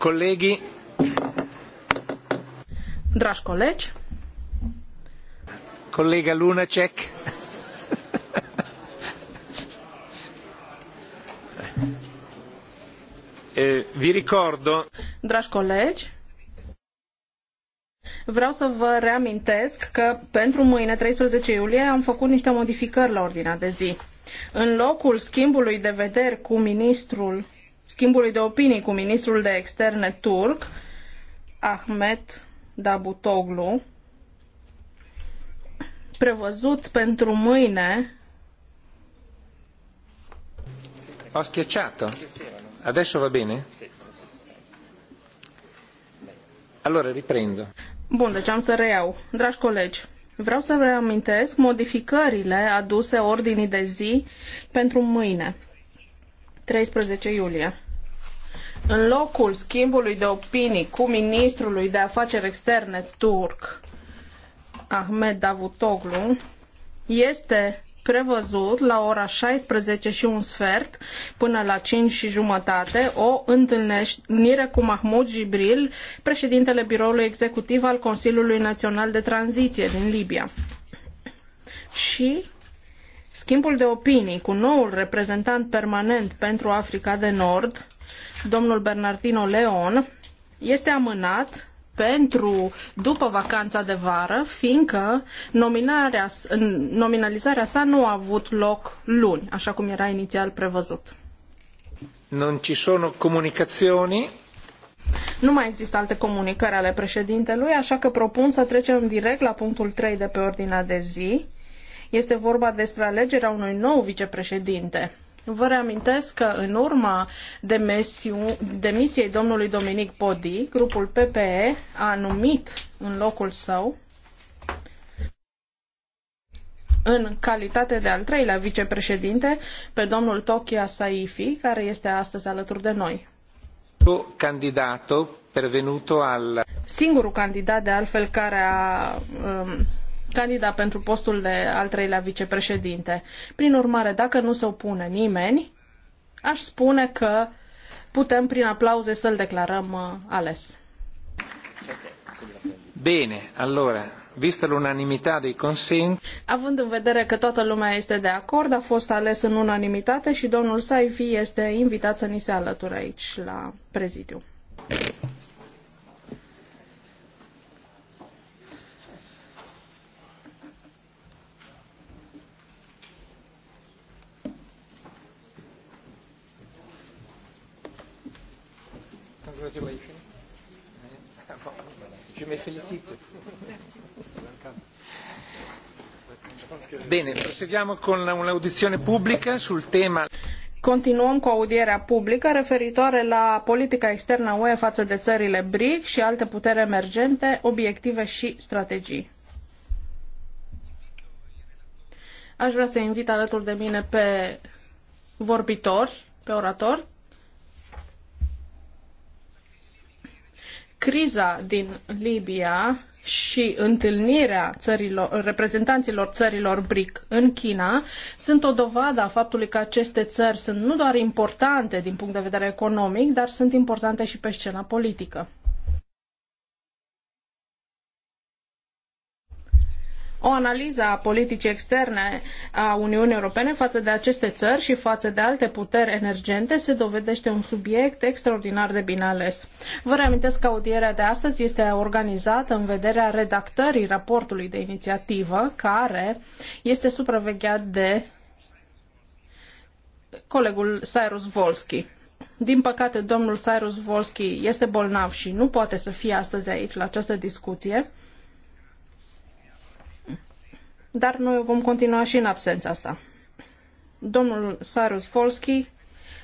Colleghi. Dragi colegi. Colega Lunacek. Eh, vi ricordo. Dragi colegi. Vreau să vă reamintesc că pentru mâine, 13 iulie, am făcut niște modificări la ordinea de zi. În locul schimbului de vederi cu ministrul schimbului de opinii cu ministrul de externe turc, Ahmet Dabutoglu, prevăzut pentru mâine. O schiacciato. Adesso va bene? Allora riprendo. Bun, deci am să reiau. Dragi colegi, vreau să reamintesc modificările aduse ordinii de zi pentru mâine. 13 iulie. În locul schimbului de opinii cu ministrul de afaceri externe turc, Ahmed Davutoglu, este prevăzut la ora 16 și un sfert până la 5 și jumătate o întâlnire cu Mahmoud Jibril, președintele biroului executiv al Consiliului Național de Tranziție din Libia. Și Schimbul de opinii cu noul reprezentant permanent pentru Africa de Nord, domnul Bernardino Leon, este amânat pentru după vacanța de vară, fiindcă nominarea, nominalizarea sa nu a avut loc luni, așa cum era inițial prevăzut. Non ci sono comunicazioni. Nu mai există alte comunicări ale președintelui, așa că propun să trecem direct la punctul 3 de pe ordinea de zi, este vorba despre alegerea unui nou vicepreședinte. Vă reamintesc că în urma demisiei domnului Dominic Podi, grupul PPE a numit în locul său în calitate de al treilea vicepreședinte pe domnul Tokia Saifi, care este astăzi alături de noi. Candidatul pervenuto al... Singurul candidat de altfel care a um, candidat pentru postul de al treilea vicepreședinte. Prin urmare, dacă nu se opune nimeni, aș spune că putem prin aplauze să-l declarăm uh, ales. Bine, allora, vista l'unanimità dei consenti. Având în vedere că toată lumea este de acord, a fost ales în unanimitate și domnul Saifi este invitat să ni se alăture aici la prezidiu. Congratulations. Je me félicite. Bene, procediamo con un'audizione pubblica sul tema. Continuăm cu audierea publică referitoare la politica externă UE față de țările BRIC și alte puteri emergente, obiective și strategii. Aș vrea să invit alături de mine pe vorbitori, pe oratori, Criza din Libia și întâlnirea țărilor, reprezentanților țărilor BRIC în China sunt o dovadă a faptului că aceste țări sunt nu doar importante din punct de vedere economic, dar sunt importante și pe scena politică. o analiză a politicii externe a Uniunii Europene față de aceste țări și față de alte puteri emergente se dovedește un subiect extraordinar de bine ales. Vă reamintesc că audierea de astăzi este organizată în vederea redactării raportului de inițiativă care este supravegheat de colegul Cyrus Volski. Din păcate, domnul Cyrus Volski este bolnav și nu poate să fie astăzi aici la această discuție, dar noi vom continua și în absența sa. Domnul Sarus Volski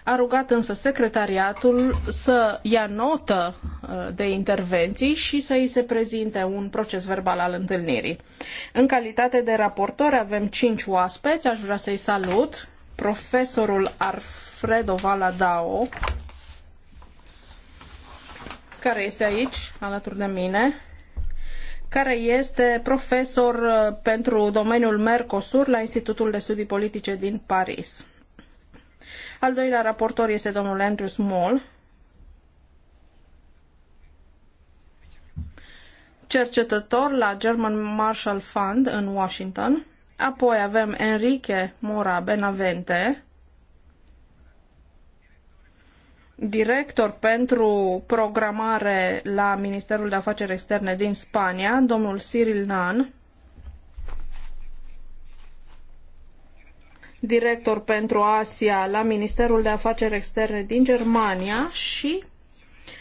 a rugat însă secretariatul să ia notă uh, de intervenții și să îi se prezinte un proces verbal al întâlnirii. În calitate de raportor avem cinci oaspeți, aș vrea să-i salut. Profesorul Alfredo Valadao, care este aici, alături de mine, care este profesor uh, pentru domeniul Mercosur la Institutul de Studii Politice din Paris. Al doilea raportor este domnul Andrew Small, cercetător la German Marshall Fund în Washington. Apoi avem Enrique Mora Benavente, director pentru programare la Ministerul de Afaceri Externe din Spania, domnul Cyril Nan, director pentru Asia la Ministerul de Afaceri Externe din Germania și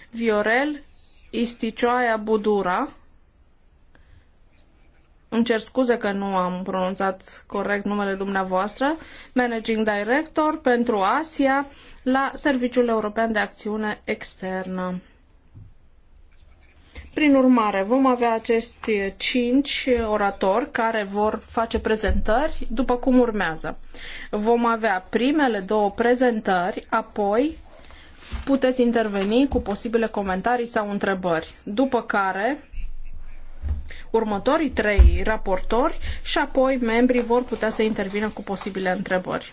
Viorel Isticioaia Budura, îmi cer scuze că nu am pronunțat corect numele dumneavoastră, Managing Director pentru Asia la Serviciul European de Acțiune Externă. Prin urmare, vom avea acești cinci oratori care vor face prezentări după cum urmează. Vom avea primele două prezentări, apoi puteți interveni cu posibile comentarii sau întrebări, după care următorii trei raportori și apoi membrii vor putea să intervină cu posibile întrebări.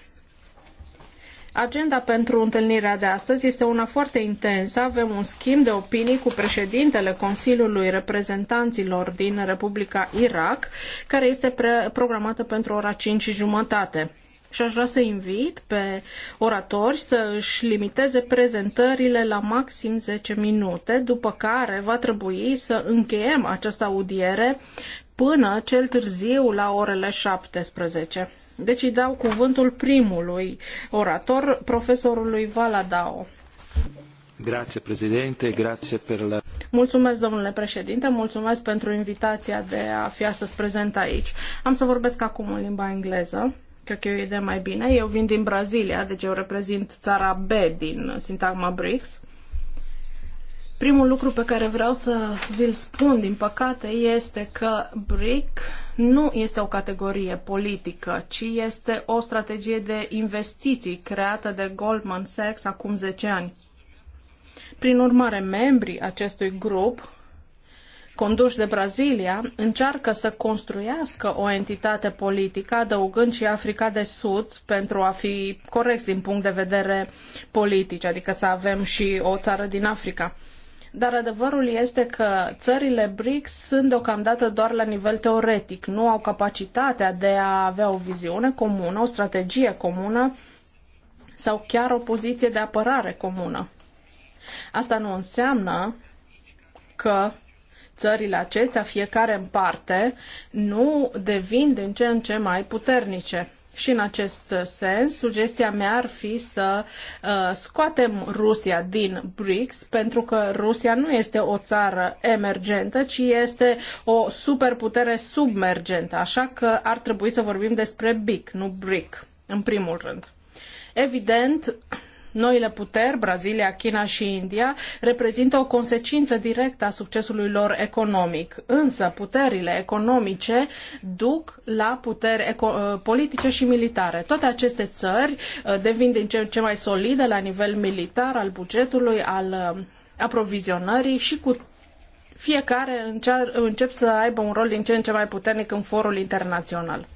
Agenda pentru întâlnirea de astăzi este una foarte intensă. Avem un schimb de opinii cu președintele Consiliului Reprezentanților din Republica Irak, care este programată pentru ora 5 jumătate și aș vrea să invit pe oratori să își limiteze prezentările la maxim 10 minute, după care va trebui să încheiem această audiere până cel târziu la orele 17. Deci îi dau cuvântul primului orator, profesorului Valadao. Grazie, președinte, grazie per la... Mulțumesc, domnule președinte, mulțumesc pentru invitația de a fi astăzi prezent aici. Am să vorbesc acum în limba engleză cred că e o idee mai bine. Eu vin din Brazilia, deci eu reprezint țara B din sintagma BRICS. Primul lucru pe care vreau să vi-l spun, din păcate, este că BRIC nu este o categorie politică, ci este o strategie de investiții creată de Goldman Sachs acum 10 ani. Prin urmare, membrii acestui grup conduși de Brazilia, încearcă să construiască o entitate politică, adăugând și Africa de Sud pentru a fi corecți din punct de vedere politic, adică să avem și o țară din Africa. Dar adevărul este că țările BRICS sunt deocamdată doar la nivel teoretic, nu au capacitatea de a avea o viziune comună, o strategie comună sau chiar o poziție de apărare comună. Asta nu înseamnă că țările acestea, fiecare în parte, nu devin din ce în ce mai puternice. Și în acest sens, sugestia mea ar fi să uh, scoatem Rusia din BRICS, pentru că Rusia nu este o țară emergentă, ci este o superputere submergentă. Așa că ar trebui să vorbim despre BIC, nu BRIC, în primul rând. Evident, Noile puteri, Brazilia, China și India, reprezintă o consecință directă a succesului lor economic. Însă, puterile economice duc la puteri uh, politice și militare. Toate aceste țări uh, devin din ce în ce mai solide la nivel militar, al bugetului, al uh, aprovizionării și cu fiecare încep să aibă un rol din ce în ce mai puternic în forul internațional.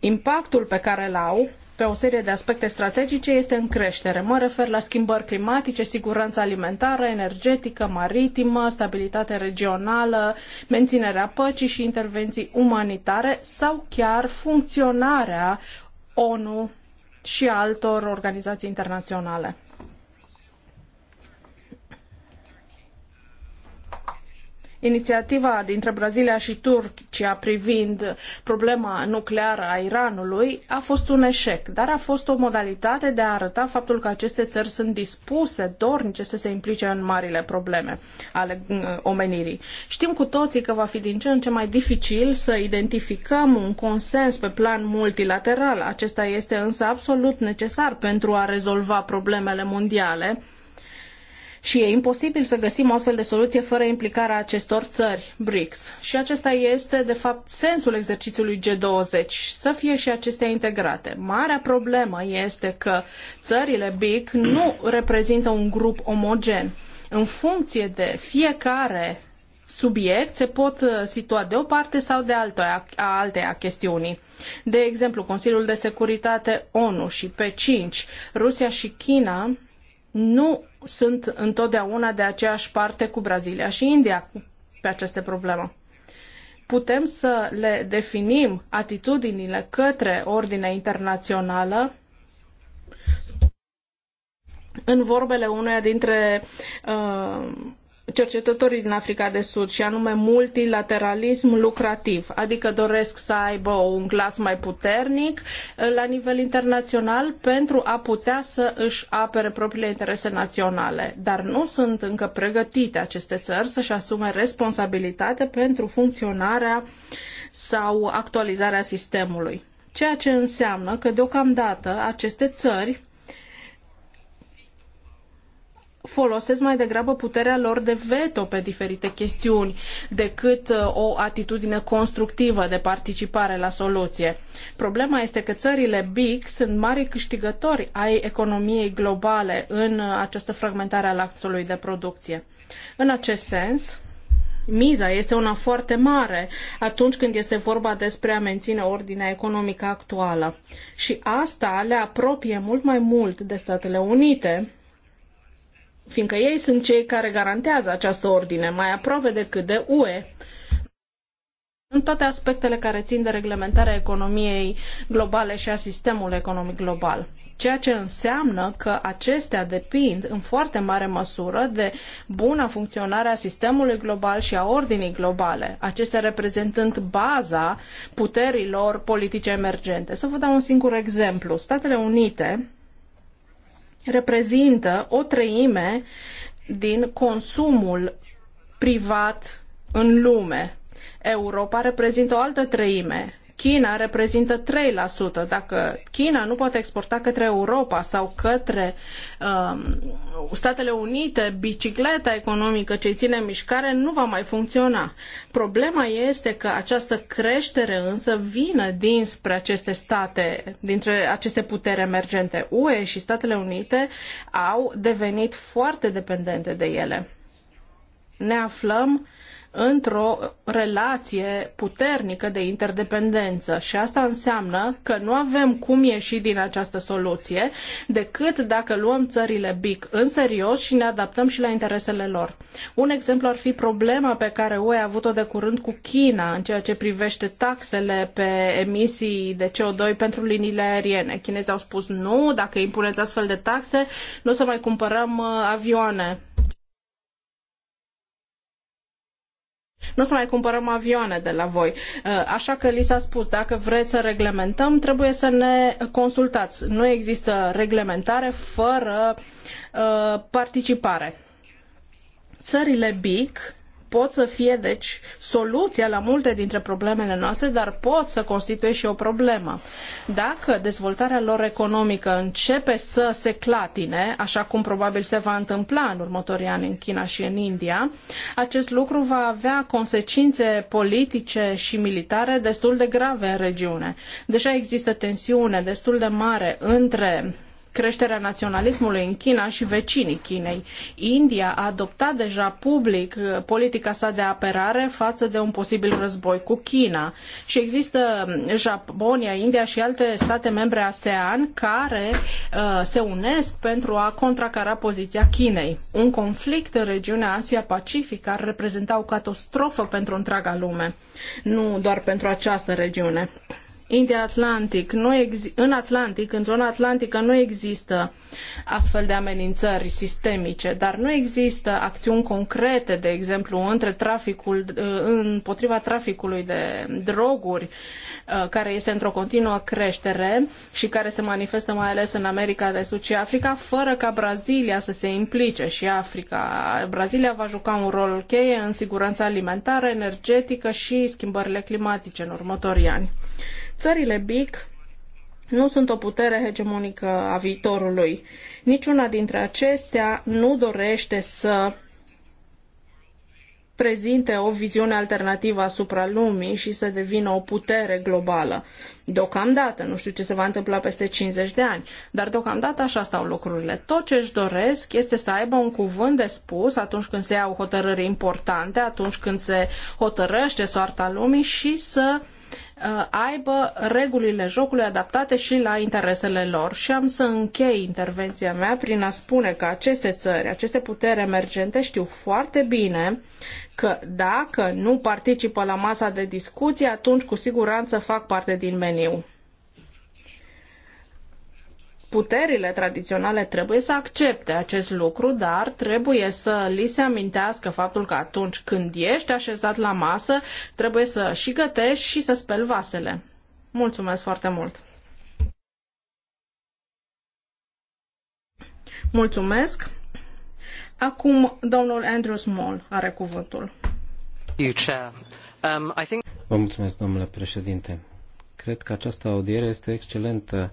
Impactul pe care îl au pe o serie de aspecte strategice este în creștere. Mă refer la schimbări climatice, siguranță alimentară, energetică, maritimă, stabilitate regională, menținerea păcii și intervenții umanitare sau chiar funcționarea ONU și altor organizații internaționale. Inițiativa dintre Brazilia și Turcia privind problema nucleară a Iranului a fost un eșec, dar a fost o modalitate de a arăta faptul că aceste țări sunt dispuse, dornice să se implice în marile probleme ale uh, omenirii. Știm cu toții că va fi din ce în ce mai dificil să identificăm un consens pe plan multilateral. Acesta este însă absolut necesar pentru a rezolva problemele mondiale și e imposibil să găsim o astfel de soluție fără implicarea acestor țări BRICS. Și acesta este, de fapt, sensul exercițiului G20, să fie și acestea integrate. Marea problemă este că țările BRIC nu reprezintă un grup omogen. În funcție de fiecare subiect se pot uh, situa de o parte sau de alta, a alteia chestiunii. De exemplu, Consiliul de Securitate ONU și P5, Rusia și China nu sunt întotdeauna de aceeași parte cu Brazilia și India pe aceste probleme. Putem să le definim atitudinile către ordinea internațională în vorbele uneia dintre uh, cercetătorii din Africa de Sud și anume multilateralism lucrativ, adică doresc să aibă un glas mai puternic uh, la nivel internațional pentru a putea să își apere propriile interese naționale. Dar nu sunt încă pregătite aceste țări să-și asume responsabilitate pentru funcționarea sau actualizarea sistemului. Ceea ce înseamnă că deocamdată aceste țări folosesc mai degrabă puterea lor de veto pe diferite chestiuni decât uh, o atitudine constructivă de participare la soluție. Problema este că țările BIC sunt mari câștigători ai economiei globale în uh, această fragmentare a lanțului de producție. În acest sens, miza este una foarte mare atunci când este vorba despre a menține ordinea economică actuală. Și asta le apropie mult mai mult de Statele Unite, fiindcă ei sunt cei care garantează această ordine mai aproape decât de UE. În toate aspectele care țin de reglementarea economiei globale și a sistemului economic global ceea ce înseamnă că acestea depind în foarte mare măsură de buna funcționare a sistemului global și a ordinii globale, acestea reprezentând baza puterilor politice emergente. Să vă dau un singur exemplu. Statele Unite reprezintă o treime din consumul privat în lume. Europa reprezintă o altă treime China reprezintă 3%. Dacă China nu poate exporta către Europa sau către um, Statele Unite, bicicleta economică ce ține în mișcare nu va mai funcționa. Problema este că această creștere însă vine dinspre aceste state, dintre aceste puteri emergente. UE și Statele Unite au devenit foarte dependente de ele. Ne aflăm într-o relație puternică de interdependență și asta înseamnă că nu avem cum ieși din această soluție decât dacă luăm țările BIC în serios și ne adaptăm și la interesele lor. Un exemplu ar fi problema pe care UE a avut-o de curând cu China în ceea ce privește taxele pe emisii de CO2 pentru liniile aeriene. Chinezii au spus nu, dacă impuneți astfel de taxe, nu o să mai cumpărăm uh, avioane Nu o să mai cumpărăm avioane de la voi. Uh, așa că li s-a spus, dacă vreți să reglementăm, trebuie să ne consultați. Nu există reglementare fără uh, participare. Țările BIC pot să fie, deci, soluția la multe dintre problemele noastre, dar pot să constituie și o problemă. Dacă dezvoltarea lor economică începe să se clatine, așa cum probabil se va întâmpla în următorii ani în China și în India, acest lucru va avea consecințe politice și militare destul de grave în regiune. Deja există tensiune destul de mare între creșterea naționalismului în China și vecinii Chinei. India a adoptat deja public politica sa de apărare față de un posibil război cu China. Și există Japonia, India și alte state membre ASEAN care uh, se unesc pentru a contracara poziția Chinei. Un conflict în regiunea Asia-Pacific ar reprezenta o catastrofă pentru întreaga lume, nu doar pentru această regiune atlantic nu în Atlantic, în zona atlantică nu există astfel de amenințări sistemice, dar nu există acțiuni concrete, de exemplu, între traficul, uh, împotriva traficului de droguri, uh, care este într-o continuă creștere și care se manifestă mai ales în America de Sud și Africa, fără ca Brazilia să se implice și Africa. Brazilia va juca un rol cheie în siguranța alimentară, energetică și schimbările climatice în următorii ani. Țările BIC nu sunt o putere hegemonică a viitorului. Niciuna dintre acestea nu dorește să prezinte o viziune alternativă asupra lumii și să devină o putere globală. Deocamdată, nu știu ce se va întâmpla peste 50 de ani, dar deocamdată așa stau lucrurile. Tot ce își doresc este să aibă un cuvânt de spus atunci când se iau hotărâri importante, atunci când se hotărăște soarta lumii și să Uh, aibă regulile jocului adaptate și la interesele lor. Și am să închei intervenția mea prin a spune că aceste țări, aceste puteri emergente știu foarte bine că dacă nu participă la masa de discuții, atunci cu siguranță fac parte din meniu puterile tradiționale trebuie să accepte acest lucru, dar trebuie să li se amintească faptul că atunci când ești așezat la masă, trebuie să și gătești și să speli vasele. Mulțumesc foarte mult! Mulțumesc! Acum domnul Andrew Small are cuvântul. Um, Vă mulțumesc, domnule președinte. Cred că această audiere este excelentă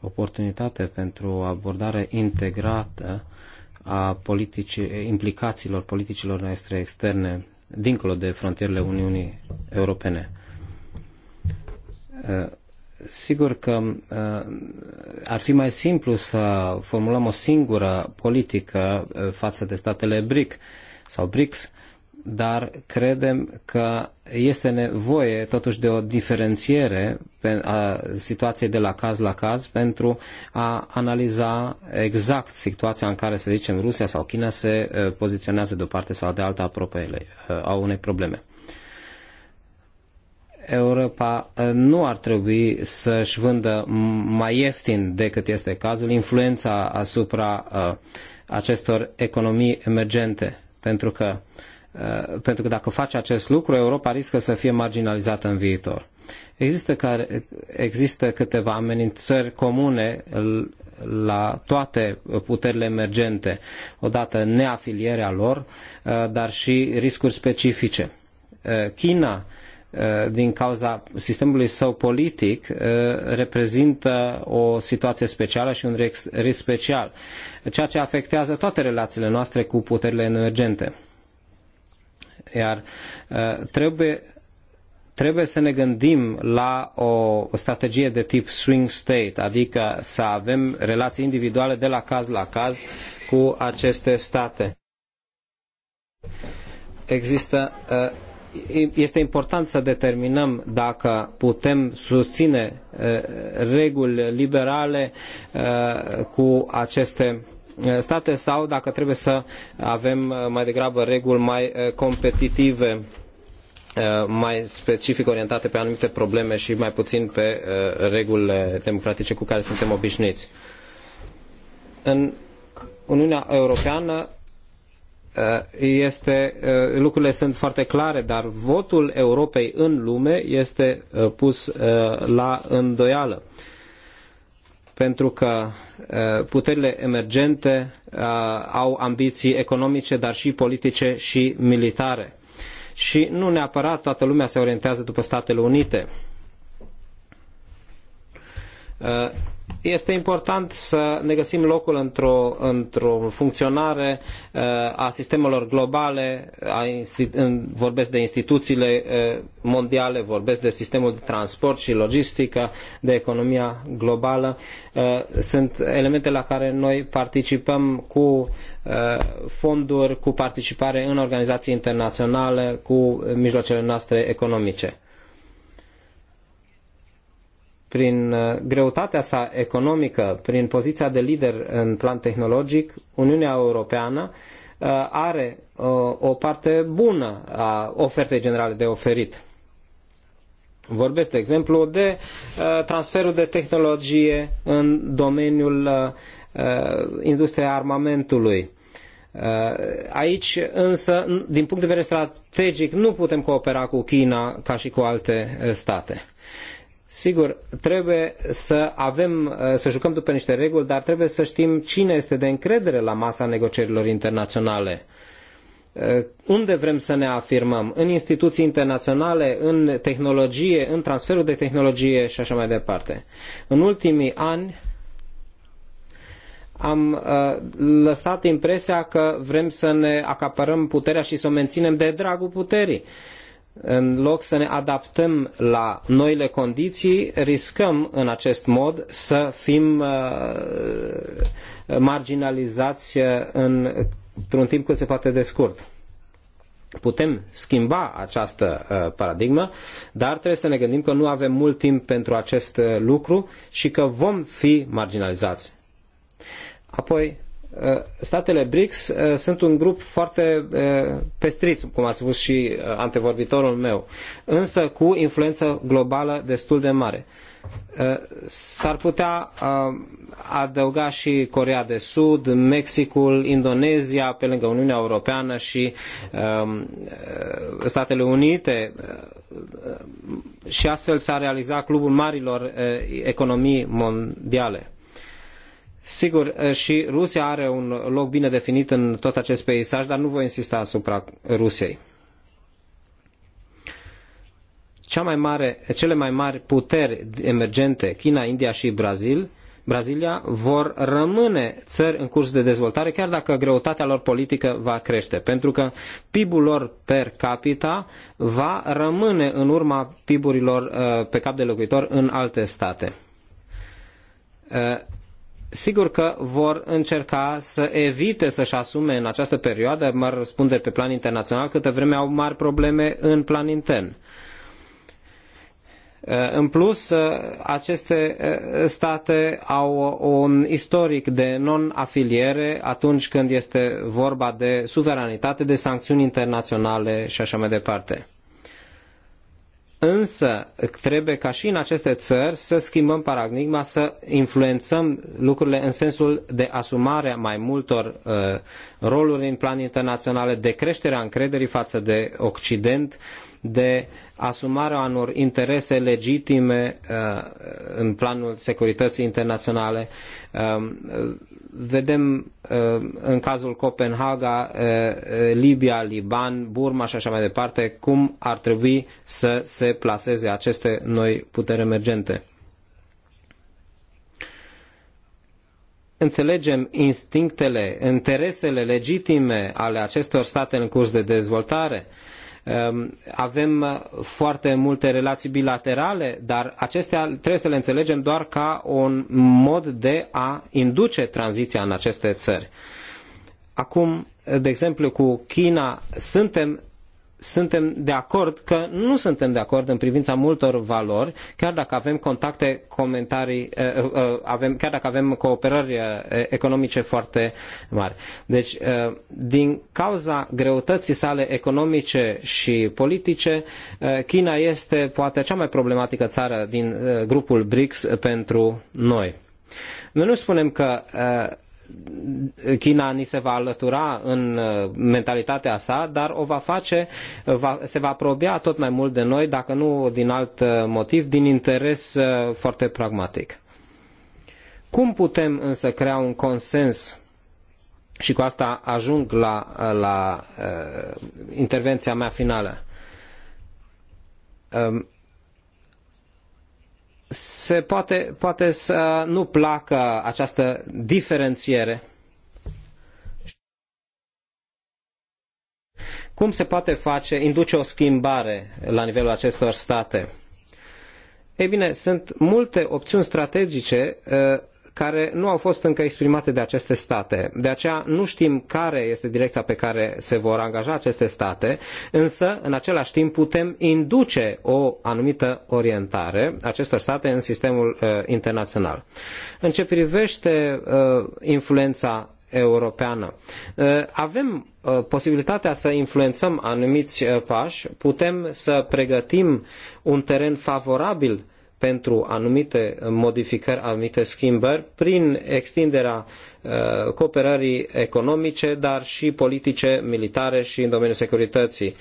oportunitate pentru o abordare integrată a politici, implicațiilor politicilor noastre externe dincolo de frontierele Uniunii Europene. Eh, sigur că eh, ar fi mai simplu să formulăm o singură politică eh, față de statele BRIC sau BRICS, dar credem că este nevoie totuși de o diferențiere a situației de la caz la caz pentru a analiza exact situația în care, să zicem, Rusia sau China se poziționează de o parte sau de alta apropiele a unei probleme. Europa nu ar trebui să-și vândă mai ieftin decât este cazul influența asupra acestor economii emergente, pentru că uh, Uh, pentru că dacă face acest lucru, Europa riscă să fie marginalizată în viitor. Există, care, există câteva amenințări comune la toate puterile emergente, odată neafilierea lor, uh, dar și riscuri specifice. Uh, China, din cauza sistemului său politic, reprezintă o situație specială și un risc special, ceea ce afectează toate relațiile noastre cu puterile emergente iar uh, trebuie, trebuie să ne gândim la o strategie de tip swing state, adică să avem relații individuale de la caz la caz cu aceste state. Există uh, este important să determinăm dacă putem susține uh, reguli liberale cu aceste state sau dacă trebuie să avem uh, mai degrabă reguli mai uh, competitive uh, mai specific orientate pe anumite probleme și mai puțin pe regulile democratice cu care suntem obișnuiți. În Uniunea Europeană este, lucrurile sunt foarte clare, dar votul Europei în lume este pus la îndoială pentru că puterile emergente au ambiții economice, dar și politice și militare. Și nu neapărat toată lumea se orientează după Statele Unite este important să ne găsim locul într-o, într funcționare uh, a sistemelor globale, a vorbesc de instituțiile uh, mondiale, vorbesc de sistemul de transport și logistică, de economia globală. Uh, sunt elemente la care noi participăm cu fonduri, cu participare în organizații internaționale, cu mijloacele noastre economice prin uh, greutatea sa economică, prin poziția de lider în plan tehnologic, Uniunea Europeană uh, are uh, o parte bună a ofertei generale de oferit. Vorbesc, de exemplu, de transferul de tehnologie în domeniul industriei armamentului. Aici, însă, din punct de vedere strategic, nu putem coopera cu China ca și cu alte state. Sigur, trebuie să avem, eh, să jucăm după niște reguli, dar trebuie să știm cine este de încredere la masa negocierilor internaționale. Eh, unde vrem să ne afirmăm? În instituții internaționale, în tehnologie, în transferul de tehnologie și așa mai departe. În ultimii ani am eh, lăsat impresia că vrem să ne acapărăm puterea și să o menținem de dragul puterii în loc să ne adaptăm la noile condiții, riscăm în acest mod să fim uh, marginalizați uh, într-un timp cât se poate de scurt. Putem schimba această uh, paradigmă, dar trebuie să ne gândim că nu avem mult timp pentru acest lucru și că vom fi marginalizați. Apoi, Eh, statele BRICS eh, sunt un grup foarte eh, pestrit, cum a spus și antevorbitorul meu, însă cu influență globală destul de mare. S-ar putea adăuga și Coreea de Sud, Mexicul, Indonezia, pe lângă Uniunea Europeană și Statele Unite și astfel s-ar realiza clubul marilor economii mondiale Sigur, eh, și Rusia are un loc bine definit în tot acest peisaj, dar nu voi insista asupra Rusiei. Cea mai mare, cele mai mari puteri emergente, China, India și Brazil, Brazilia, vor rămâne țări în curs de dezvoltare, chiar dacă greutatea lor politică va crește, pentru că PIB-ul lor per capita va rămâne în urma PIB-urilor eh, pe cap de locuitor în alte state eh, Sigur că vor încerca să evite să-și asume în această perioadă mă răspunderi pe plan internațional, câtă vreme au mari probleme în plan intern. Uh, în plus, uh, aceste uh, state au un istoric de non-afiliere atunci când este vorba de suveranitate, de sancțiuni internaționale și așa mai departe. Însă trebuie ca și în aceste țări să schimbăm paradigma, să influențăm lucrurile în sensul de asumare a mai multor uh, roluri în plan internațional, de creșterea încrederii față de Occident, de asumarea unor interese legitime uh, în planul securității internaționale. Uh, vedem uh, în cazul Copenhaga, uh, uh, Libia, Liban, Burma și așa mai departe, cum ar trebui să se plaseze aceste noi puteri emergente. Înțelegem instinctele, interesele legitime ale acestor state în curs de dezvoltare, uh, Ehm, avem uh, foarte multe relații bilaterale, dar acestea trebuie să le înțelegem doar ca un mod de a induce tranziția în aceste țări. Acum, de exemplu, cu China suntem suntem de acord că nu suntem de acord în privința multor valori, chiar dacă avem contacte, comentarii, eh, eh, avem, chiar dacă avem cooperări eh, economice foarte mari. Deci, din cauza greutății sale economice și politice, China este poate cea mai problematică țară din grupul BRICS pentru noi. Noi nu spunem că China ni se va alătura în uh, mentalitatea sa, dar o va face, uh, va, se va apropia tot mai mult de noi, dacă nu din alt uh, motiv, din interes foarte pragmatic. Cum putem însă crea un consens și cu asta ajung la, la uh, intervenția mea finală. Um, se poate, poate să nu placă această diferențiere. Cum se poate face, induce o schimbare la nivelul acestor state? Ei bine, sunt multe opțiuni strategice uh, care nu au fost încă exprimate de aceste state. De aceea nu știm care este direcția pe care se vor angaja aceste state, însă în același timp putem induce o anumită orientare acestor state în sistemul uh, internațional. În ce privește uh, influența europeană. Uh, avem uh, posibilitatea să influențăm anumiți uh, pași, putem să pregătim un teren favorabil pentru anumite modificări, anumite schimbări, prin extinderea uh, cooperării economice, dar și politice, militare și în domeniul securității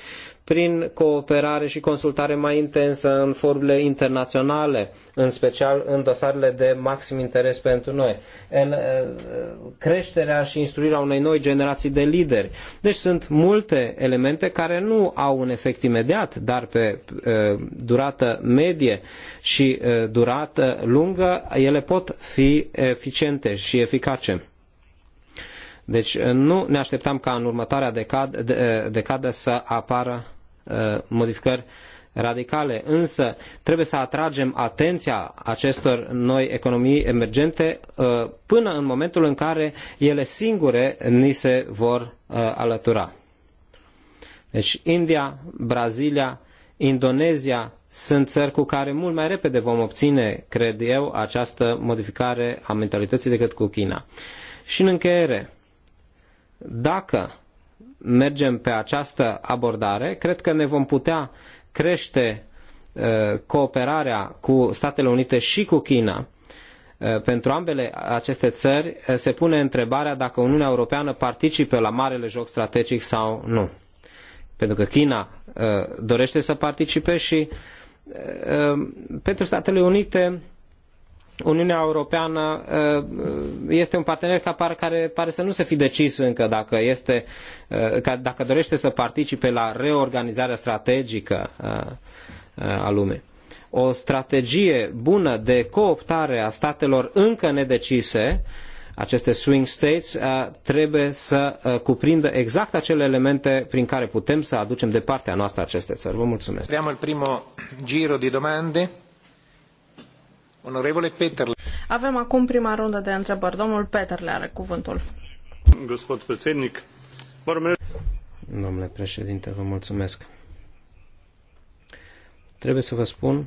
prin cooperare și consultare mai intensă în forurile internaționale, în special în dosarele de maxim interes pentru noi, în uh, creșterea și instruirea unei noi generații de lideri. Deci sunt multe elemente care nu au un efect imediat, dar pe uh, durată medie și uh, durată lungă, ele pot fi eficiente și eficace. Deci nu ne așteptam ca în următoarea decadă, decadă să apară Uh, modificări radicale, însă trebuie să atragem atenția acestor noi economii emergente uh, până în momentul în care ele singure ni se vor uh, alătura. Deci India, Brazilia, Indonezia sunt țări cu care mult mai repede vom obține, cred eu, această modificare a mentalității decât cu China. Și în încheiere, dacă mergem pe această abordare, cred că ne vom putea crește uh, cooperarea cu Statele Unite și cu China. Uh, pentru ambele aceste țări uh, se pune întrebarea dacă Uniunea Europeană participă la marele joc strategic sau nu. Pentru că China dorește să participe și pentru Statele Unite Uniunea Europeană uh, este un partener care pare să nu se fi decis încă dacă, este, uh, dacă dorește să participe la reorganizarea strategică uh, a lumii. O strategie bună de cooptare a statelor încă nedecise, aceste swing states, trebuie să cuprindă exact acele elemente prin care putem să aducem de partea noastră aceste țări. Vă mulțumesc. Priamo giro de domande. Avem acum prima rundă de întrebări. Domnul Peterle are cuvântul. Gospod predsednic, Domnule președinte, vă mulțumesc. Trebuie să vă spun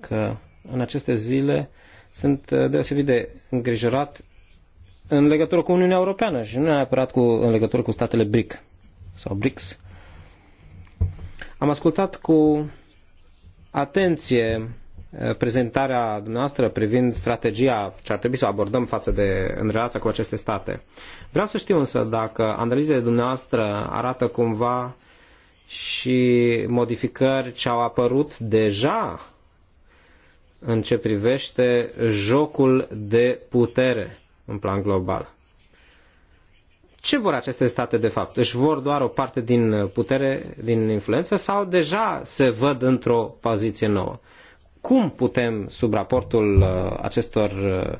că în aceste zile sunt uh, deosebit de îngrijorat în legătură cu Uniunea Europeană și nu neapărat cu, în legătură cu statele BRIC sau BRICS. Am ascultat cu atenție Eh, prezentarea dumneavoastră privind strategia ce ar trebui să o abordăm față de, în relația cu aceste state. Vreau să știu însă dacă analizele dumneavoastră arată cumva și modificări ce au apărut deja în ce privește jocul de putere în plan global. Ce vor aceste state de fapt? Își vor doar o parte din putere, din influență sau deja se văd într-o poziție nouă? cum putem, sub raportul uh, acestor uh,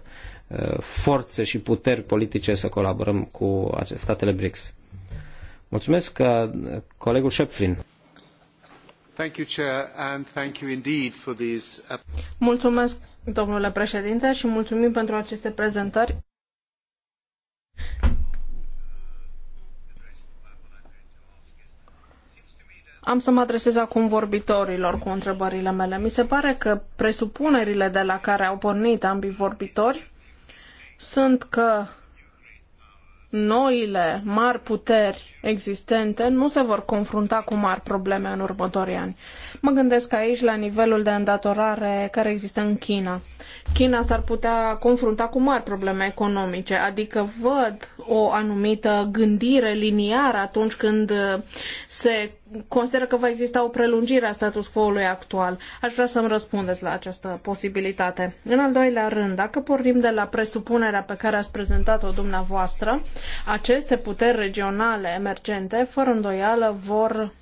uh, forțe și puteri politice, să colaborăm cu statele BRICS. Mulțumesc, colegul Șepflin. Mulțumesc, domnule președinte, și mulțumim pentru aceste prezentări. Am să mă adresez acum vorbitorilor cu întrebările mele. Mi se pare că presupunerile de la care au pornit ambii vorbitori sunt că noile mari puteri existente nu se vor confrunta cu mari probleme în următorii ani. Mă gândesc aici la nivelul de îndatorare care există în China. China s-ar putea confrunta cu mari probleme economice, adică văd o anumită gândire liniară atunci când se consideră că va exista o prelungire a status quo-ului actual. Aș vrea să-mi răspundeți la această posibilitate. În al doilea rând, dacă pornim de la presupunerea pe care ați prezentat-o dumneavoastră, aceste puteri regionale emergente, fără îndoială, vor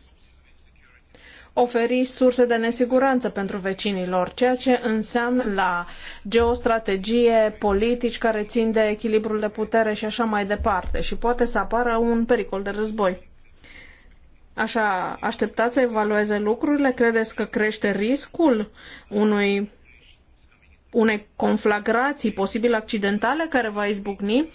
oferi surse de nesiguranță pentru vecinii lor, ceea ce înseamnă la geostrategie, politici care țin de echilibrul de putere și așa mai departe și poate să apară un pericol de război. Așa, așteptați să evalueze lucrurile? Credeți că crește riscul unui unei conflagrații posibil accidentale care va izbucni.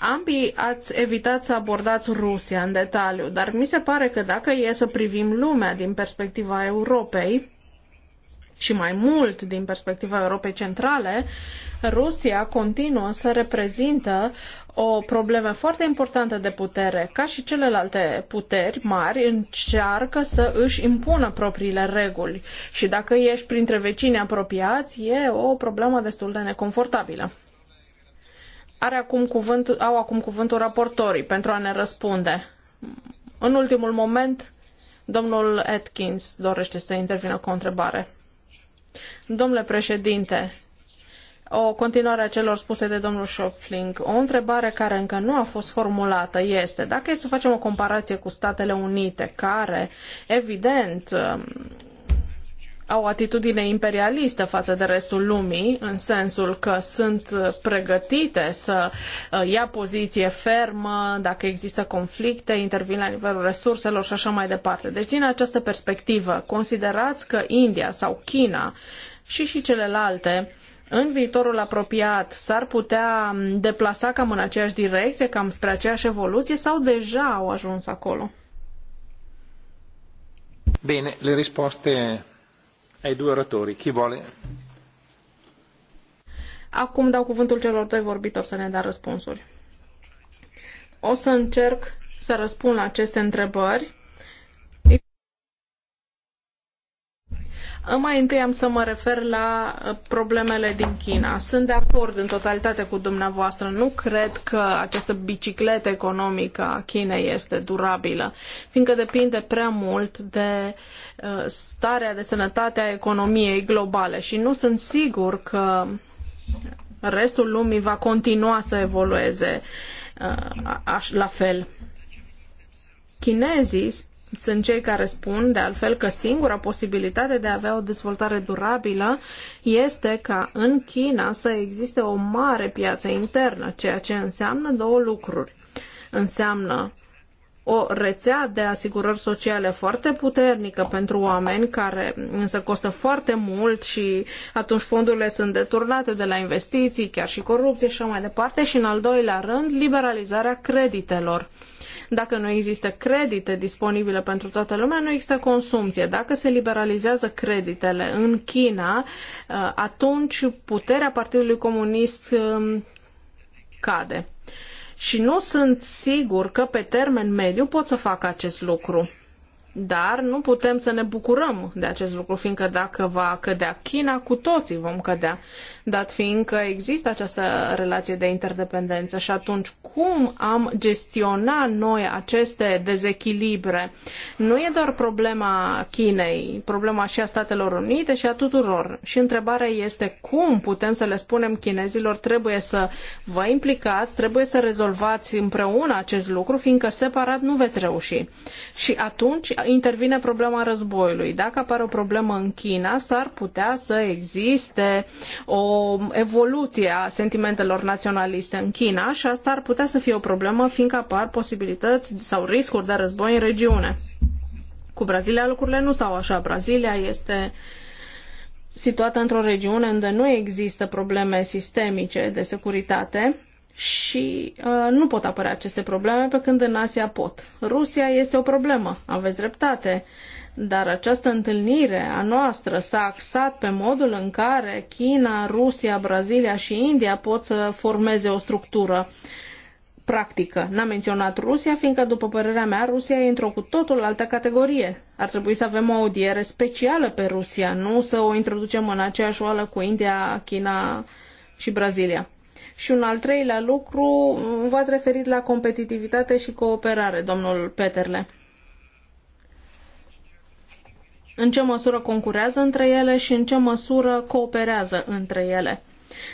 Ambii ați evitat să abordați Rusia în detaliu, dar mi se pare că dacă e să privim lumea din perspectiva Europei, și mai mult din perspectiva Europei Centrale, Rusia continuă să reprezintă o problemă foarte importantă de putere. Ca și celelalte puteri mari, încearcă să își impună propriile reguli. Și dacă ești printre vecini apropiați, e o problemă destul de neconfortabilă. Are acum cuvânt, au acum cuvântul raportorii pentru a ne răspunde. În ultimul moment, domnul Atkins dorește să intervină cu o întrebare. Domnule președinte, o continuare a celor spuse de domnul Schopfling. O întrebare care încă nu a fost formulată este, dacă e să facem o comparație cu Statele Unite, care, evident, au o atitudine imperialistă față de restul lumii, în sensul că sunt pregătite să uh, ia poziție fermă, dacă există conflicte, intervin la nivelul resurselor și așa mai departe. Deci, din această perspectivă, considerați că India sau China și și celelalte în viitorul apropiat s-ar putea deplasa cam în aceeași direcție, cam spre aceeași evoluție sau deja au ajuns acolo? Bine, le risposte ai due oratori. Chi vuole? Acum dau cuvântul celor doi vorbitori să ne dea răspunsuri. O să încerc să răspund la aceste întrebări Mai întâi am să mă refer la uh, problemele din China. Sunt de acord în totalitate cu dumneavoastră. Nu cred că această bicicletă economică a Chinei este durabilă, fiindcă depinde prea mult de uh, starea de sănătate a economiei globale și nu sunt sigur că restul lumii va continua să evolueze uh, la fel. Chinezii sunt cei care spun, de altfel, că singura posibilitate de a avea o dezvoltare durabilă este ca în China să existe o mare piață internă, ceea ce înseamnă două lucruri. Înseamnă o rețea de asigurări sociale foarte puternică pentru oameni care însă costă foarte mult și atunci fondurile sunt deturnate de la investiții, chiar și corupție și așa mai departe și în al doilea rând liberalizarea creditelor dacă nu există credite disponibile pentru toată lumea, nu există consumție. Dacă se liberalizează creditele în China, uh, atunci puterea Partidului Comunist um, cade. Și nu sunt sigur că pe termen mediu pot să facă acest lucru. Dar nu putem să ne bucurăm de acest lucru, fiindcă dacă va cădea China, cu toții vom cădea. Dat fiindcă există această relație de interdependență și atunci cum am gestiona noi aceste dezechilibre? Nu e doar problema Chinei, problema și a Statelor Unite și a tuturor. Și întrebarea este cum putem să le spunem chinezilor trebuie să vă implicați, trebuie să rezolvați împreună acest lucru, fiindcă separat nu veți reuși. Și atunci intervine problema războiului. Dacă apare o problemă în China, s-ar putea să existe o evoluție a sentimentelor naționaliste în China și asta ar putea să fie o problemă, fiindcă apar posibilități sau riscuri de război în regiune. Cu Brazilia lucrurile nu stau așa. Brazilia este situată într-o regiune unde nu există probleme sistemice de securitate, și uh, nu pot apărea aceste probleme pe când în Asia pot. Rusia este o problemă, aveți dreptate, dar această întâlnire a noastră s-a axat pe modul în care China, Rusia, Brazilia și India pot să formeze o structură practică. N-am menționat Rusia, fiindcă, după părerea mea, Rusia e într-o cu totul altă categorie. Ar trebui să avem o audiere specială pe Rusia, nu să o introducem în aceeași oală cu India, China și Brazilia. Și un al treilea lucru, v-ați referit la competitivitate și cooperare, domnul Peterle. În ce măsură concurează între ele și în ce măsură cooperează între ele?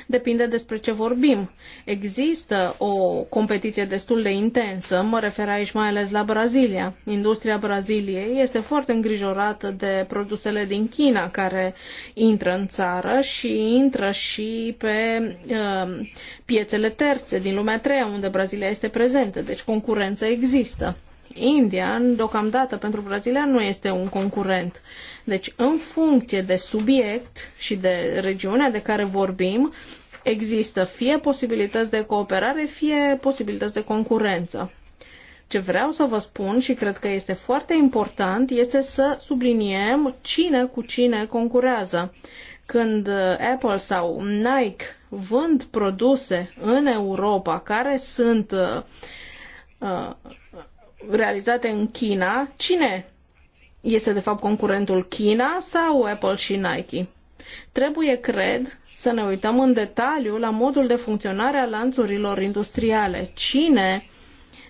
Depinde despre ce vorbim. Există o competiție destul de intensă, mă refer aici mai ales la Brazilia. Industria Braziliei este foarte îngrijorată de produsele din China care intră în țară și intră și pe uh, piețele terțe din lumea treia unde Brazilia este prezentă, deci concurență există. India, deocamdată pentru Brazilia, nu este un concurent. Deci, în funcție de subiect și de regiunea de care vorbim, există fie posibilități de cooperare, fie posibilități de concurență. Ce vreau să vă spun și cred că este foarte important este să subliniem cine cu cine concurează. Când Apple sau Nike vând produse în Europa care sunt uh, uh realizate în China, cine este de fapt concurentul China sau Apple și Nike? Trebuie, cred, să ne uităm în detaliu la modul de funcționare a lanțurilor industriale. Cine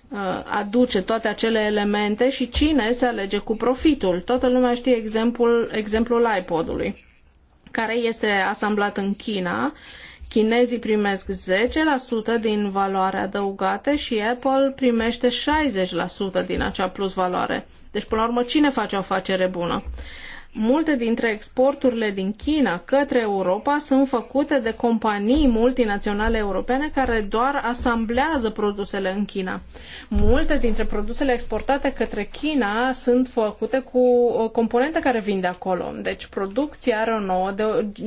uh, aduce toate acele elemente și cine se alege cu profitul. Toată lumea știe exemplul, exemplul iPod-ului, care este asamblat în China Chinezii primesc 10% din valoare adăugată și Apple primește 60% din acea plus valoare. Deci, până la urmă, cine face o afacere bună? Multe dintre exporturile din China către Europa sunt făcute de companii multinaționale europene care doar asamblează produsele în China. Multe dintre produsele exportate către China sunt făcute cu componente care vin de acolo. Deci producția are o nouă de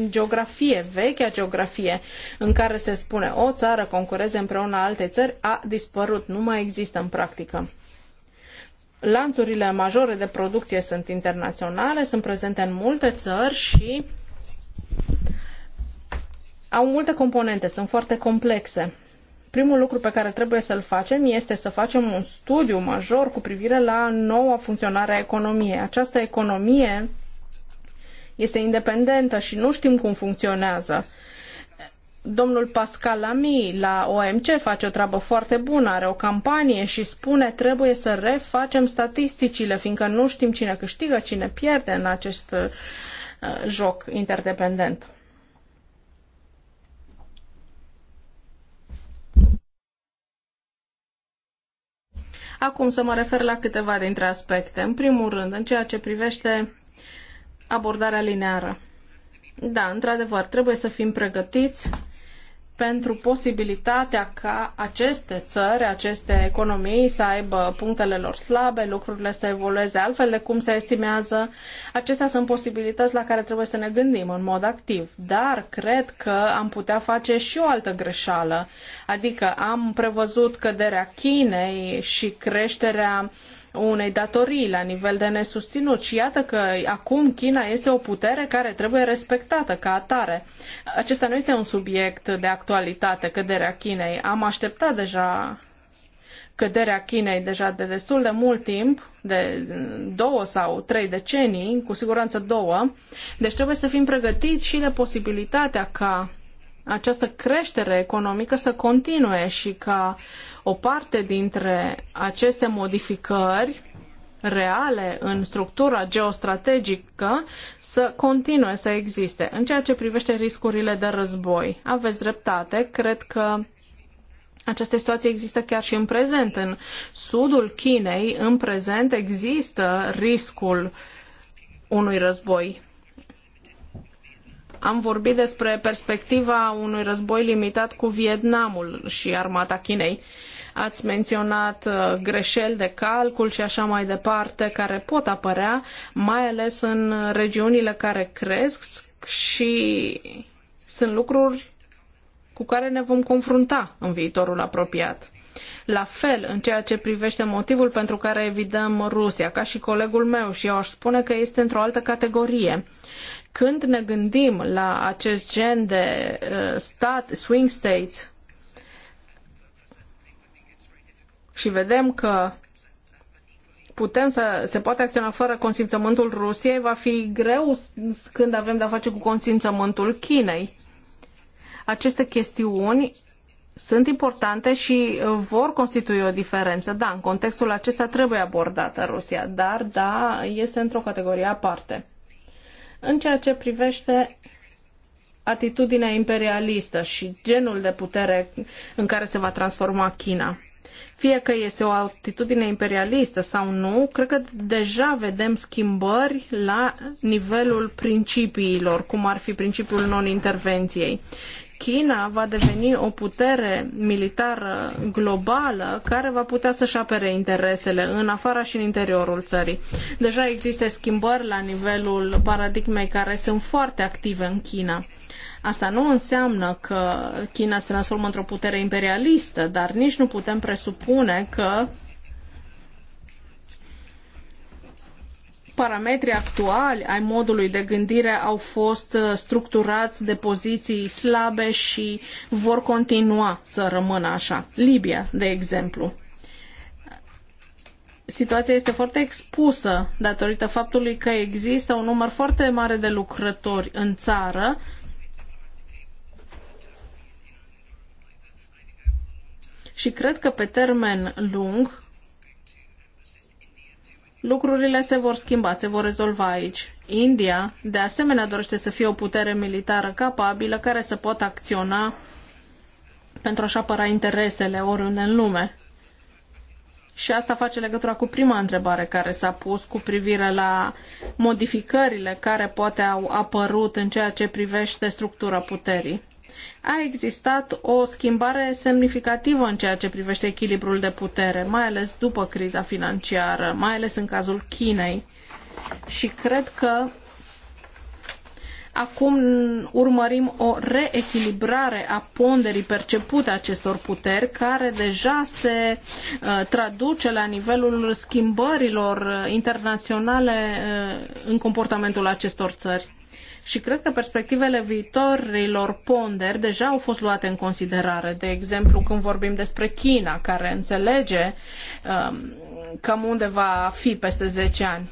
geografie, vechea geografie, în care se spune o țară concureze împreună alte țări, a dispărut, nu mai există în practică lanțurile majore de producție sunt internaționale, sunt prezente în multe țări și au multe componente, sunt foarte complexe. Primul lucru pe care trebuie să-l facem este să facem un studiu major cu privire la noua funcționare a economiei. Această economie este independentă și nu știm cum funcționează domnul Pascal Lamy la OMC face o treabă foarte bună, are o campanie și spune trebuie să refacem statisticile, fiindcă nu știm cine câștigă, cine pierde în acest uh, joc interdependent. Acum să mă refer la câteva dintre aspecte. În primul rând, în ceea ce privește abordarea lineară. Da, într-adevăr, trebuie să fim pregătiți pentru posibilitatea ca aceste țări, aceste economii să aibă punctele lor slabe, lucrurile să evolueze altfel de cum se estimează. Acestea sunt posibilități la care trebuie să ne gândim în mod activ, dar cred că am putea face și o altă greșeală. Adică am prevăzut căderea Chinei și creșterea uh, unei datorii la nivel de nesusținut și iată că acum China este o putere care trebuie respectată ca atare. Acesta nu este un subiect de actualitate, căderea Chinei. Am așteptat deja căderea Chinei deja de destul de mult timp, de două sau trei decenii, cu siguranță două, deci trebuie să fim pregătiți și de posibilitatea ca această creștere economică să continue și ca o parte dintre aceste modificări reale în structura geostrategică să continue să existe. În ceea ce privește riscurile de război, aveți dreptate, cred că această situație există chiar și în prezent. În sudul Chinei, în prezent, există riscul unui război. Am vorbit despre perspectiva unui război limitat cu Vietnamul și armata Chinei. Ați menționat uh, greșeli de calcul și așa mai departe care pot apărea, mai ales în regiunile care cresc și sunt lucruri cu care ne vom confrunta în viitorul apropiat. La fel, în ceea ce privește motivul pentru care evităm Rusia, ca și colegul meu, și eu aș spune că este într-o altă categorie. Când ne gândim la acest gen de uh, stat, swing states, și vedem că putem să se poate acționa fără consimțământul Rusiei, va fi greu când avem de-a face cu consimțământul Chinei. Aceste chestiuni sunt importante și uh, vor constitui o diferență. Da, în contextul acesta trebuie abordată Rusia, dar da, este într-o categorie aparte. În ceea ce privește atitudinea imperialistă și genul de putere în care se va transforma China. Fie că este o atitudine imperialistă sau nu, cred că deja vedem schimbări la nivelul principiilor, cum ar fi principiul non-intervenției. China va deveni o putere militară globală care va putea să-și apere interesele în afara și în interiorul țării. Deja există schimbări la nivelul paradigmei care sunt foarte active în China. Asta nu înseamnă că China se transformă într-o putere imperialistă, dar nici nu putem presupune că parametrii actuali ai modului de gândire au fost uh, structurați de poziții slabe și vor continua să rămână așa. Libia, de exemplu. Situația este foarte expusă datorită faptului că există un număr foarte mare de lucrători în țară și cred că pe termen lung lucrurile se vor schimba, se vor rezolva aici. India, de asemenea, dorește să fie o putere militară capabilă care să poată acționa pentru a-și apăra interesele oriunde în lume. Și asta face legătura cu prima întrebare care s-a pus cu privire la modificările care poate au apărut în ceea ce privește structura puterii a existat o schimbare semnificativă în ceea ce privește echilibrul de putere, mai ales după criza financiară, mai ales în cazul Chinei. Și cred că acum urmărim o reechilibrare a ponderii percepute a acestor puteri, care deja se uh, traduce la nivelul schimbărilor internaționale uh, în comportamentul acestor țări și cred că perspectivele viitorilor ponderi deja au fost luate în considerare. De exemplu, când vorbim despre China, care înțelege um, cam unde va fi peste 10 ani.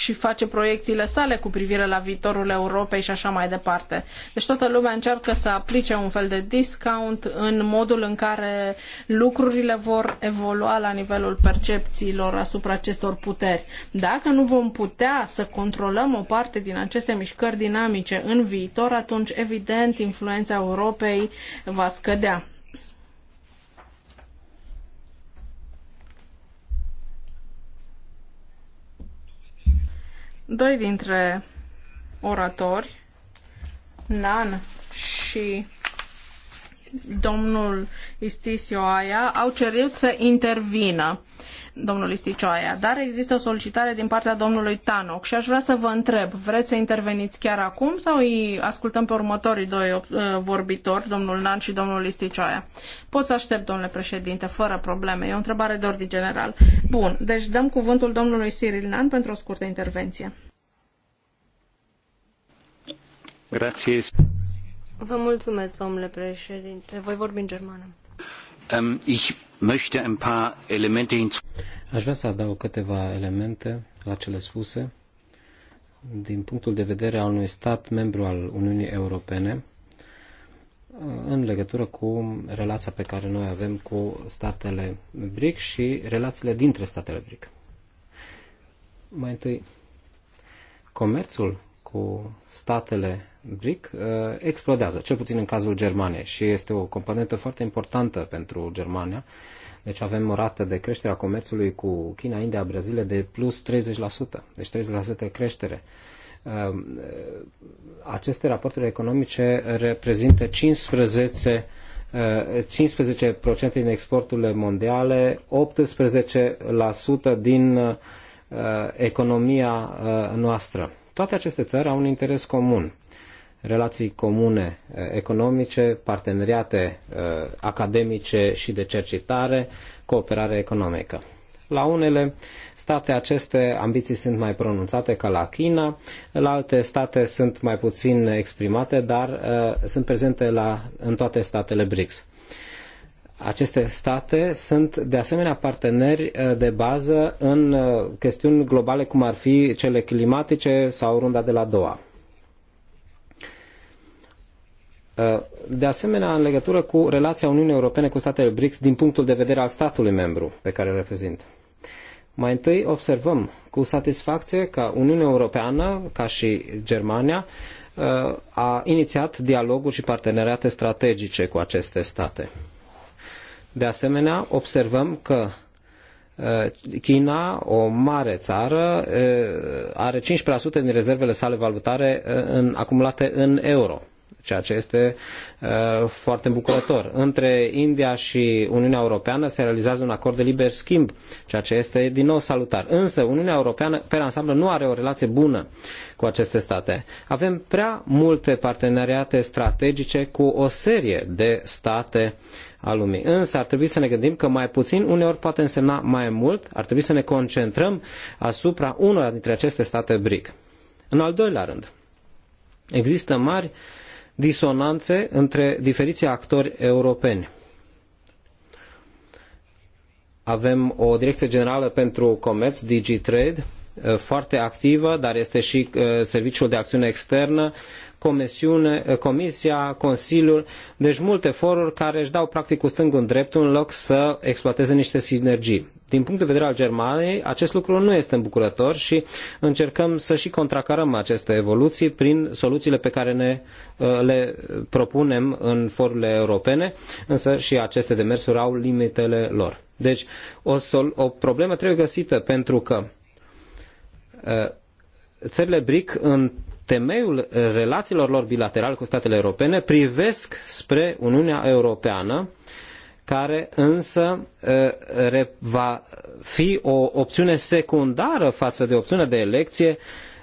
și face proiecțiile sale cu privire la viitorul Europei și așa mai departe. Deci toată lumea încearcă să aplice un fel de discount în modul în care lucrurile vor evolua la nivelul percepțiilor asupra acestor puteri. Dacă nu vom putea să controlăm o parte din aceste mișcări dinamice în viitor, atunci evident influența Europei va scădea. Doi dintre oratori, Nan și domnul Istisio Aia, au cerut să intervină. Uh, domnului Sicioaia, dar există o solicitare din partea domnului Tanoc și aș vrea să vă întreb, vreți să interveniți chiar acum sau îi ascultăm pe următorii doi uh, vorbitori, domnul Nan și domnul Listicioaia? Pot să aștept, domnule președinte, fără probleme. E o întrebare de ordin general. Bun, deci dăm cuvântul domnului Cyril Nan pentru o scurtă intervenție. Grazie. Vă mulțumesc, domnule președinte. Voi vorbi în germană. Um, ich Elemente Aș vrea să adaug câteva elemente la cele spuse din punctul de vedere al unui stat membru al Uniunii Europene în legătură cu relația pe care noi avem cu statele BRIC și relațiile dintre statele BRIC. Mai întâi, comerțul cu statele BRIC uh, explodează, cel puțin în cazul Germaniei și este o componentă foarte importantă pentru Germania. Deci avem o rată de creștere a comerțului cu China, India, Brazilia de plus 30%, deci 30% creștere. Um, uh, aceste raporturi economice reprezintă 15 15% uh, din exporturile mondiale, 18% din economia noastră. Toate aceste țări au un interes comun. Relații comune eh, economice, parteneriate eh, academice și de cercetare, cooperare economică. La unele state aceste ambiții sunt mai pronunțate ca la China, la alte state sunt mai puțin exprimate, dar uh, sunt prezente la, în toate statele BRICS. Aceste state sunt de asemenea parteneri eh, de bază în eh, chestiuni globale cum ar fi cele climatice sau runda de la doua. Eh, de asemenea, în legătură cu relația Uniunii Europene cu statele BRICS din punctul de vedere al statului membru pe care îl reprezint. Mai întâi observăm cu satisfacție că Uniunea Europeană, ca și Germania, a inițiat dialoguri și parteneriate strategice cu aceste state. De asemenea, observăm că uh, China, o mare țară, uh, are 15% din rezervele sale valutare uh, în, acumulate în euro ceea ce este uh, foarte îmbucurător. Între India și Uniunea Europeană se realizează un acord de liber schimb, ceea ce este din nou salutar. Însă Uniunea Europeană, pe ansamblu, nu are o relație bună cu aceste state. Avem prea multe parteneriate strategice cu o serie de state a lumii. Însă ar trebui să ne gândim că mai puțin uneori poate însemna mai mult, ar trebui să ne concentrăm asupra unora dintre aceste state BRIC. În al doilea rând, există mari disonanțe între diferiții actori europeni. Avem o direcție generală pentru comerț, DigiTrade, foarte activă, dar este și uh, Serviciul de Acțiune Externă, Eh, comisia, Consiliul, deci multe foruri care își dau practic cu stângul în dreptul în loc să exploateze niște sinergii. Din punct de vedere al Germaniei, acest lucru nu este îmbucurător și încercăm să și contracarăm aceste evoluții prin soluțiile pe care ne eh, le propunem în forurile europene, însă și aceste demersuri au limitele lor. Deci o, o problemă trebuie găsită pentru că eh, țările BRIC în temeiul eh, relațiilor lor bilaterale cu statele europene privesc spre Uniunea Europeană, care însă eh, va fi o opțiune secundară față de opțiunea de elecție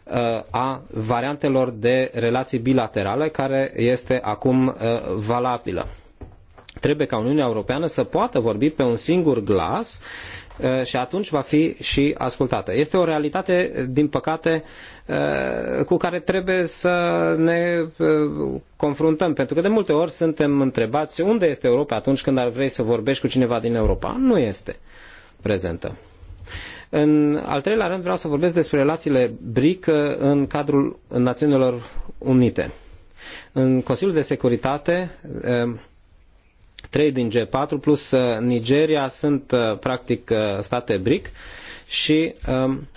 eh, a variantelor de relații bilaterale care este acum valabilă. Trebuie ca Uniunea Europeană să poată vorbi pe un singur glas și atunci va fi și ascultată. Este o realitate, din păcate, cu care trebuie să ne confruntăm, pentru că de multe ori suntem întrebați unde este Europa atunci când ar vrei să vorbești cu cineva din Europa. Nu este prezentă. În al treilea rând vreau să vorbesc despre relațiile BRIC în cadrul Națiunilor Unite. În Consiliul de Securitate trei din G4 plus uh, Nigeria sunt uh, practic uh, state BRIC și um,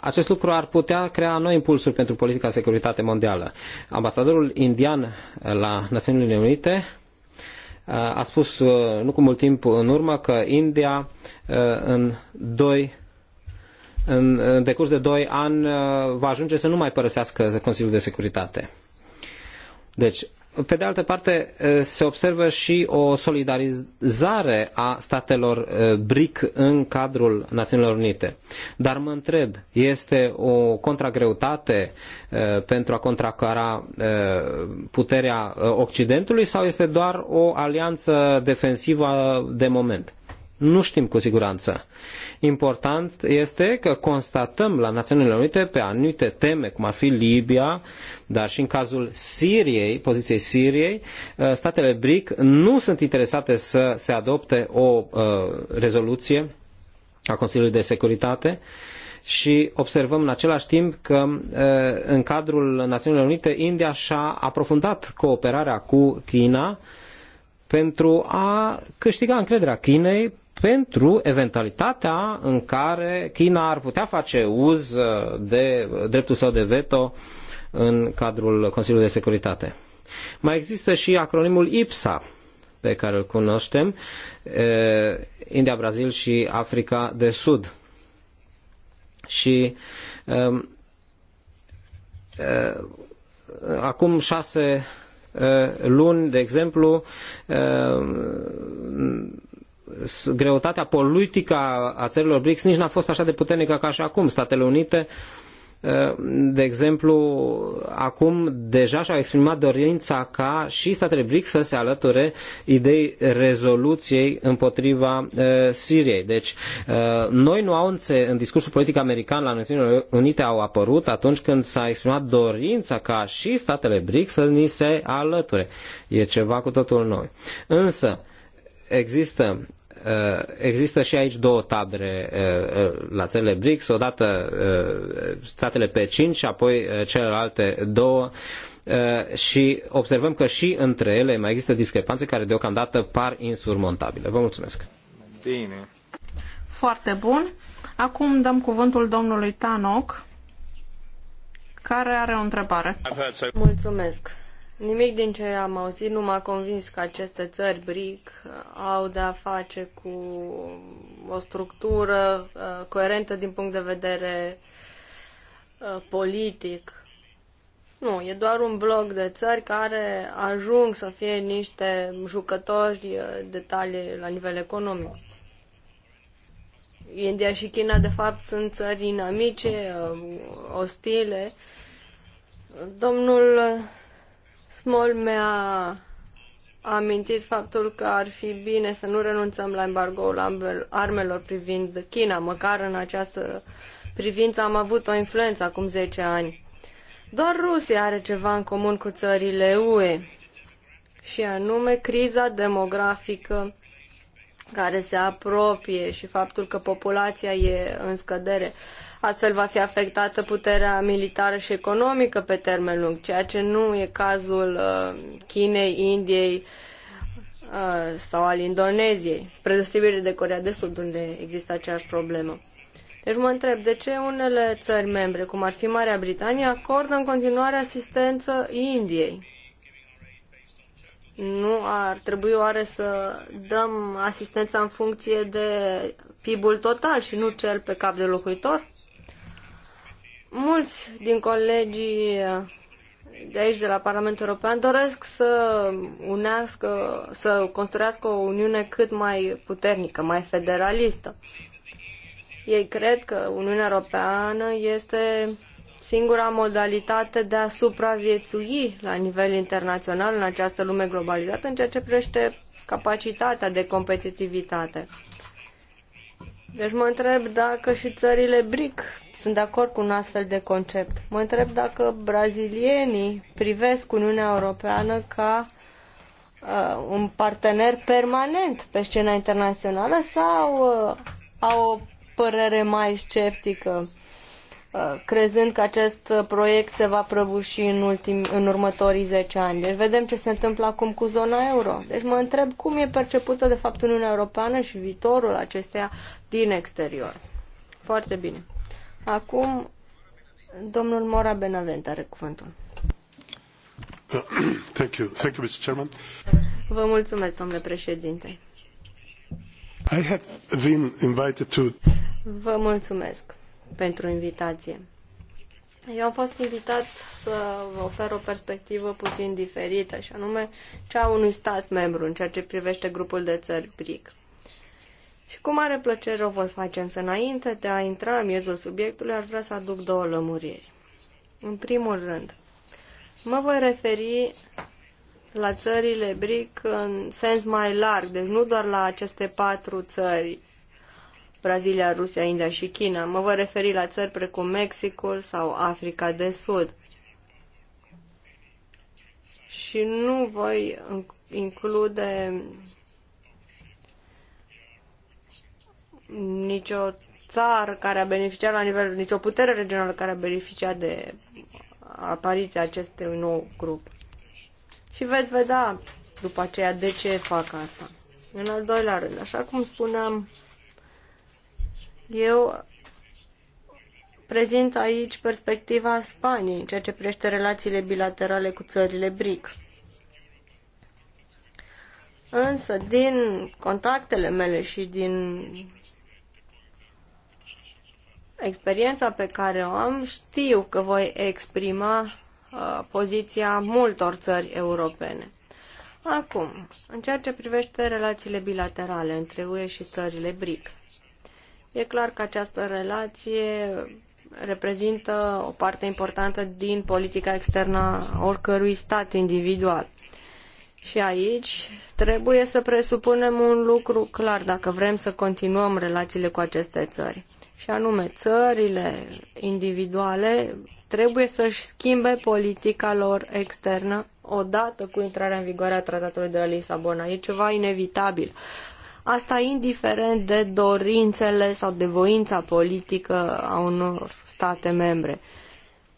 acest lucru ar putea crea noi impulsuri pentru politica securitate mondială. Ambasadorul indian la Națiunile Unite a spus nu cu mult timp în urmă că India în doi în, în decurs de doi ani va ajunge să nu mai părăsească Consiliul de Securitate. Deci pe de altă parte, se observă și o solidarizare a statelor BRIC în cadrul Națiunilor Unite. Dar mă întreb, este o contragreutate pentru a contracara puterea Occidentului sau este doar o alianță defensivă de moment? Nu știm cu siguranță. Important este că constatăm la Națiunile Unite pe anumite teme, cum ar fi Libia, dar și în cazul Siriei, poziției Siriei, uh, statele BRIC nu sunt interesate să se adopte o uh, rezoluție a Consiliului de Securitate și observăm în același timp că uh, în cadrul Națiunilor Unite India și-a aprofundat cooperarea cu China pentru a câștiga încrederea Chinei pentru eventualitatea în care China ar putea face uz uh, de dreptul său de veto în cadrul Consiliului de Securitate. Mai există și acronimul IPSA, pe care îl cunoștem uh, India, Brazil și Africa de Sud. Și um, uh, acum șase luni, de exemplu, greutatea politică a țărilor BRICS nici n-a fost așa de puternică ca și acum. Statele Unite de exemplu, acum deja și-au exprimat dorința ca și statele BRICS să se alăture idei rezoluției împotriva Siriei. Deci, noi nuanțe în discursul politic american la Națiunile Unite au apărut atunci când s-a exprimat dorința ca și statele BRICS să ni se alăture. E ceva cu totul nou. Însă, există Uh, există și aici două tabere uh, uh, la țările BRICS, odată statele pe 5 și apoi celelalte două și observăm că și între ele mai există discrepanțe care deocamdată par insurmontabile. Vă mulțumesc! Bine! Foarte bun! Acum dăm cuvântul domnului Tanoc, care are o întrebare. Mulțumesc! Nimic din ce am auzit nu m-a convins că aceste țări BRIC au de-a face cu o structură uh, coerentă din punct de vedere uh, politic. Nu, e doar un bloc de țări care ajung să fie niște jucători uh, de talie la nivel economic. India și China, de fapt, sunt țări inamice, uh, ostile. Domnul Small mi-a amintit faptul că ar fi bine să nu renunțăm la embargoul armelor privind China, măcar în această privință am avut o influență acum 10 ani. Doar Rusia are ceva în comun cu țările UE, și anume criza demografică care se apropie și faptul că populația e în scădere. Uh, Astfel va fi afectată puterea militară și economică pe termen lung, ceea ce nu e cazul uh, Chinei, Indiei uh, sau al Indoneziei, spre deosebire de Corea de Sud, unde există aceeași problemă. Deci mă întreb de ce unele țări membre, cum ar fi Marea Britanie, acordă în continuare asistență Indiei. Nu ar trebui oare să dăm asistența în funcție de PIB-ul total și nu cel pe cap de locuitor? Mulți din colegii de aici, de la Parlamentul European, doresc să unească, să construiască o uniune cât mai puternică, mai federalistă. Ei cred că Uniunea Europeană este singura modalitate de a supraviețui la nivel internațional în această lume globalizată în ceea ce privește capacitatea de competitivitate. Deci mă întreb dacă și țările BRIC sunt de acord cu un astfel de concept. Mă întreb dacă brazilienii privesc Uniunea Europeană ca uh, un partener permanent pe scena internațională sau uh, au o părere mai sceptică, uh, crezând că acest proiect se va prăbuși în, ultim, în următorii 10 ani. Deci vedem ce se întâmplă acum cu zona euro. Deci mă întreb cum e percepută de fapt Uniunea Europeană și viitorul acesteia din exterior. Foarte bine. Acum, domnul Mora Benavent are cuvântul. Thank you. Thank you, Mr. Chairman. Vă mulțumesc, domnule președinte. I have been invited to... Vă mulțumesc pentru invitație. Eu am fost invitat să vă ofer o perspectivă puțin diferită, și anume cea a unui stat membru în ceea ce privește grupul de țări BRIC. Și cu mare plăcere o voi face, însă înainte de a intra în miezul subiectului, aș vrea să aduc două lămuriri. În primul rând, mă voi referi la țările BRIC în sens mai larg, deci nu doar la aceste patru țări, Brazilia, Rusia, India și China. Mă voi referi la țări precum Mexicul sau Africa de Sud. Și nu voi include nicio țară care a beneficiat la nivel, nicio putere regională care a beneficiat de apariția acestui nou grup. Și veți vedea după aceea de ce fac asta. În al doilea rând, așa cum spuneam, eu prezint aici perspectiva Spaniei în ceea ce privește relațiile bilaterale cu țările BRIC. Însă, din contactele mele și din experiența pe care o am, știu că voi exprima uh, poziția multor țări europene. Acum, în ceea ce privește relațiile bilaterale între UE și țările BRIC, e clar că această relație reprezintă o parte importantă din politica externă a oricărui stat individual. Și aici trebuie să presupunem un lucru clar dacă vrem să continuăm relațiile cu aceste țări și anume țările individuale trebuie să-și schimbe politica lor externă odată cu intrarea în vigoare a tratatului de la Lisabona. E ceva inevitabil. Asta indiferent de dorințele sau de voința politică a unor state membre.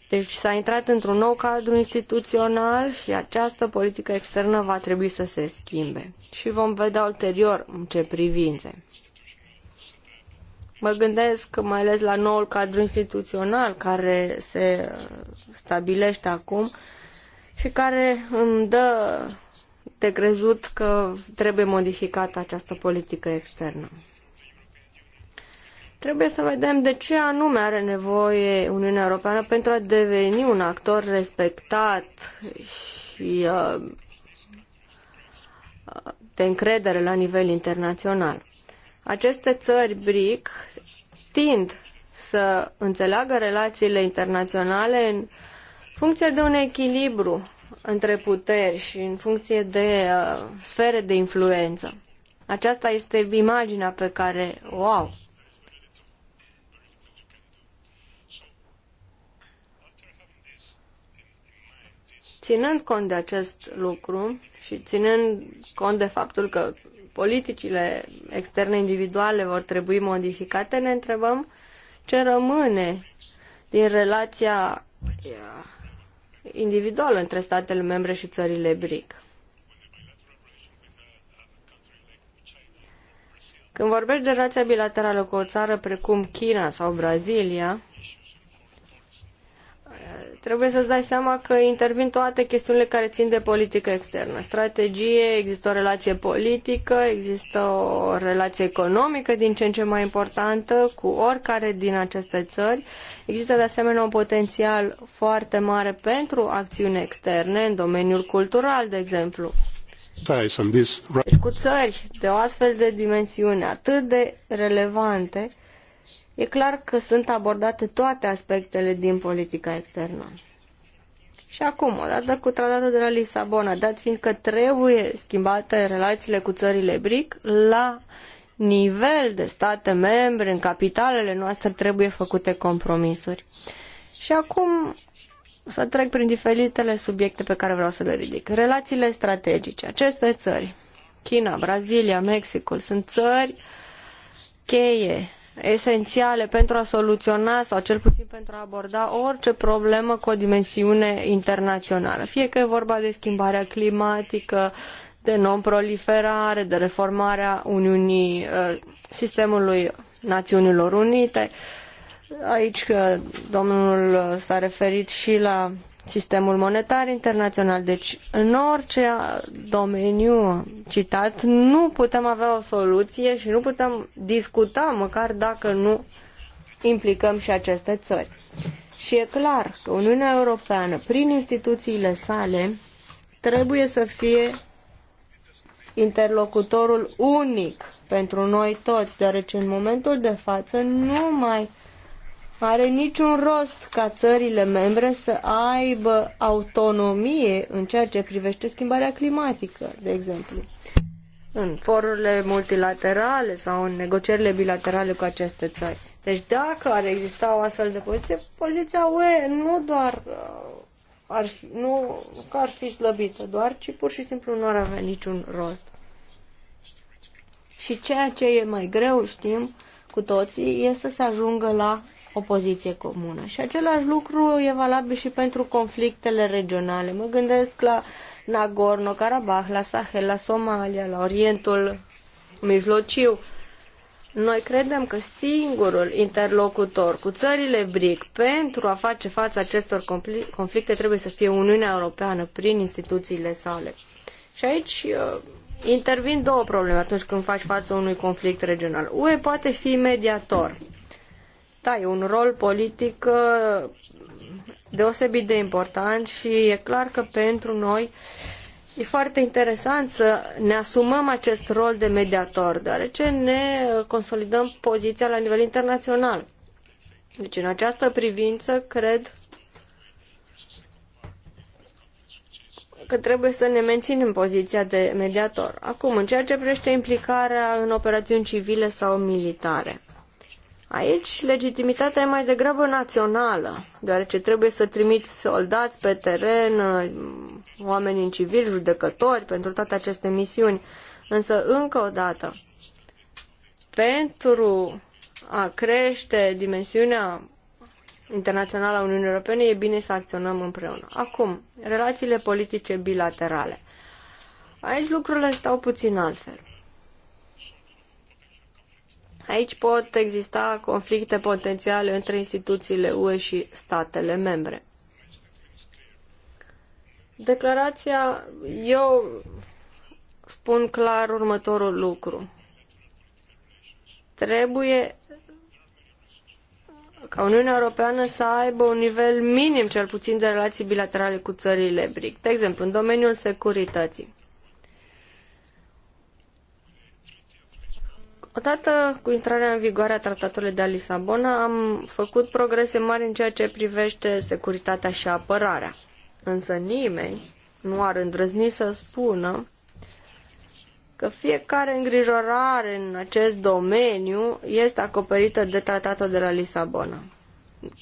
Deci s-a intrat într-un nou cadru instituțional și această politică externă va trebui să se schimbe. Și vom vedea ulterior în ce privințe. Mă gândesc mai ales la noul cadru instituțional care se stabilește acum și care îmi dă de crezut că trebuie modificată această politică externă. Trebuie să vedem de ce anume are nevoie Uniunea Europeană pentru a deveni un actor respectat și uh, uh, de încredere la nivel internațional. Aceste țări BRIC tind să înțeleagă relațiile internaționale în funcție de un echilibru între puteri și în funcție de uh, sfere de influență. Aceasta este imaginea pe care o au. Ținând cont de acest lucru și ținând cont de faptul că politicile externe individuale vor trebui modificate, ne întrebăm ce rămâne din relația individuală între statele membre și țările BRIC. Când vorbești de relația bilaterală cu o țară precum China sau Brazilia, Trebuie să-ți dai seama că intervin toate chestiunile care țin de politică externă. Strategie, există o relație politică, există o relație economică din ce în ce mai importantă cu oricare din aceste țări. Există de asemenea un potențial foarte mare pentru acțiuni externe în domeniul cultural, de exemplu. Deci cu țări de o astfel de dimensiune atât de relevante, E clar că sunt abordate toate aspectele din politica externă. Și acum, odată cu tratatul de la Lisabona, dat fiind că trebuie schimbate relațiile cu țările BRIC, la nivel de state membre, în capitalele noastre, trebuie făcute compromisuri. Și acum să trec prin diferitele subiecte pe care vreau să le ridic. Relațiile strategice. Aceste țări, China, Brazilia, Mexicul, sunt țări cheie esențiale pentru a soluționa sau cel puțin pentru a aborda orice problemă cu o dimensiune internațională. Fie că e vorba de schimbarea climatică, de non-proliferare, de reformarea Uniunii, uh, sistemului Națiunilor Unite. Aici uh, domnul s-a referit și la sistemul monetar internațional. Deci, în orice domeniu citat, nu putem avea o soluție și nu putem discuta, măcar dacă nu implicăm și aceste țări. Și e clar că Uniunea Europeană, prin instituțiile sale, trebuie să fie interlocutorul unic pentru noi toți, deoarece în momentul de față nu mai are niciun rost ca țările membre să aibă autonomie în ceea ce privește schimbarea climatică, de exemplu. În forurile multilaterale sau în negocierile bilaterale cu aceste țări. Deci dacă ar exista o astfel de poziție, poziția UE nu doar uh, ar fi, nu că ar fi slăbită doar, ci pur și simplu nu ar avea niciun rost. Și ceea ce e mai greu, știm cu toții, este să se ajungă la o poziție comună. Și același lucru e valabil și pentru conflictele regionale. Mă gândesc la Nagorno-Karabakh, la Sahel, la Somalia, la Orientul Mijlociu. Noi credem că singurul interlocutor cu țările BRIC pentru a face față acestor conflicte trebuie să fie Uniunea Europeană prin instituțiile sale. Și aici uh, intervin două probleme atunci când faci față unui conflict regional. UE poate fi mediator da, e un rol politic uh, deosebit de important și e clar că pentru noi e foarte interesant să ne asumăm acest rol de mediator, deoarece ne consolidăm poziția la nivel internațional. Deci, în această privință, cred că trebuie să ne menținem poziția de mediator. Acum, în ceea ce privește implicarea în operațiuni civile sau militare. Aici legitimitatea e mai degrabă națională, deoarece trebuie să trimiți soldați pe teren, oameni în civil, judecători pentru toate aceste misiuni. Însă, încă o dată, pentru a crește dimensiunea internațională a Uniunii Europene, e bine să acționăm împreună. Acum, relațiile politice bilaterale. Aici lucrurile stau puțin altfel. Aici pot exista conflicte potențiale între instituțiile UE și statele membre. Declarația, eu spun clar următorul lucru. Trebuie ca Uniunea Europeană să aibă un nivel minim, cel puțin, de relații bilaterale cu țările BRIC. De exemplu, în domeniul securității. Odată cu intrarea în vigoare a tratatului de la Lisabona, am făcut progrese mari în ceea ce privește securitatea și apărarea. Însă nimeni nu ar îndrăzni să spună că fiecare îngrijorare în acest domeniu este acoperită de tratatul de la Lisabona.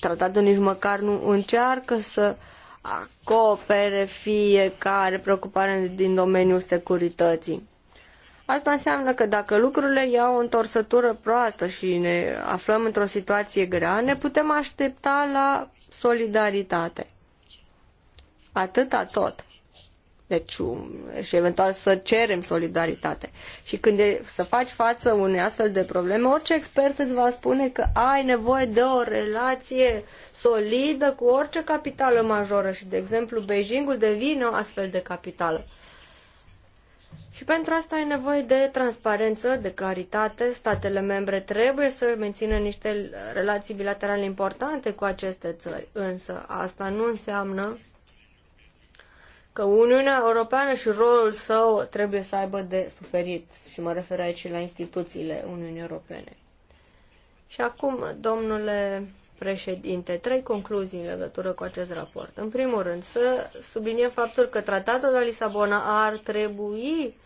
Tratatul nici măcar nu încearcă să acopere fiecare preocupare din domeniul securității. Asta înseamnă că dacă lucrurile iau o întorsătură proastă și ne aflăm într-o situație grea, ne putem aștepta la solidaritate. Atâta tot. Deci, um, și eventual să cerem solidaritate. Și când e, să faci față unei astfel de probleme, orice expert îți va spune că ai nevoie de o relație solidă cu orice capitală majoră. Și, de exemplu, Beijingul devine o astfel de capitală. Și pentru asta e nevoie de transparență, de claritate. Statele membre trebuie să mențină niște relații bilaterale importante cu aceste țări, însă asta nu înseamnă că Uniunea Europeană și rolul său trebuie să aibă de suferit. Și mă refer aici la instituțiile Uniunii Europene. Și acum, domnule președinte, trei concluzii în legătură cu acest raport. În primul rând, să subliniem faptul că tratatul de la Lisabona ar trebui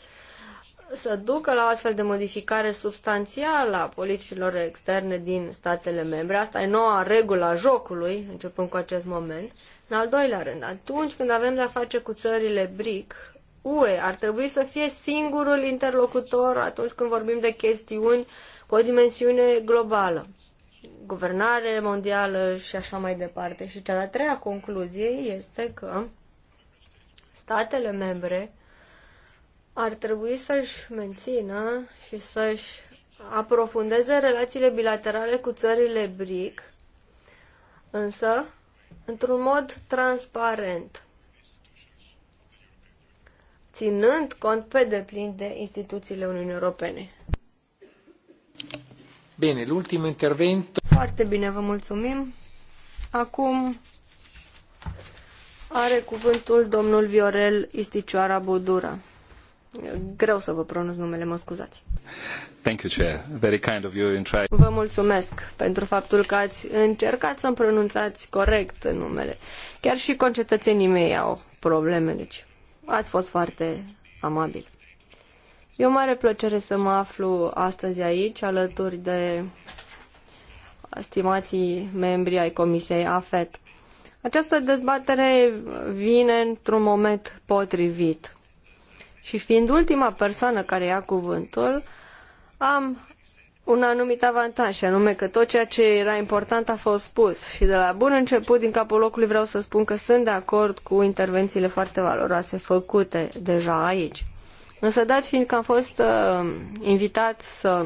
să ducă la o astfel de modificare substanțială a politicilor externe din statele membre. Asta e noua regulă a jocului, începând cu acest moment. În al doilea rând, atunci când avem de-a face cu țările BRIC, UE ar trebui să fie singurul interlocutor atunci când vorbim de chestiuni cu o dimensiune globală guvernare mondială și așa mai departe. Și cea de-a treia concluzie este că statele membre ar trebui să-și mențină și să-și aprofundeze relațiile bilaterale cu țările BRIC, însă într-un mod transparent, ținând cont pe deplin de instituțiile Uniunii Europene. Bine, l'ultimo intervento. Foarte bine, vă mulțumim. Acum are cuvântul domnul Viorel Isticioara Budura. Greu să vă pronunț numele, mă scuzați. Thank you, Chair. Very kind of you in try... Vă mulțumesc pentru faptul că ați încercat să-mi pronunțați corect numele. Chiar și concetățenii mei au probleme, deci ați fost foarte amabil. E o mare plăcere să mă aflu astăzi aici, alături de stimații membri ai Comisiei AFET. Această dezbatere vine într-un moment potrivit. Și fiind ultima persoană care ia cuvântul, am un anumit avantaj, și anume că tot ceea ce era important a fost spus. Și de la bun început, din capul locului, vreau să spun că sunt de acord cu intervențiile foarte valoroase făcute deja aici. Însă, dat fiind că am fost uh, invitat să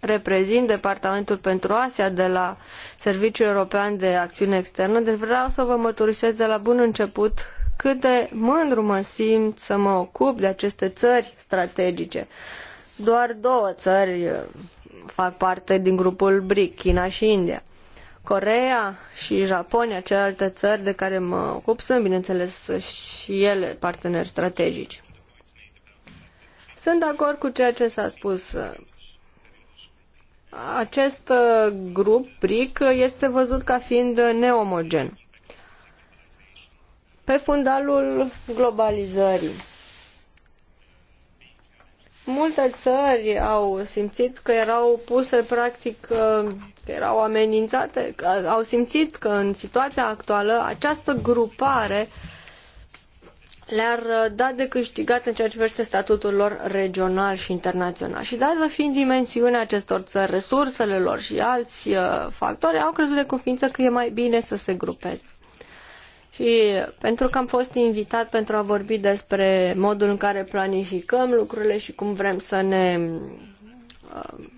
reprezint Departamentul pentru Asia de la Serviciul European de Acțiune Externă, deci vreau să vă mărturisesc de la bun început cât de mândru mă simt să mă ocup de aceste țări strategice. Doar două țări uh, fac parte din grupul BRIC, China și India. Coreea și Japonia, celelalte țări de care mă ocup, sunt, bineînțeles, și ele parteneri strategici. Sunt de acord cu ceea ce s-a spus uh, acest uh, grup BRIC este văzut ca fiind neomogen. Pe fundalul globalizării. Multe țări au simțit că erau puse practic, uh, că erau amenințate, că au simțit că în situația actuală această grupare uh, le-ar uh, da de câștigat în ceea ce privește statutul lor regional și internațional. Și dată fiind dimensiunea acestor țări, resursele lor și alți uh, factori, au crezut de conființă că e mai bine să se grupeze. Și pentru că am fost invitat pentru a vorbi despre modul în care planificăm lucrurile și cum vrem să ne uh,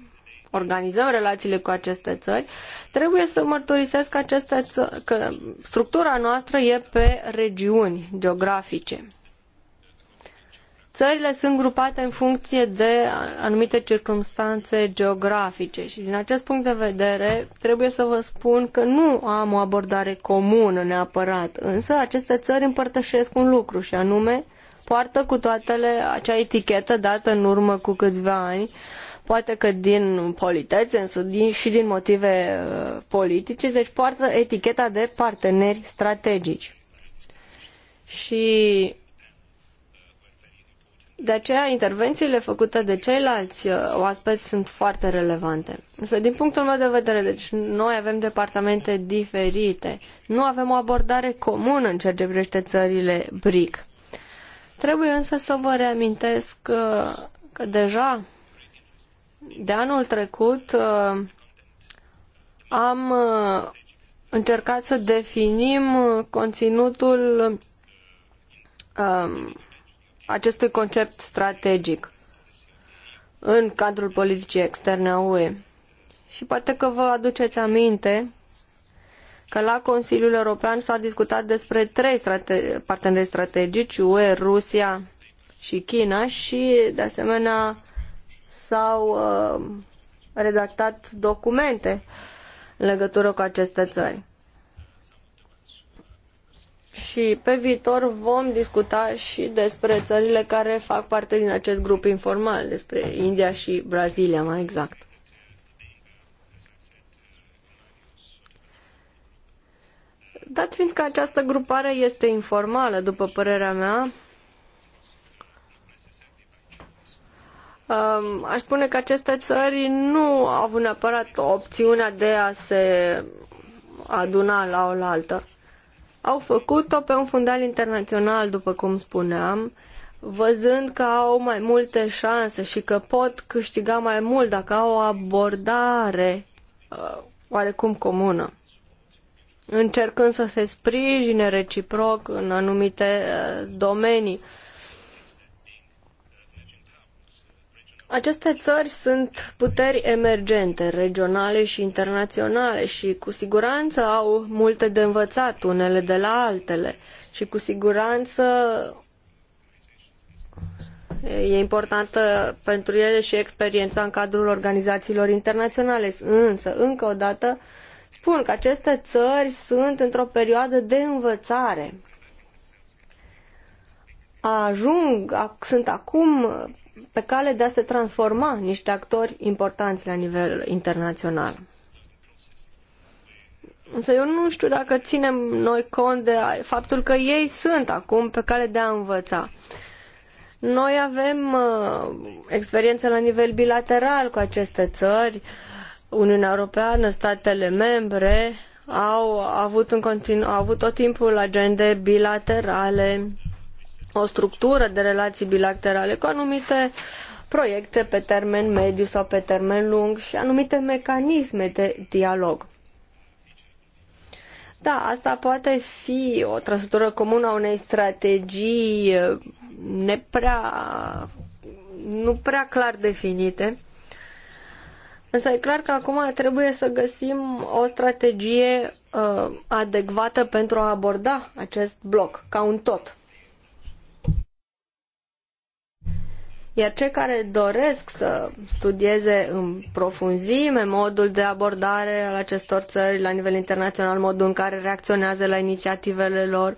organizăm relațiile cu aceste țări, trebuie să mărturisesc că, aceste țări, că structura noastră e pe regiuni geografice. Țările sunt grupate în funcție de anumite circunstanțe geografice și din acest punct de vedere trebuie să vă spun că nu am o abordare comună neapărat, însă aceste țări împărtășesc un lucru și anume poartă cu toatele acea etichetă dată în urmă cu câțiva ani poate că din politețe, însă din, și din motive uh, politice, deci poartă eticheta de parteneri strategici. Și de aceea intervențiile făcute de ceilalți uh, oaspeți sunt foarte relevante. Însă din punctul meu de vedere, deci noi avem departamente diferite, nu avem o abordare comună în ceea ce privește țările BRIC. Trebuie însă să vă reamintesc că, uh, că deja de anul trecut uh, am uh, încercat să definim conținutul um, acestui concept strategic în cadrul politicii externe a UE. Și poate că vă aduceți aminte că la Consiliul European s-a discutat despre trei strate- parteneri strategici, UE, Rusia și China și, de asemenea, s-au uh, redactat documente în legătură cu aceste țări. Și pe viitor vom discuta și despre țările care fac parte din acest grup informal, despre India și Brazilia mai exact. Dat fiindcă această grupare este informală, după părerea mea, Um, aș spune că aceste țări nu au avut neapărat opțiunea de a se aduna la oaltă. Au făcut-o pe un fundal internațional, după cum spuneam, văzând că au mai multe șanse și că pot câștiga mai mult dacă au o abordare uh, oarecum comună, încercând să se sprijine reciproc în anumite uh, domenii Aceste țări sunt puteri emergente, regionale și internaționale și cu siguranță au multe de învățat unele de la altele și cu siguranță e importantă pentru ele și experiența în cadrul organizațiilor internaționale. Însă, încă o dată, spun că aceste țări sunt într-o perioadă de învățare. Ajung, sunt acum pe cale de a se transforma niște actori importanți la nivel internațional. Însă eu nu știu dacă ținem noi cont de faptul că ei sunt acum pe cale de a învăța. Noi avem uh, experiență la nivel bilateral cu aceste țări. Uniunea Europeană, statele membre au avut, în continu- au avut tot timpul agende bilaterale o structură de relații bilaterale cu anumite proiecte pe termen mediu sau pe termen lung și anumite mecanisme de dialog. Da, asta poate fi o trăsătură comună a unei strategii eh, neprea, nu prea clar definite. Însă e clar că acum trebuie să găsim o strategie uh, adecvată pentru a aborda acest bloc ca un tot. Iar cei care doresc să studieze în profunzime modul de abordare al acestor țări la nivel internațional, modul în care reacționează la inițiativele lor,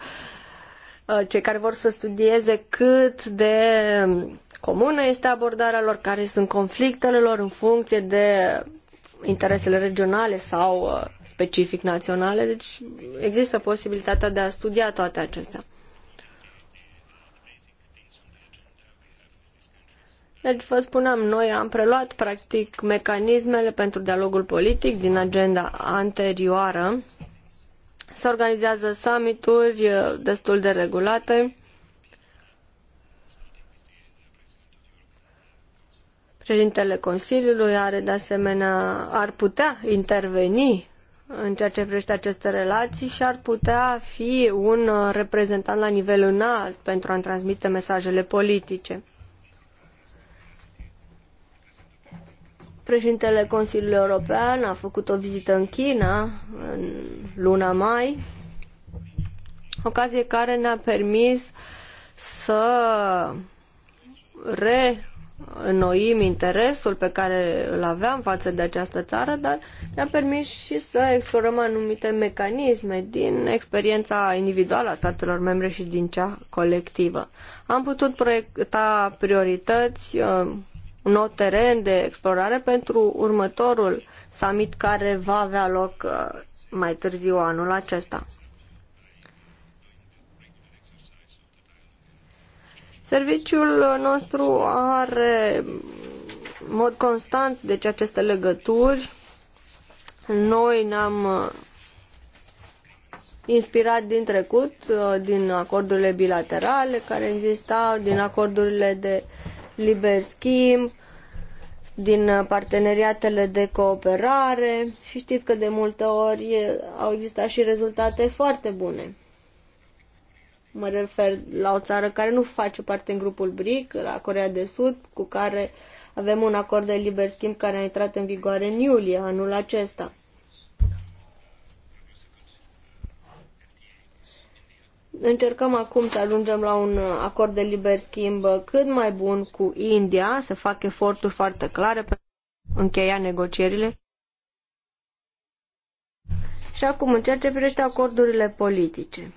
uh, cei care vor să studieze cât de comună este abordarea lor, care sunt conflictele lor în funcție de interesele regionale sau uh, specific naționale, deci există posibilitatea de a studia toate acestea. Deci, vă spuneam, noi am preluat practic mecanismele pentru dialogul politic din agenda anterioară. Se organizează summituri destul de regulate. Președintele Consiliului are de asemenea, ar putea interveni în ceea ce privește aceste relații și ar putea fi un uh, reprezentant la nivel înalt pentru a transmite mesajele politice. Președintele Consiliului European a făcut o vizită în China în luna mai, ocazie care ne-a permis să reînnoim interesul pe care îl aveam față de această țară, dar ne-a permis și să explorăm anumite mecanisme din experiența individuală a statelor membre și din cea colectivă. Am putut proiecta priorități uh, un nou teren de explorare pentru următorul summit care va avea loc uh, mai târziu anul acesta. Serviciul nostru are mod constant deci aceste legături. Noi ne-am uh, inspirat din trecut, uh, din acordurile bilaterale care existau, din acordurile de uh, liber schimb, din parteneriatele de cooperare și știți că de multe ori au existat și rezultate foarte bune. Mă refer la o țară care nu face parte în grupul BRIC, la Corea de Sud, cu care avem un acord de liber schimb care a intrat în vigoare în iulie anul acesta. Încercăm acum să ajungem la un uh, acord de liber schimb uh, cât mai bun cu India, să fac eforturi foarte clare pentru a încheia negocierile. Și acum, în ceea ce privește acordurile politice.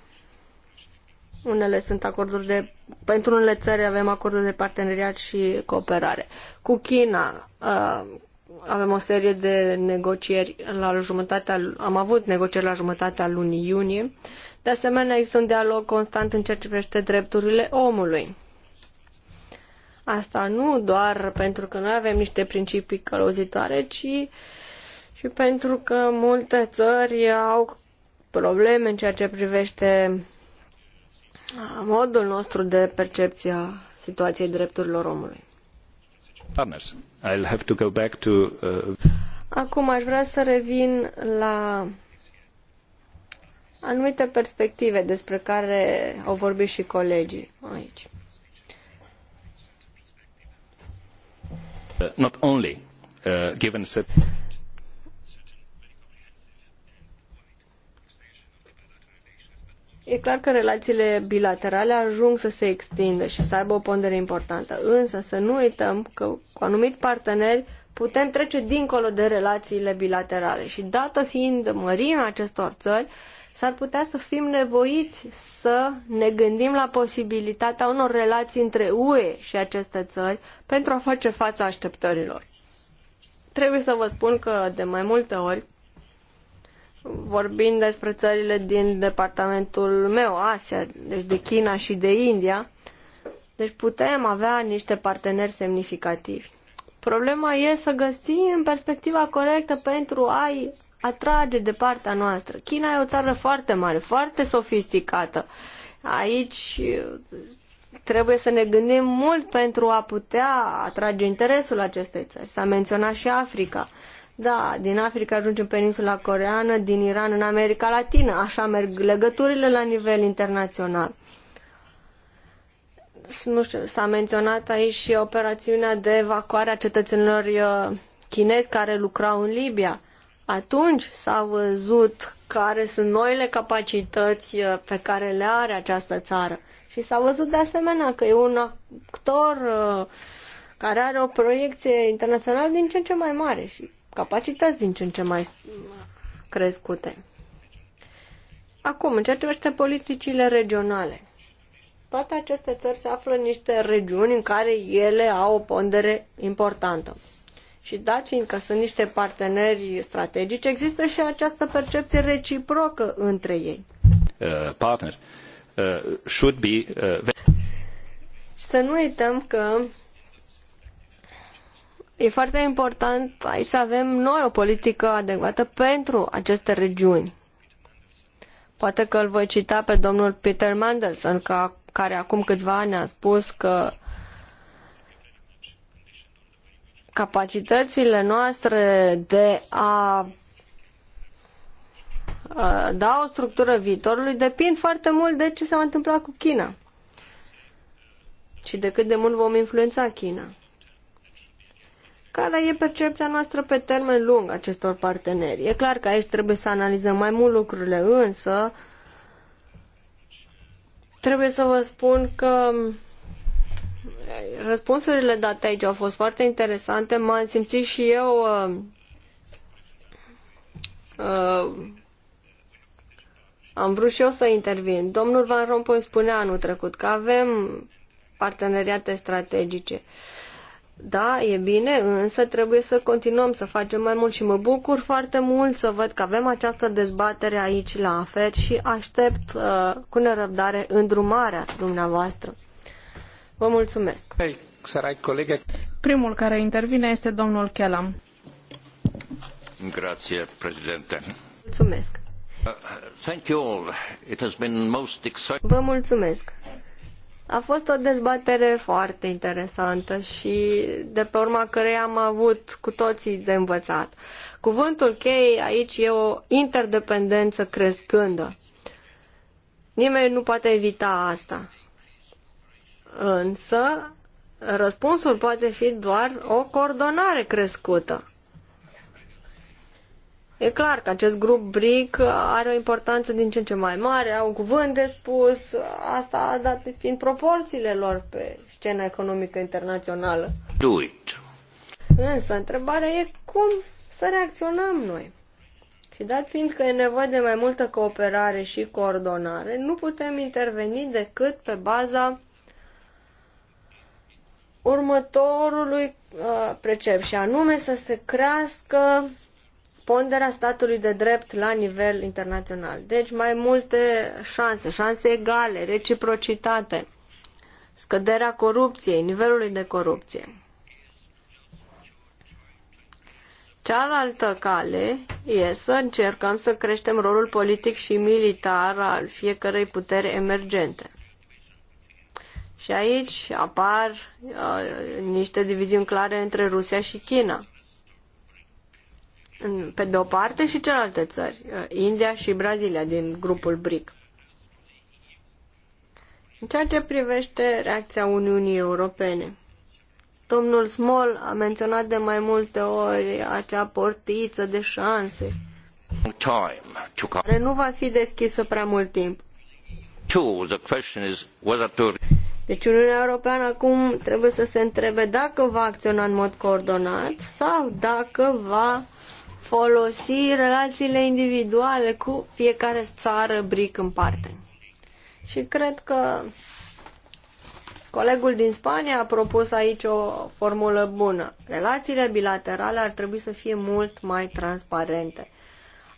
Unele sunt acorduri de... Pentru unele țări avem acorduri de parteneriat și cooperare. Cu China uh, avem o serie de negocieri la jumătatea... Am avut negocieri la jumătatea lunii iunie. De asemenea, există un dialog constant în ceea ce privește drepturile omului. Asta nu doar pentru că noi avem niște principii călăuzitoare, ci și pentru că multe țări au probleme în ceea ce privește modul nostru de percepție a situației drepturilor omului. Partners, I'll have to go back to, uh... Acum aș vrea să revin la anumite perspective despre care au vorbit și colegii aici. Uh, not only uh, given E clar că relațiile bilaterale ajung să se extindă și să aibă o pondere importantă, însă să nu uităm că cu anumiți parteneri putem trece dincolo de relațiile bilaterale și dată fiind mărimea acestor țări, uh, s-ar putea să fim nevoiți să ne gândim la posibilitatea unor relații între UE și aceste țări pentru a face față așteptărilor. Trebuie să vă spun că de mai multe ori, vorbind despre țările din departamentul meu, Asia, deci de China și de India, deci putem avea niște parteneri semnificativi. Problema e să găsim perspectiva corectă pentru a-i atrage de partea noastră. China e o țară foarte mare, foarte sofisticată. Aici uh, trebuie să ne gândim mult pentru a putea atrage interesul acestei țări. S-a menționat și Africa. Da, din Africa ajungem în peninsula coreană, din Iran în America Latină. Așa merg legăturile la nivel internațional. Nu știu, s-a menționat aici și operațiunea de evacuare a cetățenilor uh, chinezi care lucrau în Libia. Atunci s-a văzut care sunt noile capacități uh, pe care le are această țară. Și s-a văzut de asemenea că e un actor uh, care are o proiecție internațională din ce în ce mai mare și capacități din ce în ce mai crescute. Acum, în ceea ce privește politicile regionale, toate aceste țări se află în niște regiuni în care ele au o pondere importantă. Și dat fiindcă sunt niște parteneri strategici, există și această percepție reciprocă între ei. Uh, partner uh, should be uh... Să nu uităm că e foarte important aici să avem noi o politică adecvată pentru aceste regiuni. Poate că îl voi cita pe domnul Peter Mandelson, ca, care acum câțiva ani a spus că capacitățile noastre de a da o structură viitorului depind foarte mult de ce se va întâmpla cu China și de cât de mult vom influența China. Care e percepția noastră pe termen lung acestor parteneri? E clar că aici trebuie să analizăm mai mult lucrurile, însă trebuie să vă spun că Răspunsurile date aici au fost foarte interesante. M-am simțit și eu uh, uh, am vrut și eu să intervin. Domnul Van Rompuy spunea anul trecut că avem parteneriate strategice. Da, e bine, însă trebuie să continuăm să facem mai mult și mă bucur foarte mult să văd că avem această dezbatere aici la AFET și aștept uh, cu nerăbdare îndrumarea dumneavoastră. Vă mulțumesc. Primul care intervine este domnul Kellam. Grazie, președinte. Mulțumesc. Thank you all. It has been most exciting. Vă mulțumesc. A fost o dezbatere foarte interesantă și de pe urma căreia am avut cu toții de învățat. Cuvântul cheie aici e o interdependență crescândă. Nimeni nu poate evita asta. Însă, răspunsul poate fi doar o coordonare crescută. E clar că acest grup BRIC are o importanță din ce în ce mai mare, au un cuvânt de spus, asta dat fiind proporțiile lor pe scena economică internațională. Do it. Însă, întrebarea e cum să reacționăm noi. Și dat fiind că e nevoie de mai multă cooperare și coordonare, nu putem interveni decât pe baza următorului uh, precep și anume să se crească ponderea statului de drept la nivel internațional. Deci mai multe șanse, șanse egale, reciprocitate, scăderea corupției, nivelului de corupție. Cealaltă cale e să încercăm să creștem rolul politic și militar al fiecărei puteri emergente. Și aici apar uh, niște diviziuni clare între Rusia și China. Pe de o parte și celelalte țări, uh, India și Brazilia din grupul BRIC. În ceea ce privește reacția Uniunii Europene, domnul Small a menționat de mai multe ori acea portiță de șanse care nu va fi deschisă prea mult timp. Deci Uniunea Europeană acum trebuie să se întrebe dacă va acționa în mod coordonat sau dacă va folosi relațiile individuale cu fiecare țară bric în parte. Și cred că colegul din Spania a propus aici o formulă bună. Relațiile bilaterale ar trebui să fie mult mai transparente.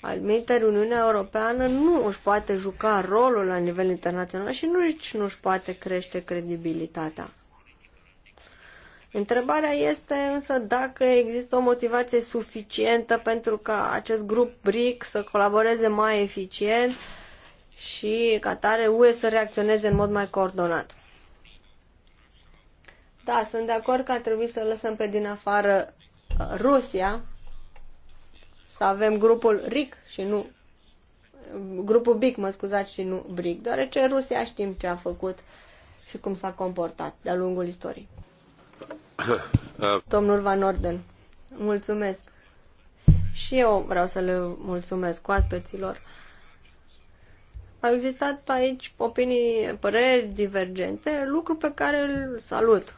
Alminter, Uniunea Europeană nu își poate juca rolul la nivel internațional și nici nu își poate crește credibilitatea. Întrebarea este însă dacă există o motivație suficientă pentru ca acest grup BRIC să colaboreze mai eficient și ca tare UE să reacționeze în mod mai coordonat. Da, sunt de acord că ar trebui să lăsăm pe din afară uh, Rusia, să avem grupul RIC și nu grupul BIC, mă scuzați, și nu BRIC, deoarece Rusia știm ce a făcut și cum s-a comportat de-a lungul istoriei. Domnul Van Orden, mulțumesc. Și eu vreau să le mulțumesc cu aspeților. Au existat aici opinii, păreri divergente, lucru pe care îl salut.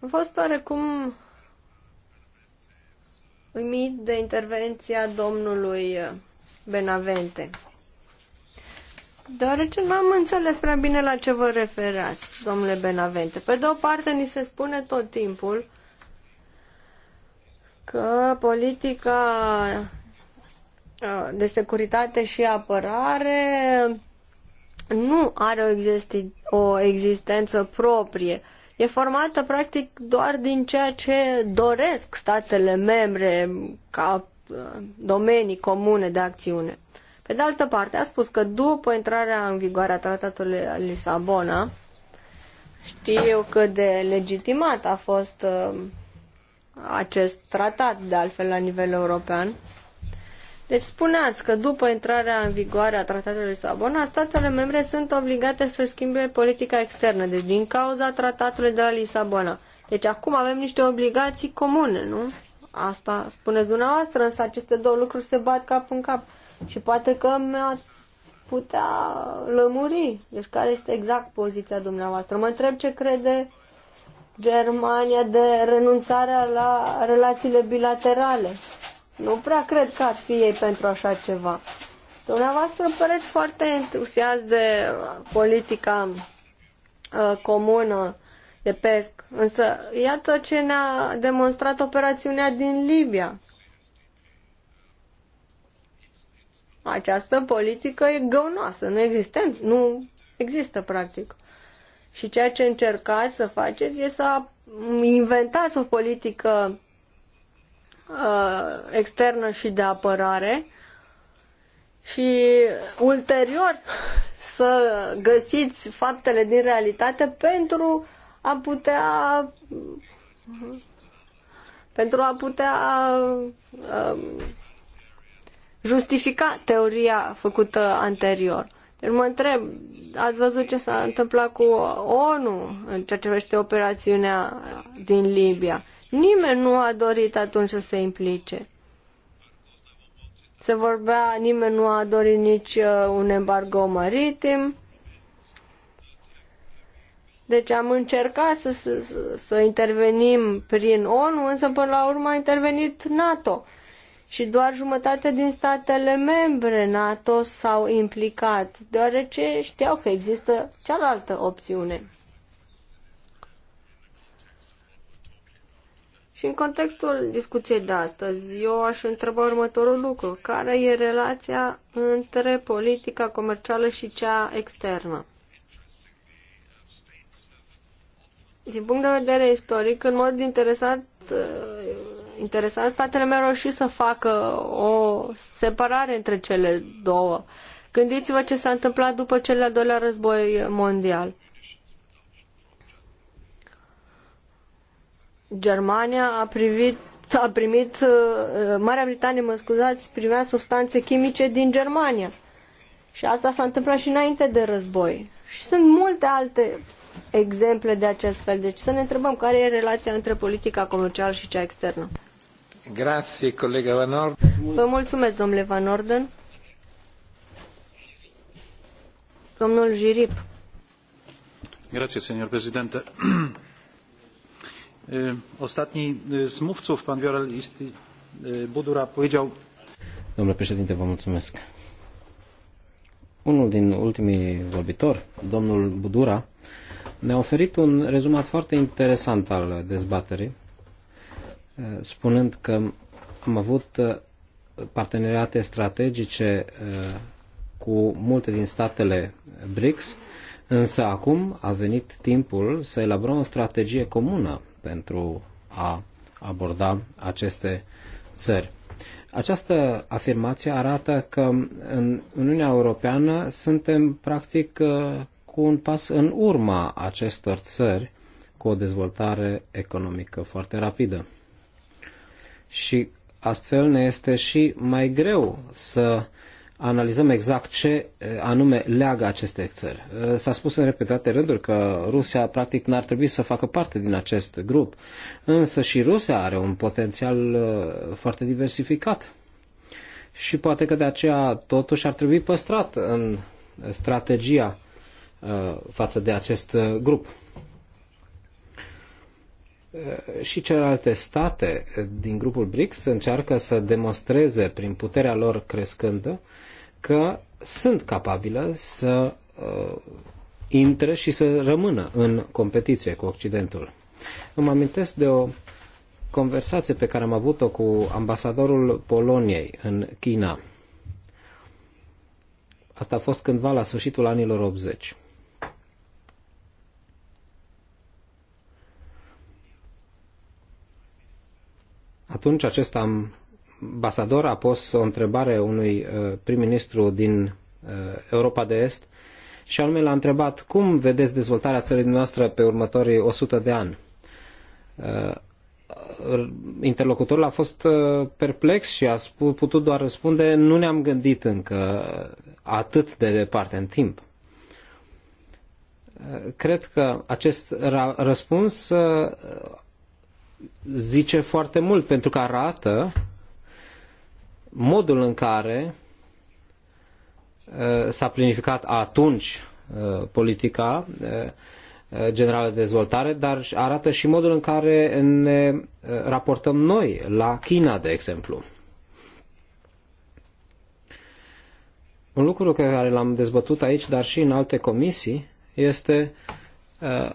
Am fost oarecum uimit de intervenția domnului Benavente. Deoarece nu am înțeles prea bine la ce vă referați, domnule Benavente. Pe de o parte, ni se spune tot timpul că politica de securitate și apărare nu are o, existi- o existență proprie. Uh, e formată practic doar din ceea ce doresc statele membre ca uh, domenii comune de acțiune. Pe de altă parte, a spus că după intrarea în vigoare a tratatului Lisabona, știu cât de legitimat a fost uh, acest tratat, de altfel, la nivel european, deci spuneați că după intrarea în vigoare a Tratatului Lisabona, statele membre sunt obligate să schimbe politica externă, deci din cauza Tratatului de la Lisabona. Deci acum avem niște obligații comune, nu? Asta spuneți dumneavoastră, însă aceste două lucruri se bat cap în cap. Și poate că mi-ați putea lămuri. Deci care este exact poziția dumneavoastră? Mă întreb ce crede Germania de renunțarea la relațiile bilaterale. Nu prea cred că ar fi ei pentru așa ceva. Dumneavoastră păreți foarte entuziasm de uh, politica uh, comună de pesc, însă iată ce ne-a demonstrat operațiunea din Libia. Această politică e găunoasă, nu există, nu există practic. Și ceea ce încercați să faceți e să inventați o politică Uh, externă și de apărare și ulterior să găsiți faptele din realitate pentru a putea pentru a putea um, justifica teoria făcută anterior. Deci mă întreb, ați văzut ce s-a întâmplat cu ONU în ceea ce privește operațiunea din Libia? Nimeni nu a dorit atunci să se implice. Se vorbea, nimeni nu a dorit nici uh, un embargo maritim. Deci am încercat să, să, să intervenim prin ONU, însă până la urmă a intervenit NATO. Și doar jumătate din statele membre NATO s-au implicat, deoarece știau că există cealaltă opțiune. Și în contextul discuției de astăzi, eu aș întreba următorul lucru. Care e relația între politica comercială și cea externă? Din punct de vedere istoric, în mod interesant, uh, interesant statele mele și să facă o separare între cele două. Gândiți-vă ce s-a întâmplat după cel de-al doilea război mondial. Germania a privit a primit, uh, uh, Marea Britanie, mă scuzați, primea substanțe chimice din Germania. Și asta s-a întâmplat și înainte de război. Și sunt multe alte exemple de acest fel. Deci să ne întrebăm care e relația între politica comercială și cea externă. Grazie, colega Van Orden. Vă mulțumesc, domnule Van Orden. Domnul Girip. Grazie, signor președinte. Ostatni z mówców, pan Wiorel Budura, powiedział... Domnule președinte, vă mulțumesc. Unul din ultimii vorbitori, domnul Budura, ne-a oferit un rezumat foarte interesant al dezbaterii, spunând că am avut parteneriate strategice cu multe din statele BRICS, însă acum a venit timpul să elaborăm o strategie comună pentru a aborda aceste țări. Această afirmație arată că în Uniunea Europeană suntem practic uh, cu un pas în urma acestor țări cu o dezvoltare economică foarte rapidă. Și astfel ne este și mai greu să analizăm exact ce anume leagă aceste țări. S-a spus în repetate rânduri că Rusia practic n-ar trebui să facă parte din acest grup, însă și Rusia are un potențial foarte diversificat. Și poate că de aceea totuși ar trebui păstrat în strategia față de acest grup. Eh, și celelalte state eh, din grupul BRICS încearcă să demonstreze prin puterea lor crescândă că sunt capabile să eh, intre și să rămână în competiție cu Occidentul. Îmi amintesc de o conversație pe care am avut-o cu ambasadorul Poloniei în China. Asta a fost cândva la sfârșitul anilor 80. atunci acest ambasador a pus o întrebare unui uh, prim-ministru din uh, Europa de Est și anume l-a întrebat cum vedeți dezvoltarea țării noastre pe următorii 100 de ani. Uh, interlocutorul a fost perplex și a putut doar răspunde nu ne-am gândit încă atât de departe în timp. Cred că acest răspuns zice foarte mult pentru că arată modul în care uh, s-a planificat atunci uh, politica uh, generală de dezvoltare, dar arată și modul în care ne raportăm noi la China, de exemplu. Un lucru pe care l-am dezbătut aici, dar și în alte comisii, este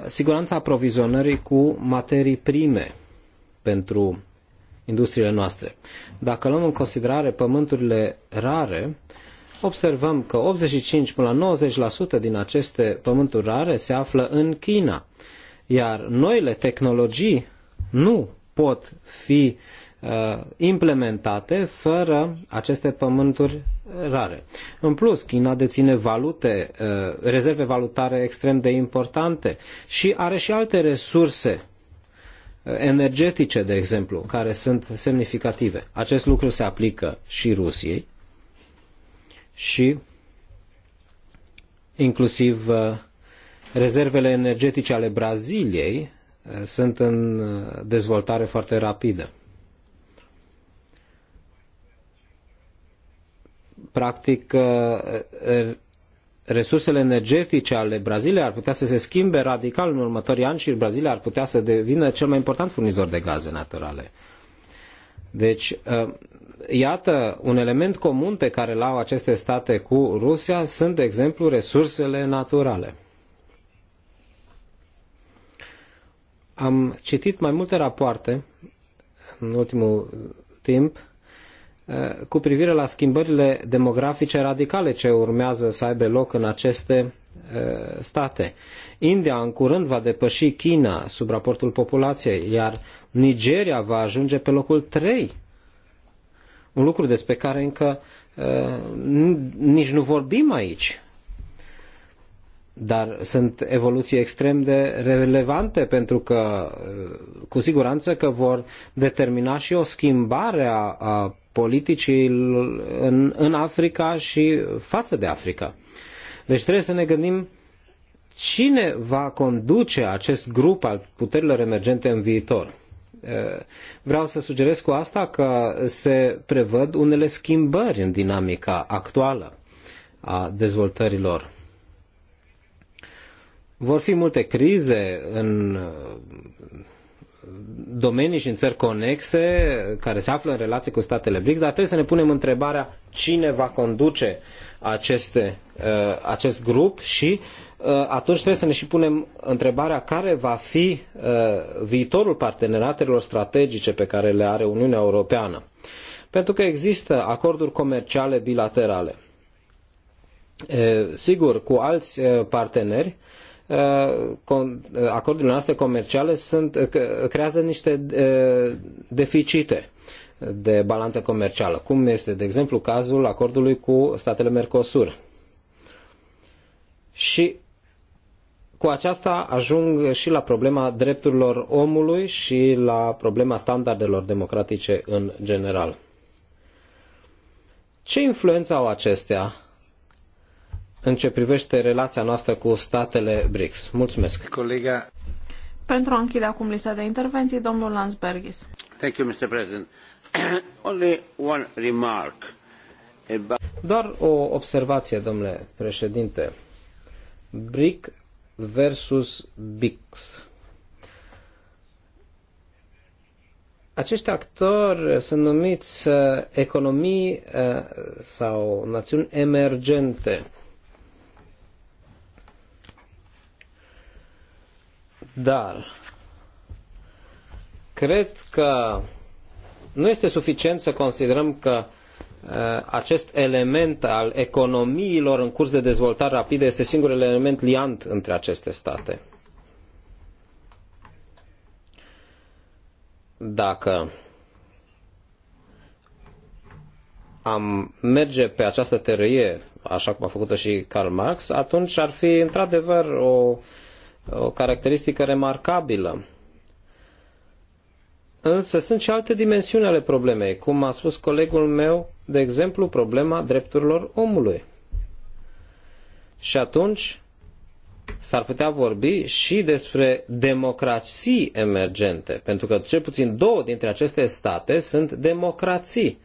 siguranța aprovizionării cu materii prime pentru industriile noastre. Dacă luăm în considerare pământurile rare, observăm că 85 până la 90% din aceste pământuri rare se află în China, iar noile tehnologii nu pot fi uh, implementate fără aceste pământuri rare. În plus, China deține valute, uh, rezerve valutare extrem de importante și are și alte resurse energetice, de exemplu, care sunt semnificative. Acest lucru se aplică și Rusiei și inclusiv uh, rezervele energetice ale Braziliei uh, sunt în uh, dezvoltare foarte rapidă. Practic, resursele energetice ale Braziliei ar putea să se schimbe radical în următorii ani și Brazilia ar putea să devină cel mai important furnizor de gaze naturale. Deci, uh, iată, un element comun pe care îl au aceste state cu Rusia sunt, de exemplu, resursele naturale. Am citit mai multe rapoarte în ultimul timp Eh, cu privire la schimbările demografice radicale ce urmează să aibă loc în aceste eh, state. India în curând va depăși China sub raportul populației, iar Nigeria va ajunge pe locul 3. Un lucru despre care încă eh, nici nu vorbim aici. Dar sunt evoluții extrem de relevante pentru că cu siguranță că vor determina și o schimbare a, a politicii în, în Africa și față de Africa. Deci trebuie să ne gândim cine va conduce acest grup al puterilor emergente în viitor. Eh, vreau să sugerez cu asta că se prevăd unele schimbări în dinamica actuală a dezvoltărilor. Vor fi multe crize în domenii și în țări conexe care se află în relație cu statele BRICS, dar trebuie să ne punem întrebarea cine va conduce aceste, uh, acest grup și uh, atunci trebuie să ne și punem întrebarea care va fi uh, viitorul parteneriatelor strategice pe care le are Uniunea Europeană. Pentru că există acorduri comerciale bilaterale. Sigur, cu alți parteneri, Uh, uh, acordurile noastre comerciale sunt, uh, creează niște deficite de balanță comercială, cum este, de exemplu, cazul acordului cu statele Mercosur. Și cu aceasta ajung și la problema drepturilor omului și la problema standardelor democratice în general. Ce influență au acestea în ce privește relația noastră cu statele BRICS. Mulțumesc. Colega... Pentru a închide acum lista de intervenții, domnul Lansbergis. Thank you, Mr. President. Only one remark about... Doar o observație, domnule președinte. BRIC versus BICS. Acești actori sunt numiți uh, economii uh, sau națiuni emergente Dar cred că nu este suficient să considerăm că uh, acest element al economiilor în curs de dezvoltare rapidă este singurul element liant între aceste state. Dacă am merge pe această teorie, așa cum a făcut-o și Karl Marx, atunci ar fi într-adevăr o o caracteristică remarcabilă. Însă sunt și alte dimensiuni ale problemei, cum a spus colegul meu, de exemplu, problema drepturilor omului. Și atunci s-ar putea vorbi și despre democrații emergente, pentru că cel puțin două dintre aceste state sunt democrații.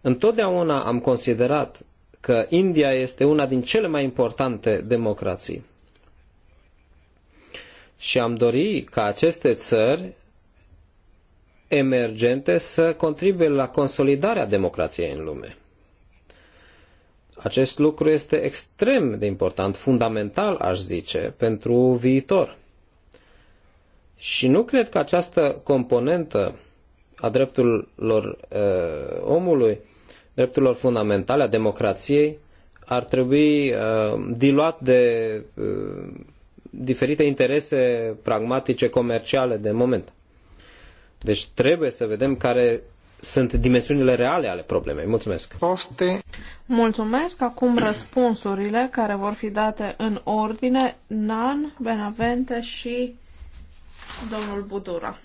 Întotdeauna am considerat că India este una din cele mai importante democrații și am dori ca aceste țări emergente să contribuie la consolidarea democrației în lume. Acest lucru este extrem de important, fundamental, aș zice, pentru viitor. Și nu cred că această componentă a drepturilor uh, omului, drepturilor fundamentale, a democrației, ar trebui uh, diluat de uh, diferite interese pragmatice comerciale de moment. Deci trebuie să vedem care sunt dimensiunile reale ale problemei. Mulțumesc. Poste. Mulțumesc. Acum răspunsurile care vor fi date în ordine. Nan, Benavente și domnul Budura.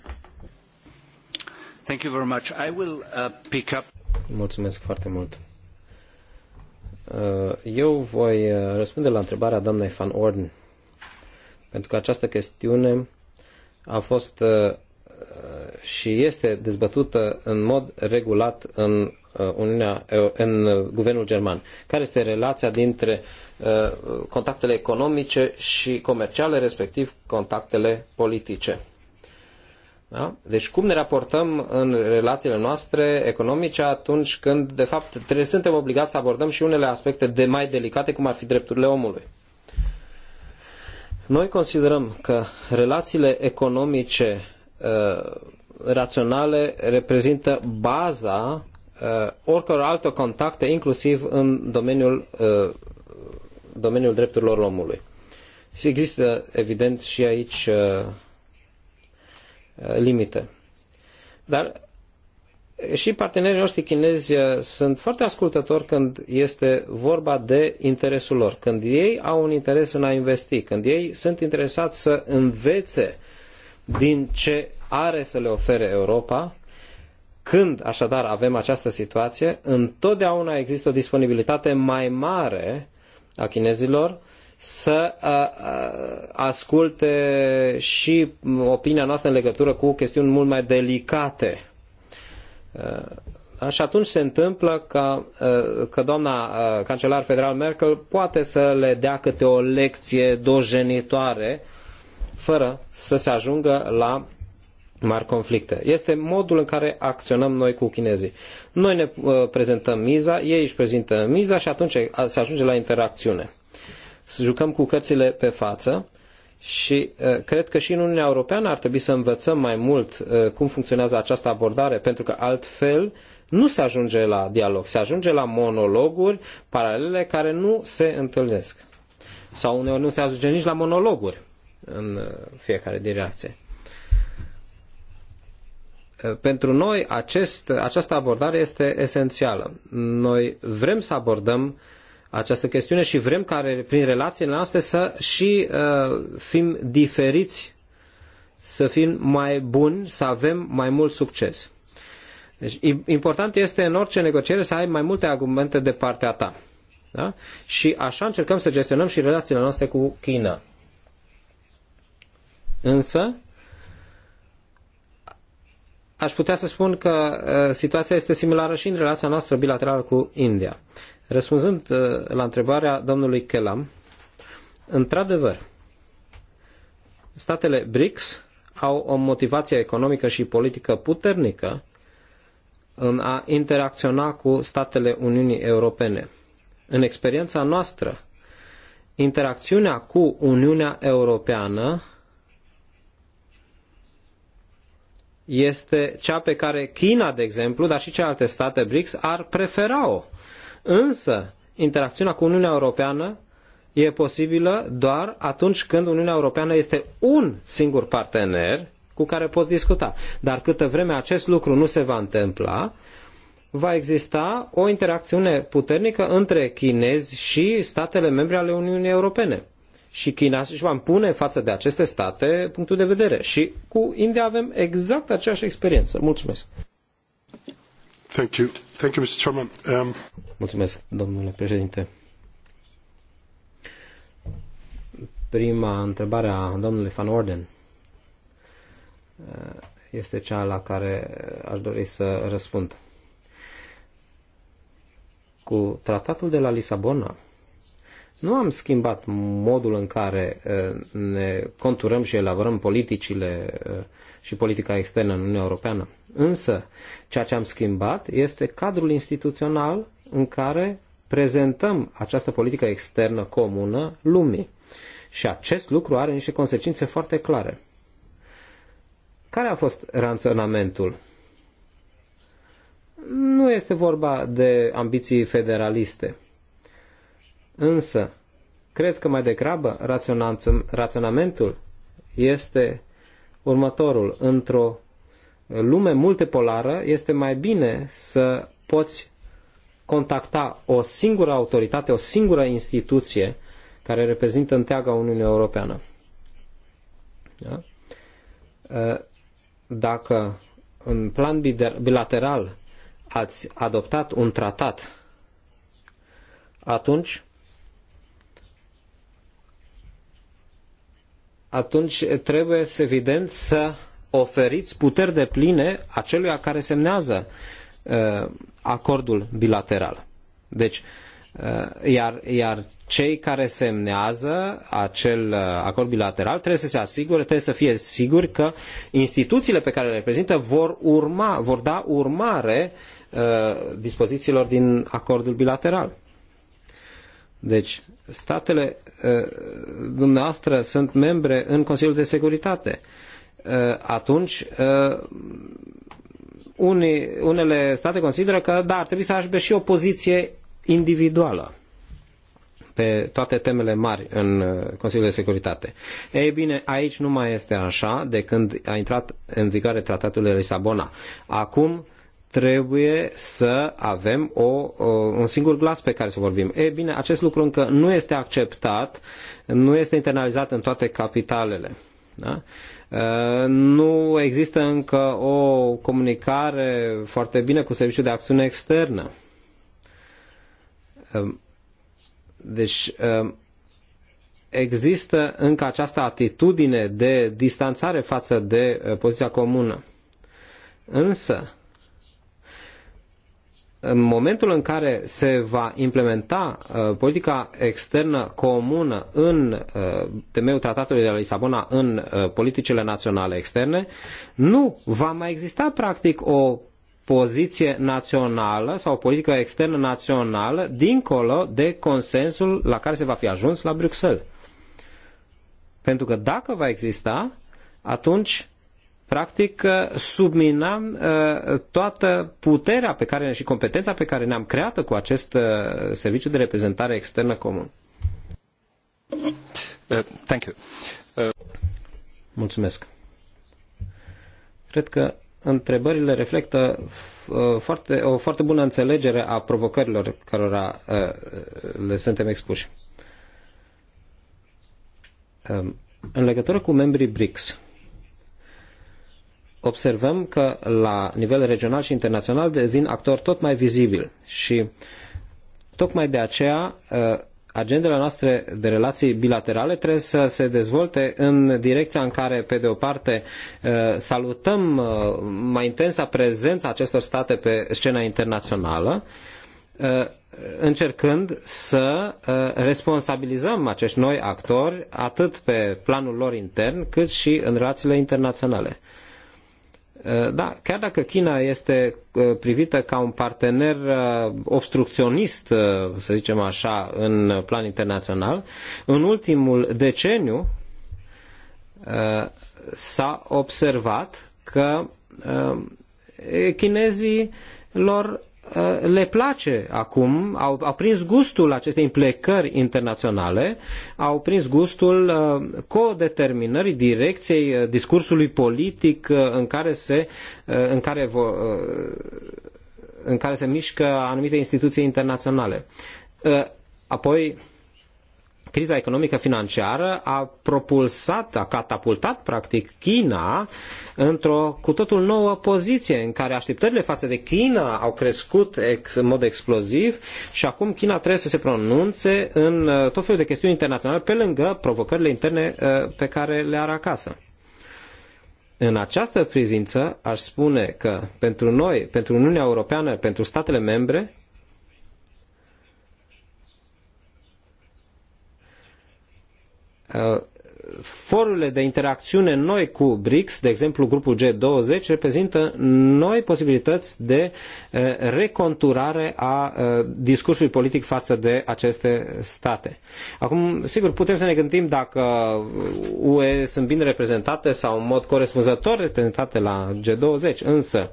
Thank you very much. I will uh, pick up... Mulțumesc foarte mult. Uh, eu voi uh, răspunde la întrebarea doamnei Van Orden pentru că această chestiune a fost uh, uh, și este dezbătută în mod regulat în, uh, Uniunea, în guvernul german. Care este relația dintre contactele economice și comerciale, respectiv contactele politice? Da? Deci cum ne raportăm în relațiile noastre economice atunci când, de fapt, trebuie, suntem obligați să abordăm și unele aspecte de mai delicate, cum ar fi drepturile omului. Noi considerăm că relațiile economice uh, raționale reprezintă baza uh, oricăror alte contacte, inclusiv în domeniul, uh, domeniul drepturilor omului. Și există, evident, și aici uh, uh limite. Dar și partenerii noștri chinezi uh, sunt foarte ascultători când este vorba de interesul lor, când ei au un interes în a investi, când ei sunt interesați să învețe din ce are să le ofere Europa, când așadar avem această situație, întotdeauna există o disponibilitate mai mare a chinezilor să uh, uh, asculte și opinia noastră în legătură cu chestiuni mult mai delicate Uh, și atunci se întâmplă că, uh, că doamna uh, cancelar federal Merkel poate să le dea câte o lecție dojenitoare fără să se ajungă la mari conflicte. Este modul în care acționăm noi cu chinezii. Noi ne prezentăm miza, ei își prezintă miza și atunci se ajunge la interacțiune. jucăm cu cărțile pe față și uh, cred că și în Uniunea Europeană ar trebui să învățăm mai mult uh, cum funcționează această abordare, pentru că altfel nu se ajunge la dialog, se ajunge la monologuri paralele care nu se întâlnesc. Sau uneori nu se ajunge nici la monologuri în uh, fiecare direcție. Pentru noi acest, această abordare este esențială. Noi vrem să abordăm această chestiune și vrem ca prin relațiile noastre să și uh, fim diferiți, să fim mai buni, să avem mai mult succes. Deci, important este în orice negociere să ai mai multe argumente de partea ta. Da? Și așa încercăm să gestionăm și relațiile noastre cu China. Însă, aș putea să spun că uh, situația este similară și în relația noastră bilaterală cu India. Răspunzând uh, la întrebarea domnului Kelam, într-adevăr, statele BRICS au o motivație economică și politică puternică în a interacționa cu statele Uniunii Europene. În experiența noastră, interacțiunea cu Uniunea Europeană este cea pe care China, de exemplu, dar și celelalte state BRICS ar prefera-o Însă, interacțiunea cu Uniunea Europeană e posibilă doar atunci când Uniunea Europeană este un singur partener cu care poți discuta. Dar câtă vreme acest lucru nu se va întâmpla, va exista o interacțiune puternică între chinezi și statele membre ale Uniunii Europene. Și China își va impune față de aceste state punctul de vedere. Și cu India avem exact aceeași experiență. Mulțumesc! Thank you. Thank you, Mr. Chairman. Um... Mulțumesc, domnule președinte. Prima întrebare a domnului Van Orden uh, este cea la care aș dori să răspund. Cu tratatul de la Lisabona, nu am schimbat modul în care ne conturăm și elaborăm politicile și politica externă în Uniunea Europeană. Însă, ceea ce am schimbat este cadrul instituțional în care prezentăm această politică externă comună lumii. Și acest lucru are niște consecințe foarte clare. Care a fost ranționamentul? Nu este vorba de ambiții federaliste Însă, cred că mai degrabă raționamentul este următorul. Într-o lume multipolară este mai bine să poți contacta o singură autoritate, o singură instituție care reprezintă întreaga Uniune Europeană. Da? Ă, dacă în plan bilateral ați adoptat un tratat, atunci atunci trebuie, evident, să oferiți puteri de pline aceluia care semnează uh, acordul bilateral. Deci, uh, iar, iar cei care semnează acel uh, acord bilateral trebuie să se asigure, trebuie să fie siguri că instituțiile pe care le reprezintă vor urma, vor da urmare dispozițiilor din acordul bilateral. Deci, statele ă, dumneavoastră sunt membre în Consiliul de Securitate. Ă, atunci, ă, unii, unele state consideră că, da, ar trebui să aibă și o poziție individuală pe toate temele mari în Consiliul de Securitate. Ei bine, aici nu mai este așa de când a intrat în vigoare tratatul de Lisabona. Acum, uh, trebuie să avem o, un singur glas pe care să vorbim. E bine, acest lucru încă nu este acceptat, nu este internalizat în toate capitalele. Da? Nu există încă o comunicare foarte bine cu serviciul de acțiune externă. Deci există încă această atitudine de distanțare față de poziția comună. Însă, în momentul în care se va implementa uh, politica externă comună în uh, temeiul tratatului de la Lisabona în uh, politicile naționale externe, nu va mai exista practic o poziție națională sau o politică externă națională dincolo de consensul la care se va fi ajuns la Bruxelles. Pentru că dacă va exista, atunci practic uh, subminam uh, toată puterea pe care și competența pe care ne-am creată cu acest uh, serviciu de reprezentare externă comun. Uh, thank you. Uh... Mulțumesc. Cred că întrebările reflectă foarte, o foarte bună înțelegere a provocărilor cărora le suntem expuși. Um, în legătură cu membrii BRICS, observăm că la nivel regional și internațional devin actori tot mai vizibil și tocmai de aceea uh, agendele noastre de relații bilaterale trebuie să se dezvolte în direcția în care, pe de o parte, uh, salutăm uh, mai intensa prezența acestor state pe scena internațională, încercând să responsabilizăm acești noi actori atât pe planul lor intern cât și în relațiile internaționale. Eh, da, chiar dacă China este eh, privită ca un partener eh, obstrucționist, să zicem așa, în plan internațional, în ultimul deceniu s-a observat că chinezii lor Eh, le place acum, au, au prins gustul acestei plecări internaționale, au prins gustul uh, codeterminării direcției uh, discursului politic uh, în care se, în care vo, în care se mișcă anumite instituții internaționale. Apoi, criza economică financiară a propulsat, a catapultat practic China într-o cu totul nouă poziție în care așteptările față de China au crescut ex, în mod exploziv și acum China trebuie să se pronunțe în uh, tot felul de chestiuni internaționale pe lângă provocările interne uh, pe care le are acasă. În această privință, aș spune că pentru noi, pentru Uniunea Europeană, pentru statele membre, Uh, forurile de interacțiune noi cu BRICS, de exemplu grupul G20, reprezintă noi posibilități de uh, reconturare a uh, discursului politic față de aceste state. Acum, sigur, putem să ne gândim dacă UE sunt bine reprezentate sau în mod corespunzător reprezentate la G20, însă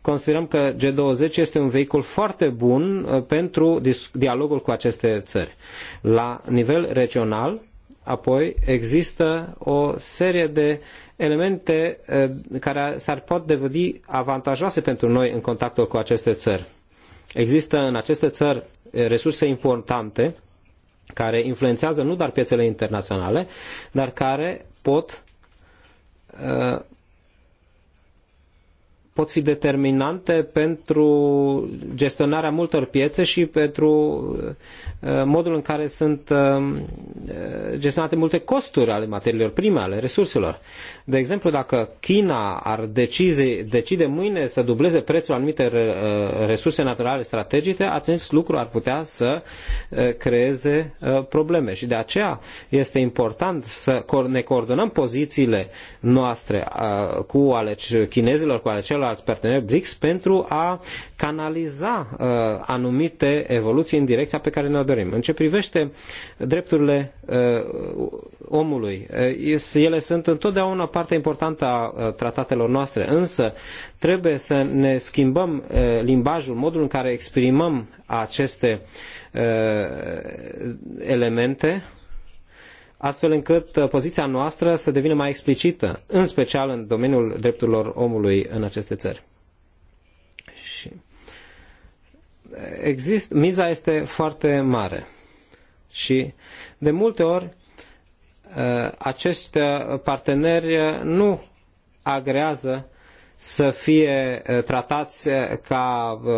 considerăm că G20 este un vehicul foarte bun pentru dialogul cu aceste țări. La nivel regional, Apoi există o serie de elemente eh, care s-ar pot devedi avantajoase pentru noi în contactul cu aceste țări. Există în aceste țări eh, resurse importante care influențează nu doar piețele internaționale, dar care pot eh, pot fi determinante pentru gestionarea multor piețe și pentru uh, modul în care sunt uh, gestionate multe costuri ale materiilor prime, ale resurselor. De exemplu, dacă China ar decize, decide mâine să dubleze prețul anumite uh, resurse naturale strategice, acest lucru ar putea să creeze probleme. Și de aceea este important să ne coordonăm pozițiile noastre cu ale chinezilor, cu ale celor ceilalți parteneri BRICS pentru a canaliza uh, anumite evoluții în direcția pe care ne-o dorim. În ce privește drepturile uh, omului, uh, ele sunt întotdeauna parte importantă a tratatelor noastre, însă trebuie să ne schimbăm limbajul, modul în care exprimăm aceste elemente astfel încât uh, poziția noastră să devină mai explicită, în special în domeniul drepturilor omului în aceste țări. Și exist, miza este foarte mare și de multe ori uh, acești uh, parteneri nu agrează să fie eh, tratați eh, ca eh,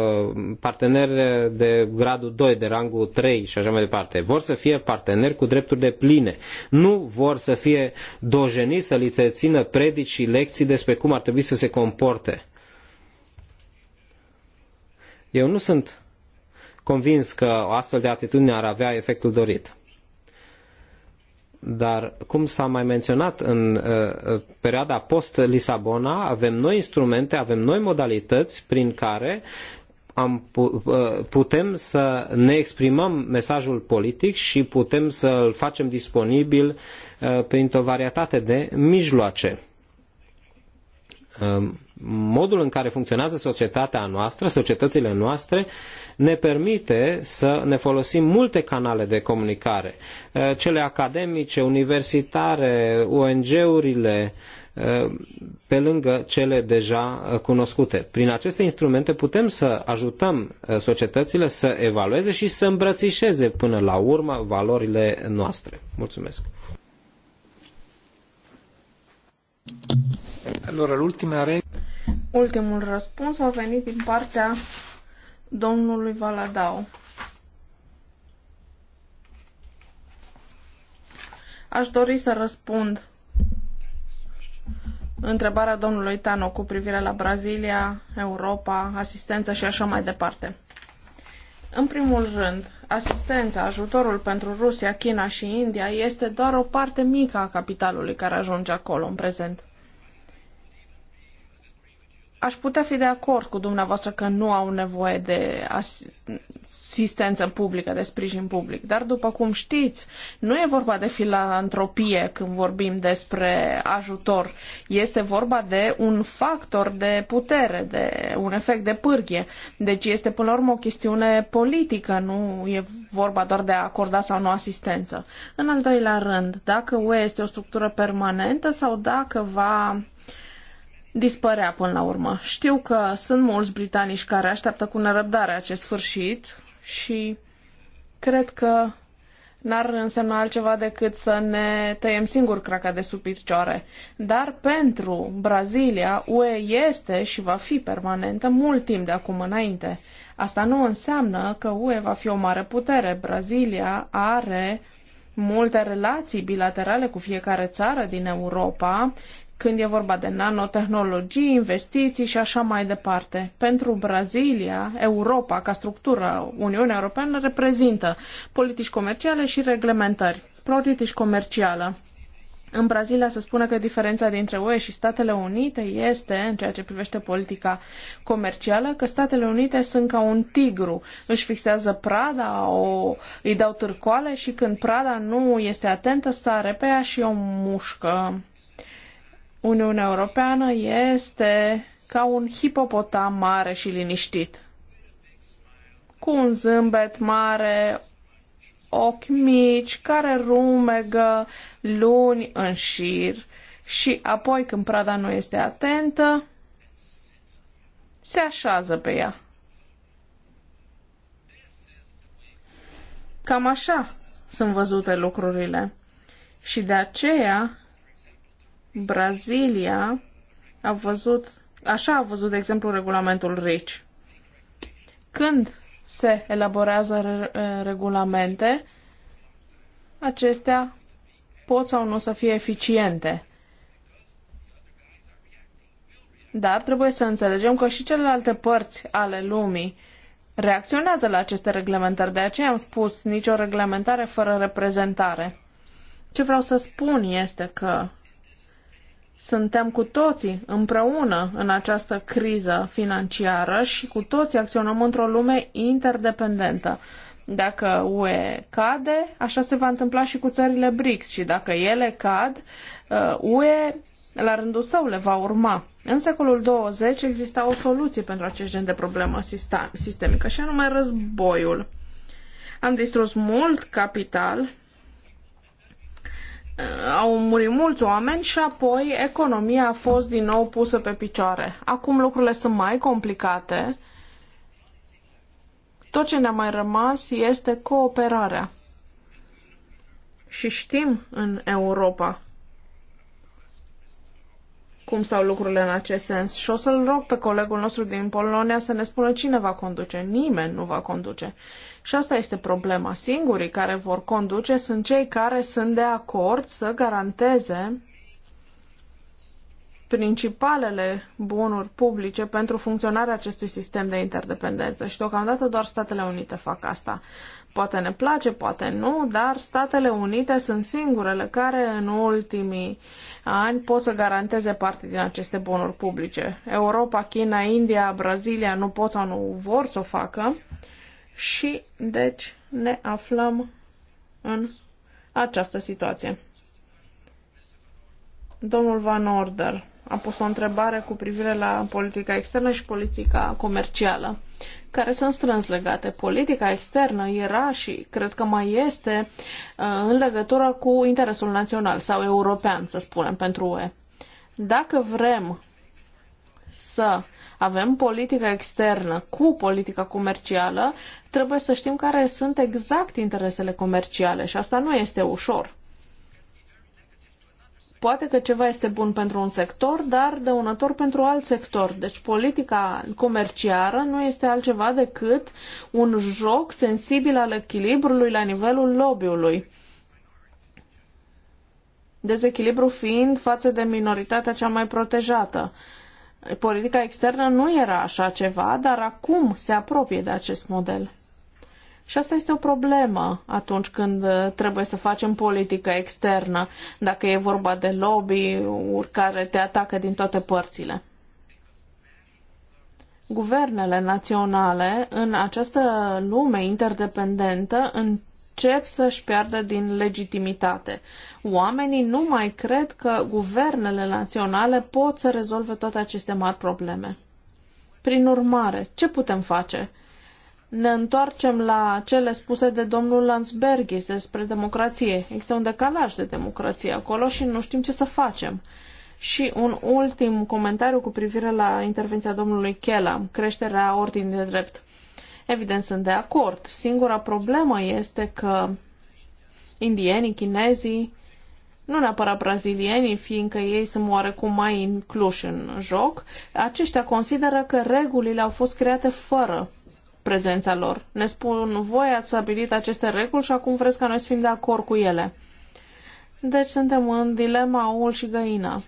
parteneri de gradul 2, de rangul 3 și așa mai departe. Vor să fie parteneri cu drepturi de pline. Nu vor să fie dojeni, să li se țină predici și lecții despre cum ar trebui să se comporte. Eu nu sunt convins că o astfel de atitudine ar avea efectul dorit. Dar, cum s-a mai menționat în uh, perioada post-Lisabona, avem noi instrumente, avem noi modalități prin care am, uh, putem să ne exprimăm mesajul politic și putem să îl facem disponibil uh, printr-o varietate de mijloace. Um, modul în care funcționează societatea noastră, societățile noastre, ne permite să ne folosim multe canale de comunicare, eh, cele academice, universitare, ONG-urile, eh, pe lângă cele deja eh, cunoscute. Prin aceste instrumente putem să ajutăm societățile să evalueze și să îmbrățișeze până la urmă valorile noastre. Mulțumesc! Allora, l'ultima regola. Ultimul răspuns a venit din partea domnului Valadau. Aș dori să răspund întrebarea domnului Tano cu privire la Brazilia, Europa, asistență și așa mai departe. În primul rând, asistența, ajutorul pentru Rusia, China și India este doar o parte mică a capitalului care ajunge acolo în prezent. Aș putea fi de acord cu dumneavoastră că nu au nevoie de asistență publică, de sprijin public, dar după cum știți, nu e vorba de filantropie când vorbim despre ajutor. Este vorba de un factor de putere, de un efect de pârghie. Deci este până la urmă o chestiune politică, nu e vorba doar de a acorda sau nu asistență. În al doilea rând, dacă UE este o structură permanentă sau dacă va dispărea până la urmă. Știu că sunt mulți britanici care așteaptă cu nerăbdare acest sfârșit și cred că n-ar însemna altceva decât să ne tăiem singur craca de sub picioare. Dar pentru Brazilia, UE este și va fi permanentă mult timp de acum înainte. Asta nu înseamnă că UE va fi o mare putere. Brazilia are multe relații bilaterale cu fiecare țară din Europa când e vorba de nanotehnologii, investiții și așa mai departe. Pentru Brazilia, Europa ca structură, Uniunea Europeană reprezintă politici comerciale și reglementări. Politici comercială. În Brazilia se spune că diferența dintre UE și Statele Unite este, în ceea ce privește politica comercială, că Statele Unite sunt ca un tigru. Își fixează prada, o, îi dau târcoale și când prada nu este atentă, sare pe ea și o mușcă. Uniunea Europeană este ca un hipopotam mare și liniștit. Cu un zâmbet mare, ochi mici, care rumegă luni în șir și apoi când prada nu este atentă, se așează pe ea. Cam așa sunt văzute lucrurile. Și de aceea Brazilia a văzut, așa a văzut, de exemplu, regulamentul RICI. Când se elaborează regulamente, acestea pot sau nu să fie eficiente. Dar trebuie să înțelegem că și celelalte părți ale lumii reacționează la aceste reglementări. De aceea am spus nicio reglementare fără reprezentare. Ce vreau să spun este că suntem cu toții împreună în această criză financiară și cu toții acționăm într-o lume interdependentă. Dacă UE cade, așa se va întâmpla și cu țările BRICS și dacă ele cad, uh, UE la rândul său le va urma. În secolul 20 exista o soluție pentru acest gen de problemă sistemică și anume războiul. Am distrus mult capital au murit mulți oameni și apoi economia a fost din nou pusă pe picioare. Acum lucrurile sunt mai complicate. Tot ce ne-a mai rămas este cooperarea. Și știm în Europa cum stau lucrurile în acest sens și o să-l rog pe colegul nostru din Polonia să ne spună cine va conduce. Nimeni nu va conduce. Și asta este problema. Singurii care vor conduce sunt cei care sunt de acord să garanteze principalele bunuri publice pentru funcționarea acestui sistem de interdependență și deocamdată doar Statele Unite fac asta. Poate ne place, poate nu, dar Statele Unite sunt singurele care în ultimii ani pot să garanteze parte din aceste bonuri publice. Europa, China, India, Brazilia nu pot sau nu vor să o facă și deci ne aflăm în această situație. Domnul Van Order a pus o întrebare cu privire la politica externă și politica comercială care sunt strâns legate. Politica externă era și cred că mai este uh, în legătură cu interesul național sau european, să spunem, pentru UE. Dacă vrem să avem politica externă cu politica comercială, trebuie să știm care sunt exact interesele comerciale și asta nu este ușor. Poate că ceva este bun pentru un sector, dar dăunător pentru alt sector. Deci politica comerciară nu este altceva decât un joc sensibil al echilibrului la nivelul lobby-ului. Dezechilibru fiind față de minoritatea cea mai protejată. Politica externă nu era așa ceva, dar acum se apropie de acest model. Și asta este o problemă atunci când uh, trebuie să facem politică externă, dacă e vorba de lobby care te atacă din toate părțile. Guvernele naționale în această lume interdependentă încep să-și piardă din legitimitate. Oamenii nu mai cred că guvernele naționale pot să rezolve toate aceste mari probleme. Prin urmare, ce putem face? ne întoarcem la cele spuse de domnul Landsbergis despre democrație. Există un decalaj de democrație acolo și nu știm ce să facem. Și un ultim comentariu cu privire la intervenția domnului Chela, creșterea ordinii de drept. Evident, sunt de acord. Singura problemă este că indienii, chinezii, nu neapărat brazilienii, fiindcă ei sunt oarecum mai incluși în joc, aceștia consideră că regulile au fost create fără prezența lor. Ne spun, voi ați stabilit aceste reguli și acum vreți ca noi să fim de acord cu ele. Deci suntem în dilema oul și găina.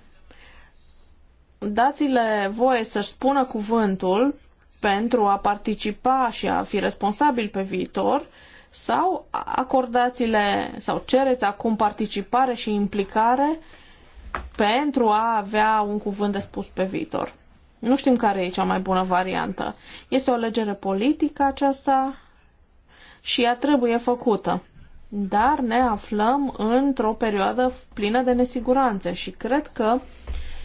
Dați-le voie să-și spună cuvântul pentru a participa și a fi responsabil pe viitor sau acordați-le sau cereți acum participare și implicare pentru a avea un cuvânt de spus pe viitor. Nu știm care e cea mai bună variantă. Este o alegere politică aceasta și ea trebuie făcută. Dar ne aflăm într-o perioadă plină de nesiguranțe și cred că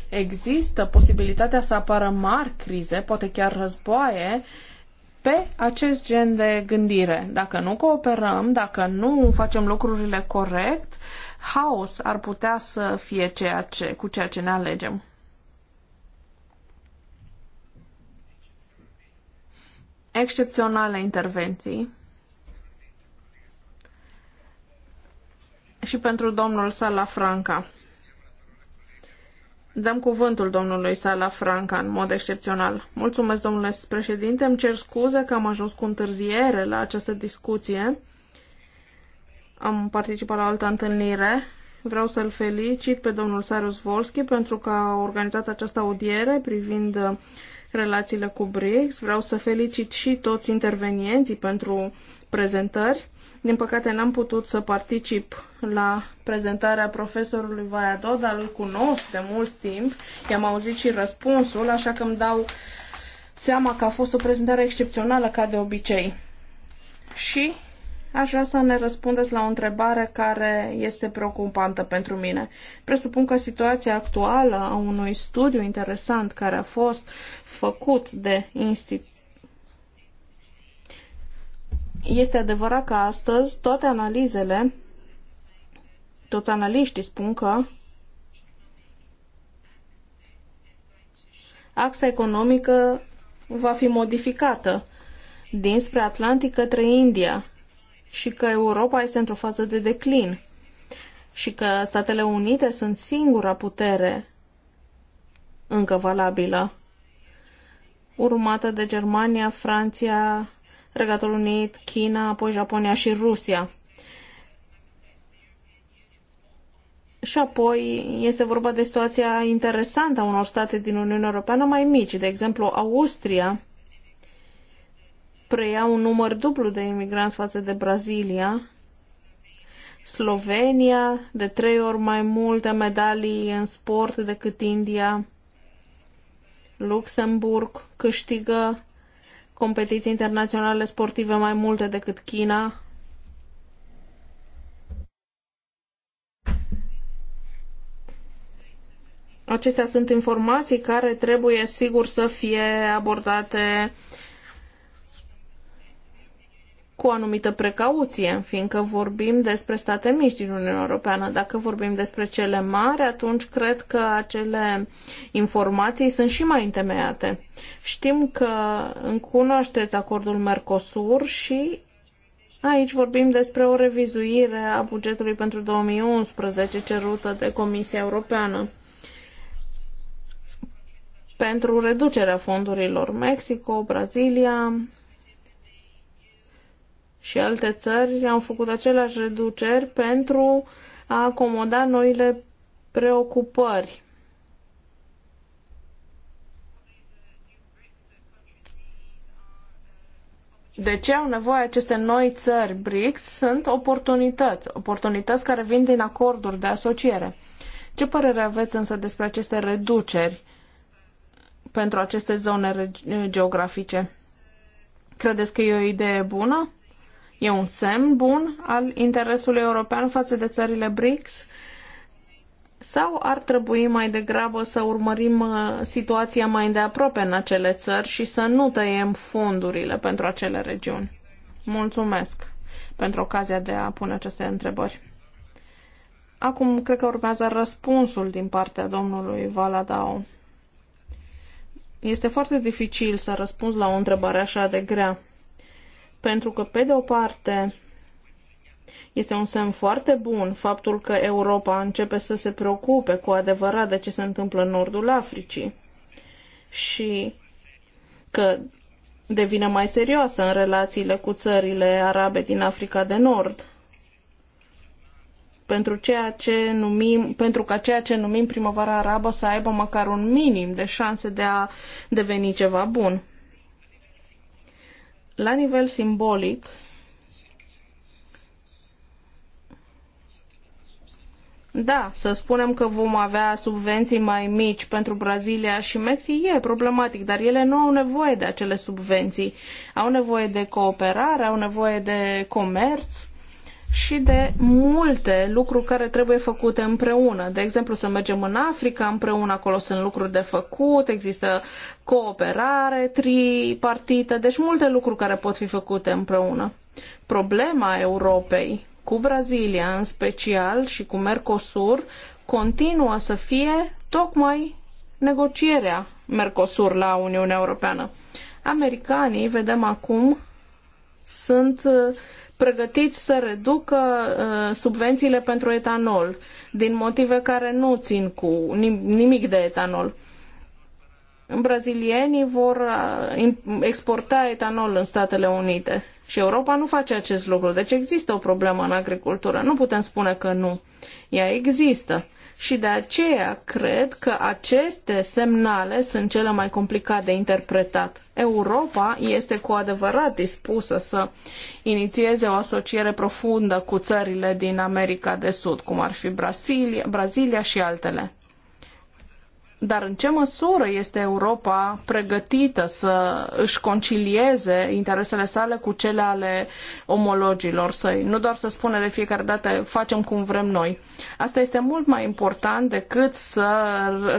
există posibilitatea să apară mari crize, poate chiar războaie, pe acest gen de gândire. Dacă nu cooperăm, dacă nu facem lucrurile corect, haos ar putea să fie ceea ce, cu ceea ce ne alegem. excepționale intervenții și pentru domnul Salafranca. Dăm cuvântul domnului Salafranca în mod excepțional. Mulțumesc, domnule președinte. Îmi cer scuze că am ajuns cu întârziere la această discuție. Am participat la o altă întâlnire. Vreau să-l felicit pe domnul Sarius Volski pentru că a organizat această audiere privind relațiile cu BRICS. Vreau să felicit și toți intervenienții pentru prezentări. Din păcate n-am putut să particip la prezentarea profesorului Vaiadod, dar îl cunosc de mult timp. I-am auzit și răspunsul, așa că îmi dau seama că a fost o prezentare excepțională ca de obicei. Și Aș vrea să ne răspundeți la o întrebare care este preocupantă pentru mine. Presupun că situația actuală a unui studiu interesant care a fost făcut de institut este adevărat că astăzi toate analizele, toți analiștii spun că axa economică va fi modificată dinspre Atlantic către India și că Europa este într-o fază de declin și că Statele Unite sunt singura putere încă valabilă, urmată de Germania, Franția, Regatul Unit, China, apoi Japonia și Rusia. Și apoi este vorba de situația interesantă a unor state din Uniunea Europeană mai mici, de exemplu Austria, preia un număr dublu de imigranți față de Brazilia. Slovenia, de trei ori mai multe medalii în sport decât India. Luxemburg câștigă competiții internaționale sportive mai multe decât China. Acestea sunt informații care trebuie sigur să fie abordate uh, cu anumită precauție, fiindcă vorbim despre state mici din Uniunea Europeană. Dacă vorbim despre cele mari, atunci cred că acele informații sunt și mai întemeiate. Știm că cunoașteți acordul Mercosur și aici vorbim despre o revizuire a bugetului pentru 2011 cerută de Comisia Europeană pentru reducerea fondurilor Mexico, Brazilia, și alte țări au făcut aceleași reduceri pentru a acomoda noile preocupări. De ce au nevoie aceste noi țări BRICS? Sunt oportunități, oportunități care vin din acorduri de asociere. Ce părere aveți însă despre aceste reduceri pentru aceste zone geografice? Credeți că e o idee bună? E un semn bun al interesului european față de țările BRICS? Sau ar trebui mai degrabă să urmărim uh, situația mai îndeaproape în acele țări și să nu tăiem fondurile pentru acele regiuni? Mulțumesc pentru ocazia de a pune aceste întrebări. Acum cred că urmează răspunsul din partea domnului Valadao. Este foarte dificil să răspunzi la o întrebare așa de grea pentru că, pe de o parte, este un semn foarte bun faptul că Europa începe să se preocupe cu adevărat de ce se întâmplă în nordul Africii și că devine mai serioasă în relațiile cu țările arabe din Africa de Nord. Pentru, ceea ce numim, pentru ca ceea ce numim primăvara arabă să aibă măcar un minim de șanse de a deveni ceva bun. La nivel simbolic, Da, să spunem că vom avea subvenții mai mici pentru Brazilia și Mexic e problematic, dar ele nu au nevoie de acele subvenții. Au nevoie de cooperare, au nevoie de comerț și de multe lucruri care trebuie făcute împreună. De exemplu, să mergem în Africa împreună, acolo sunt lucruri de făcut, există cooperare tripartită, deci multe lucruri care pot fi făcute împreună. Problema Europei cu Brazilia în special și cu Mercosur continuă să fie tocmai negocierea Mercosur la Uniunea Europeană. Americanii, vedem acum, sunt pregătiți să reducă uh, subvențiile pentru etanol, din motive care nu țin cu nimic de etanol. Brazilienii vor uh, exporta etanol în Statele Unite și Europa nu face acest lucru. Deci există o problemă în agricultură. Nu putem spune că nu. Ea există și de aceea cred că aceste semnale sunt cele mai complicate de interpretat. Europa este cu adevărat dispusă să inițieze o asociere profundă cu țările din America de Sud, cum ar fi Brazilia, Brazilia și altele. Dar în ce măsură este Europa pregătită să își concilieze interesele sale cu cele ale omologilor săi? Nu doar să spune de fiecare dată facem cum vrem noi. Asta este mult mai important decât să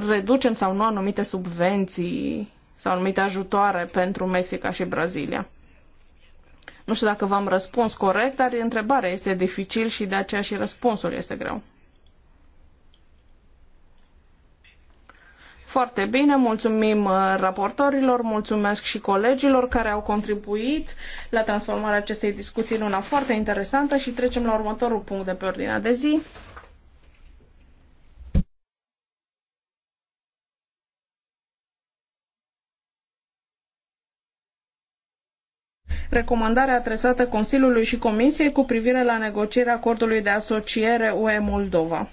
reducem sau nu anumite subvenții sau anumite ajutoare pentru Mexica și Brazilia. Nu știu dacă v-am răspuns corect, dar întrebarea este dificil și de aceea și răspunsul este greu. Foarte bine, mulțumim uh, raportorilor, mulțumesc și colegilor care au contribuit la transformarea acestei discuții în una foarte interesantă și trecem la următorul punct de pe ordinea de zi. recomandarea adresată Consiliului și Comisiei cu privire la negocierea acordului de asociere UE Moldova.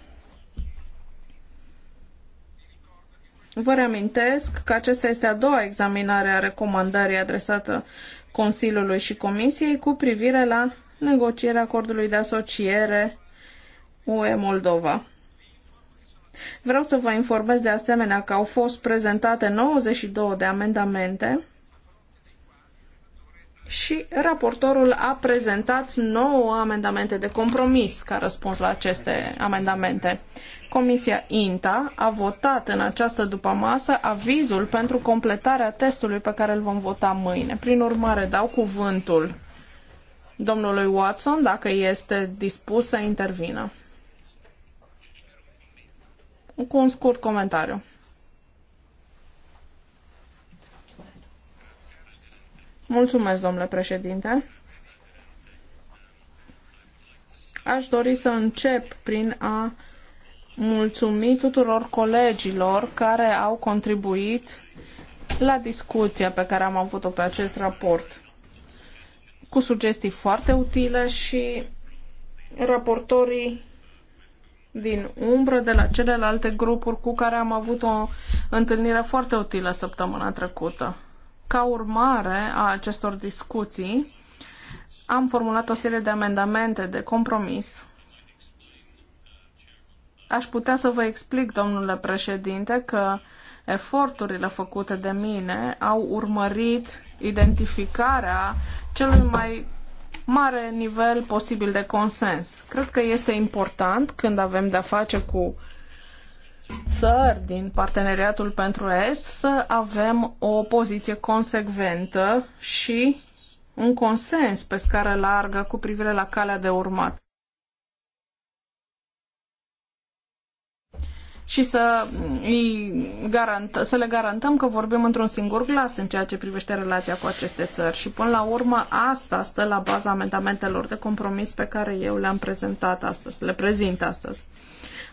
Vă reamintesc că acesta este a doua examinare a recomandării adresată Consiliului și Comisiei cu privire la negocierea acordului de asociere UE Moldova. Vreau să vă informez de asemenea că au fost prezentate 92 de amendamente și raportorul a prezentat 9 amendamente de compromis ca răspuns la aceste amendamente. Comisia INTA a votat în această dupămasă avizul pentru completarea testului pe care îl vom vota mâine. Prin urmare, dau cuvântul domnului Watson dacă este dispus să intervină. Cu un scurt comentariu. Mulțumesc, domnule președinte. Aș dori să încep prin a mulțumi tuturor colegilor care au contribuit la discuția pe care am avut-o pe acest raport, cu sugestii foarte utile și raportorii din umbră de la celelalte grupuri cu care am avut o întâlnire foarte utilă săptămâna trecută. Ca urmare a acestor discuții, am formulat o serie de amendamente de compromis Aș putea să vă explic, domnule președinte, că eforturile făcute de mine au urmărit identificarea celui mai mare nivel posibil de consens. Cred că este important când avem de-a face cu țări din parteneriatul pentru Est să avem o poziție consecventă și un consens pe scară largă cu privire la calea de urmat. și să, îi garant, să le garantăm că vorbim într-un singur glas în ceea ce privește relația cu aceste țări. Și până la urmă asta stă la baza amendamentelor de compromis pe care eu le-am prezentat astăzi, le prezint astăzi.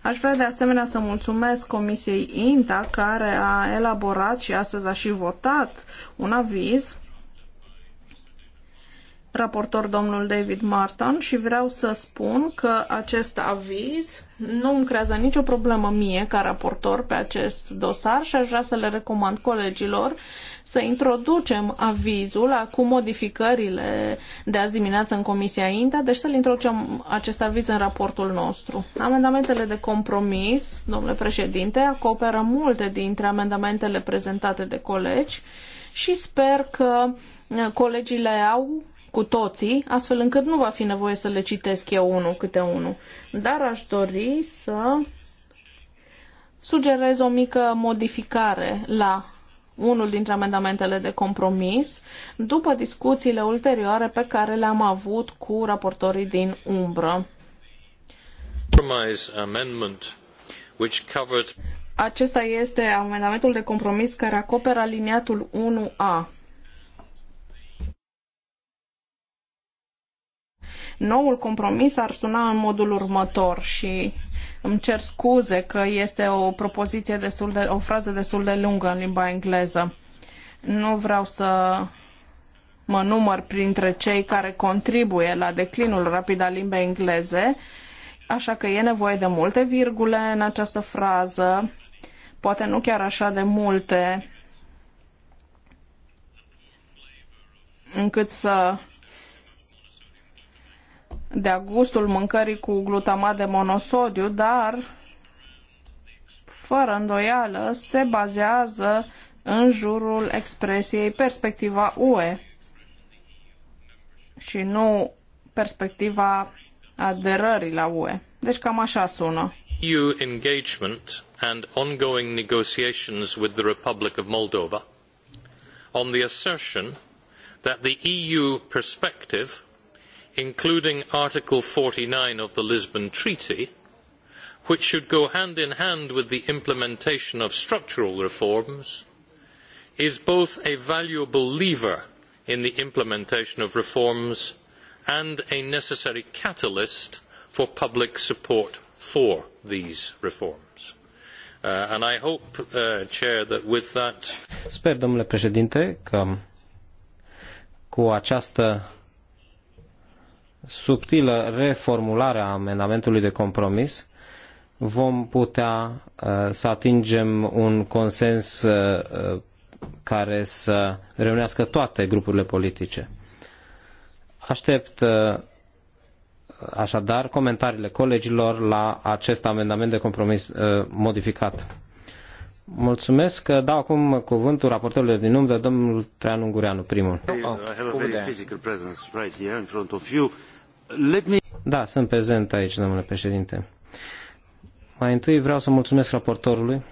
Aș vrea de asemenea să mulțumesc Comisiei INTA care a elaborat și astăzi a și votat un aviz raportor domnul David Martin și vreau să spun că acest aviz nu îmi creează nicio problemă mie ca raportor pe acest dosar și aș vrea să le recomand colegilor să introducem avizul cu modificările de azi dimineață în Comisia INTA, deci să-l introducem acest aviz în raportul nostru. Amendamentele de compromis, domnule președinte, acoperă multe dintre amendamentele prezentate de colegi și sper că colegii le au cu toții, astfel încât nu va fi nevoie să le citesc eu unul câte unul. Dar aș dori să sugerez o mică modificare la unul dintre amendamentele de compromis, după discuțiile ulterioare pe care le-am avut cu raportorii din umbră. Acesta este amendamentul de compromis care acoperă aliniatul 1A Noul compromis ar suna în modul următor și îmi cer scuze că este o propoziție destul de, o frază destul de lungă în limba engleză. Nu vreau să mă număr printre cei care contribuie la declinul rapid al limbei engleze, așa că e nevoie de multe virgule în această frază, poate nu chiar așa de multe, încât să de-a gustul mâncării cu glutamat de monosodiu, dar fără îndoială se bazează în jurul expresiei perspectiva UE și nu perspectiva aderării la UE. Deci cam așa sună. EU engagement and ongoing negotiations with the Republic of Moldova on the assertion that the EU perspective including article forty nine of the lisbon treaty which should go hand in hand with the implementation of structural reforms is both a valuable lever in the implementation of reforms and a necessary catalyst for public support for these reforms. Uh, and I hope, uh, Chair, that with that... Sper, domnule președinte, că cu această subtilă reformulare a amendamentului de compromis, vom putea uh, să atingem un consens uh, uh, care să reunească toate grupurile politice. Aștept așadar comentariile colegilor la acest amendament de compromis modificat. Mulțumesc. Dau acum cuvântul raportorului din umbră, domnul Trean Ungureanu, primul. Oh, da, sunt prezent aici, domnule președinte. Mai întâi vreau să mulțumesc raportorului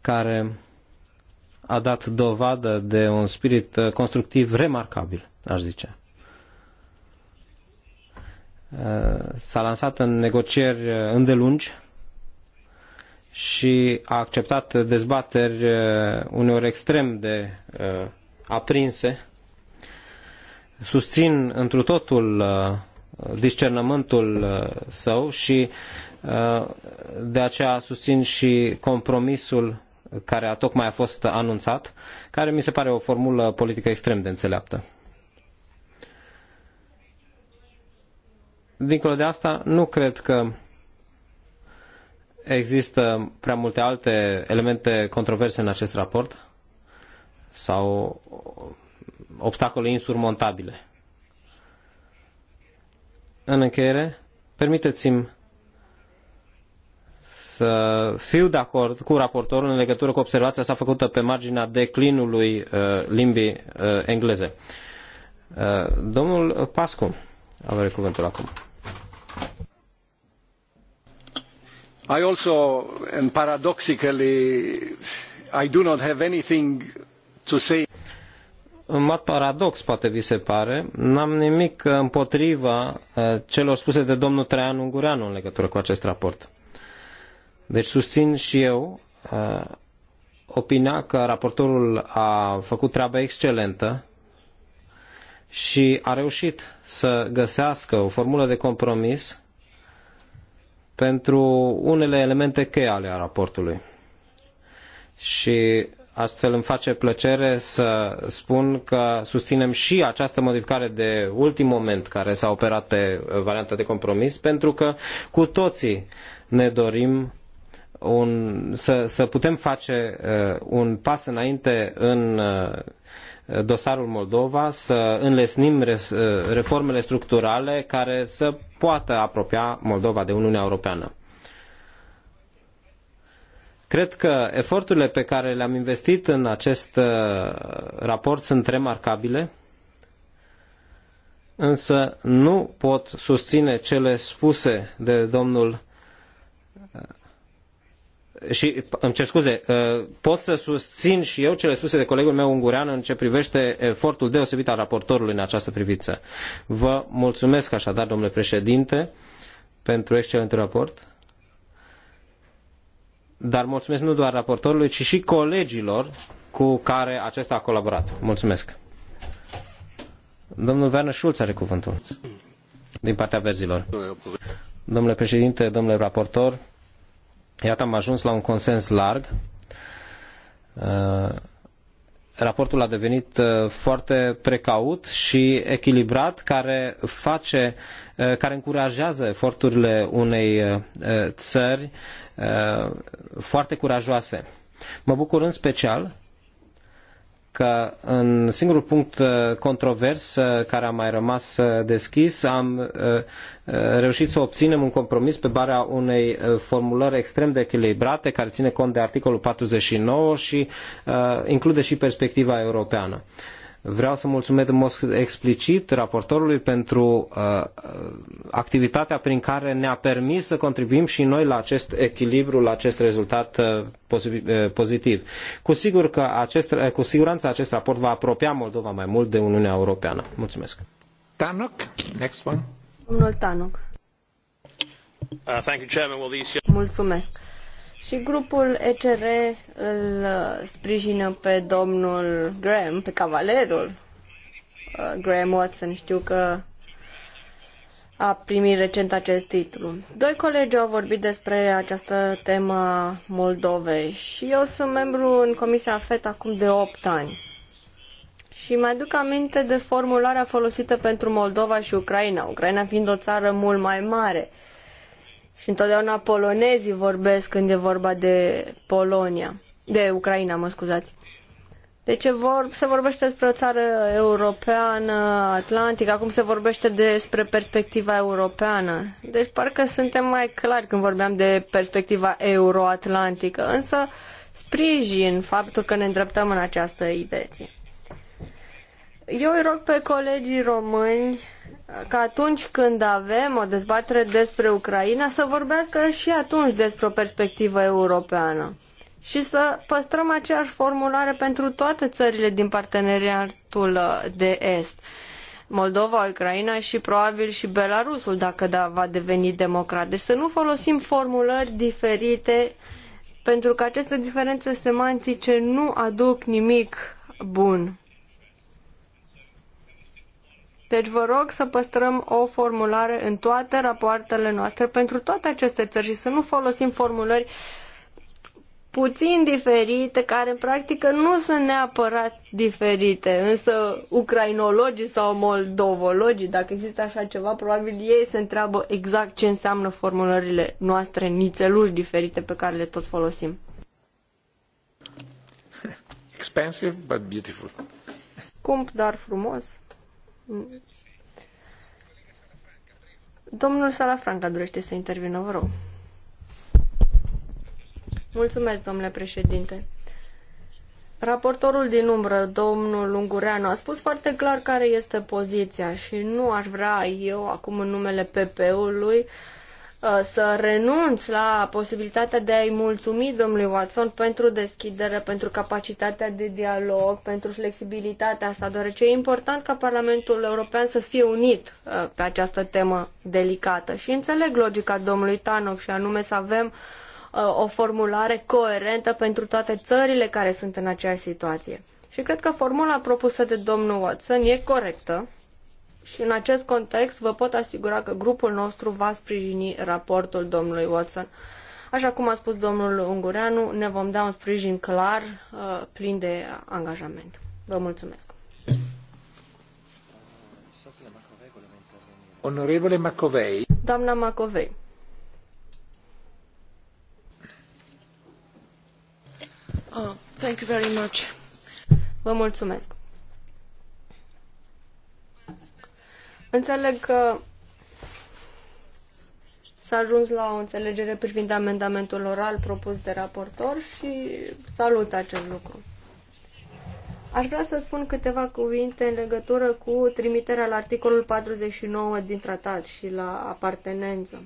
care a dat dovadă de un spirit uh, constructiv remarcabil, aș zice. Uh, s-a lansat în negocieri uh, îndelungi și a acceptat dezbateri uneori extrem de aprinse susțin întru totul uh, discernământul uh, său și uh, de aceea susțin și compromisul care a tocmai a fost anunțat, care mi se pare o formulă politică extrem de înțeleaptă. Dincolo de asta, nu cred că există prea multe alte elemente controverse în acest raport sau obstacole insurmontabile. În încheiere, permiteți-mi să fiu de acord cu raportorul în legătură cu observația sa făcută pe marginea declinului uh, limbii uh, engleze. Uh, domnul Pascu, avere cuvântul acum. I also, and paradoxically, I do not have anything to say în mod paradox, poate vi se pare, n-am nimic împotriva eh, celor spuse de domnul Traian Ungureanu în legătură cu acest raport. Deci susțin și eu eh, opinia că raportorul a făcut treaba excelentă și a reușit să găsească o formulă de compromis pentru unele elemente cheie ale raportului. Și astfel îmi face plăcere să spun că susținem și această modificare de ultim moment care s-a operat pe uh, varianta de compromis, pentru că cu toții ne dorim un, să, să putem face uh, un pas înainte în uh, dosarul Moldova, să înlesnim reformele structurale care să poată apropia Moldova de Uniunea Europeană. Cred că eforturile pe care le-am investit în acest uh, raport sunt remarcabile, însă nu pot susține cele spuse de domnul uh, și îmi cer scuze, uh, pot să susțin și eu cele spuse de colegul meu ungurean în ce privește efortul deosebit al raportorului în această privință. Vă mulțumesc așadar, domnule președinte, pentru excelentul raport dar mulțumesc nu doar raportorului, ci și colegilor cu care acesta a colaborat. Mulțumesc. Domnul Werner Schulz are cuvântul. Din partea verzilor. Domnule președinte, domnule raportor, iată am ajuns la un consens larg raportul a devenit uh, foarte precaut și echilibrat, care face, uh, care încurajează eforturile unei uh, țări foarte curajoase. Mă bucur în special că în singurul punct uh, controvers uh, care a mai rămas uh, deschis am reușit să obținem un compromis pe barea unei formulări extrem de echilibrate care ține cont de articolul 49 și include și perspectiva europeană. Vreau să mulțumesc în mod explicit raportorului pentru uh, activitatea prin care ne-a permis să contribuim și noi la acest echilibru, la acest rezultat uh, uh pozitiv. Cu, sigur că acest, uh, cu siguranță acest raport va apropia Moldova mai mult de Uniunea Europeană. Mulțumesc. Tanuk, next one. Domnul Tanuk. Uh, thank you, Chairman. Well, these... Mulțumesc. Și grupul ECR îl uh, sprijină pe domnul Graham, pe cavalerul uh, Graham Watson. Știu că a primit recent acest titlu. Doi colegi au vorbit despre această temă Moldovei și eu sunt membru în Comisia FET acum de 8 ani. Și mai aduc aminte de formularea folosită pentru Moldova și Ucraina, Ucraina fiind o țară mult mai mare – și întotdeauna polonezii vorbesc când e vorba de Polonia, de Ucraina, mă scuzați. Deci vor, se vorbește despre o țară europeană, atlantică, acum se vorbește despre perspectiva europeană. Deci parcă suntem mai clari când vorbeam de perspectiva euroatlantică, însă sprijin faptul că ne îndreptăm în această idee. Eu îi rog pe colegii români ca atunci când avem o dezbatere despre Ucraina să vorbească și atunci despre o perspectivă europeană și să păstrăm aceeași formulare pentru toate țările din parteneriatul uh, de est. Moldova, Ucraina și probabil și Belarusul, dacă da, va deveni democrat. Deci să nu folosim formulări diferite, pentru că aceste diferențe semantice nu aduc nimic bun deci vă rog să păstrăm o formulare în toate rapoartele noastre pentru toate aceste țări și să nu folosim formulări puțin diferite, care în practică nu sunt neapărat diferite, însă ucrainologii sau moldovologii, dacă există așa ceva, probabil ei se întreabă exact ce înseamnă formulările noastre nițeluri diferite pe care le tot folosim. Expensive, but beautiful. Cump, dar frumos. Domnul Salafranca dorește să intervină, vă rog. Mulțumesc, domnule președinte. Raportorul din umbră, domnul Ungureanu, a spus foarte clar care este poziția și nu aș vrea eu, acum în numele PP-ului, uh, Uh, să renunț la posibilitatea de a-i mulțumi domnului Watson pentru deschidere, pentru capacitatea de dialog, pentru flexibilitatea sa, deoarece e important ca Parlamentul European să fie unit uh, pe această temă delicată. Și înțeleg logica domnului Tanok și anume să avem uh, o formulare coerentă pentru toate țările care sunt în aceeași situație. Și cred că formula propusă de domnul Watson e corectă, și în acest context vă pot asigura că grupul nostru va sprijini raportul domnului Watson. Așa cum a spus domnul Ungureanu, ne vom da un sprijin clar, uh, plin de angajament. Vă mulțumesc. Onorevole Macovei. Doamna Macovei. Oh, thank you very much. Vă mulțumesc. Înțeleg că s-a ajuns la o înțelegere privind amendamentul oral propus de raportor și salut acest lucru. Aș vrea să spun câteva cuvinte în legătură cu trimiterea la articolul 49 din tratat și la apartenență.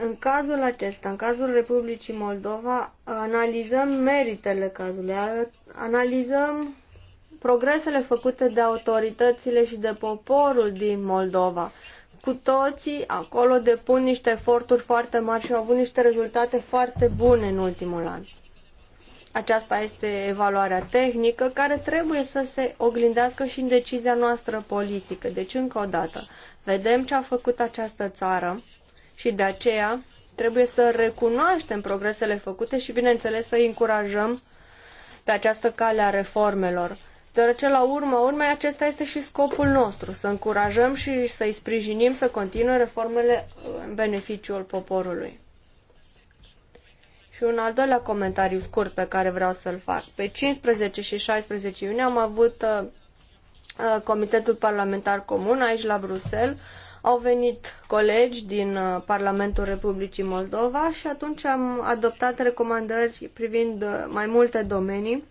În cazul acesta, în cazul Republicii Moldova, analizăm meritele cazului, analizăm progresele făcute de autoritățile și de poporul din Moldova. Cu toții acolo depun niște eforturi foarte mari și au avut niște rezultate foarte bune în ultimul an. Aceasta este evaluarea tehnică care trebuie să se oglindească și în decizia noastră politică. Deci, încă o dată, vedem ce a făcut această țară și de aceea trebuie să recunoaștem progresele făcute și, bineînțeles, să îi încurajăm pe această cale a reformelor deoarece la urma urmei acesta este și scopul nostru, să încurajăm și să-i sprijinim să continue reformele în beneficiul poporului. Și un al doilea comentariu scurt pe care vreau să-l fac. Pe 15 și 16 iunie am avut uh, uh, Comitetul Parlamentar Comun aici la Bruxelles. Au venit colegi din uh, Parlamentul Republicii Moldova și atunci am adoptat recomandări privind uh, mai multe domenii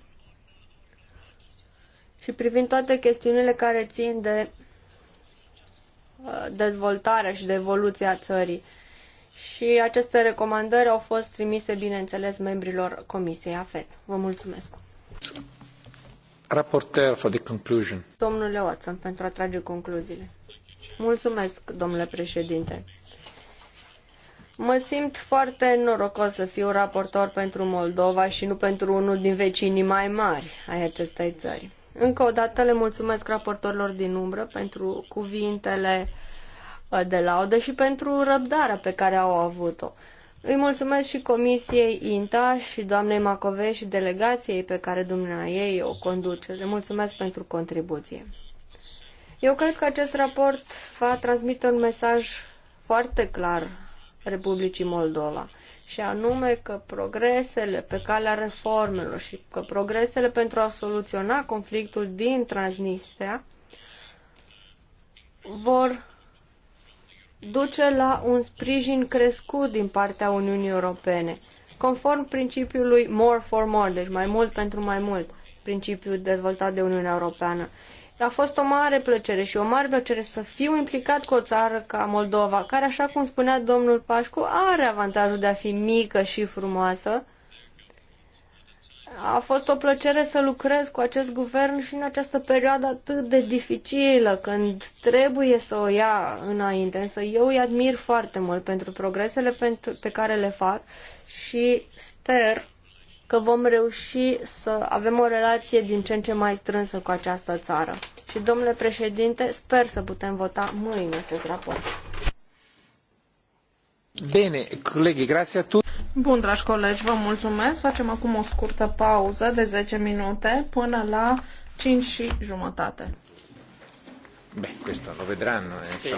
și privind toate chestiunile care țin de uh, dezvoltarea și de evoluția țării. Și aceste recomandări au fost trimise, bineînțeles, membrilor Comisiei AFET. Vă mulțumesc. Raporter for the conclusion. Domnule Watson, pentru a trage concluziile. Mulțumesc, domnule președinte. Mă simt foarte norocos să fiu raportor pentru Moldova și nu pentru unul din vecinii mai mari ai acestei țări. Încă o dată le mulțumesc raportorilor din umbră pentru cuvintele uh, de laudă și pentru răbdarea pe care au avut-o. Îi mulțumesc și Comisiei INTA și doamnei Macovei și delegației pe care dumnea ei o conduce. Le mulțumesc pentru contribuție. Eu cred că acest raport va transmite un mesaj foarte clar Republicii Moldova și anume că progresele pe calea reformelor și că progresele pentru a soluționa conflictul din Transnistria vor duce la un sprijin crescut din partea Uniunii Europene, conform principiului more for more, deci mai mult pentru mai mult, principiul dezvoltat de Uniunea Europeană. A fost o mare plăcere și o mare plăcere să fiu implicat cu o țară ca Moldova, care, așa cum spunea domnul Pașcu, are avantajul de a fi mică și frumoasă. A fost o plăcere să lucrez cu acest guvern și în această perioadă atât de dificilă, când trebuie să o ia înainte. Însă eu îi admir foarte mult pentru progresele pe care le fac și sper că vom reuși să avem o relație din ce în ce mai strânsă cu această țară. Și, domnule președinte, sper să putem vota mâine acest raport. Bine, colegi, grație a tu. Bun, dragi colegi, vă mulțumesc. Facem acum o scurtă pauză de 10 minute până la 5 și jumătate. Beh, questo lo vedranno. Eh, Spero.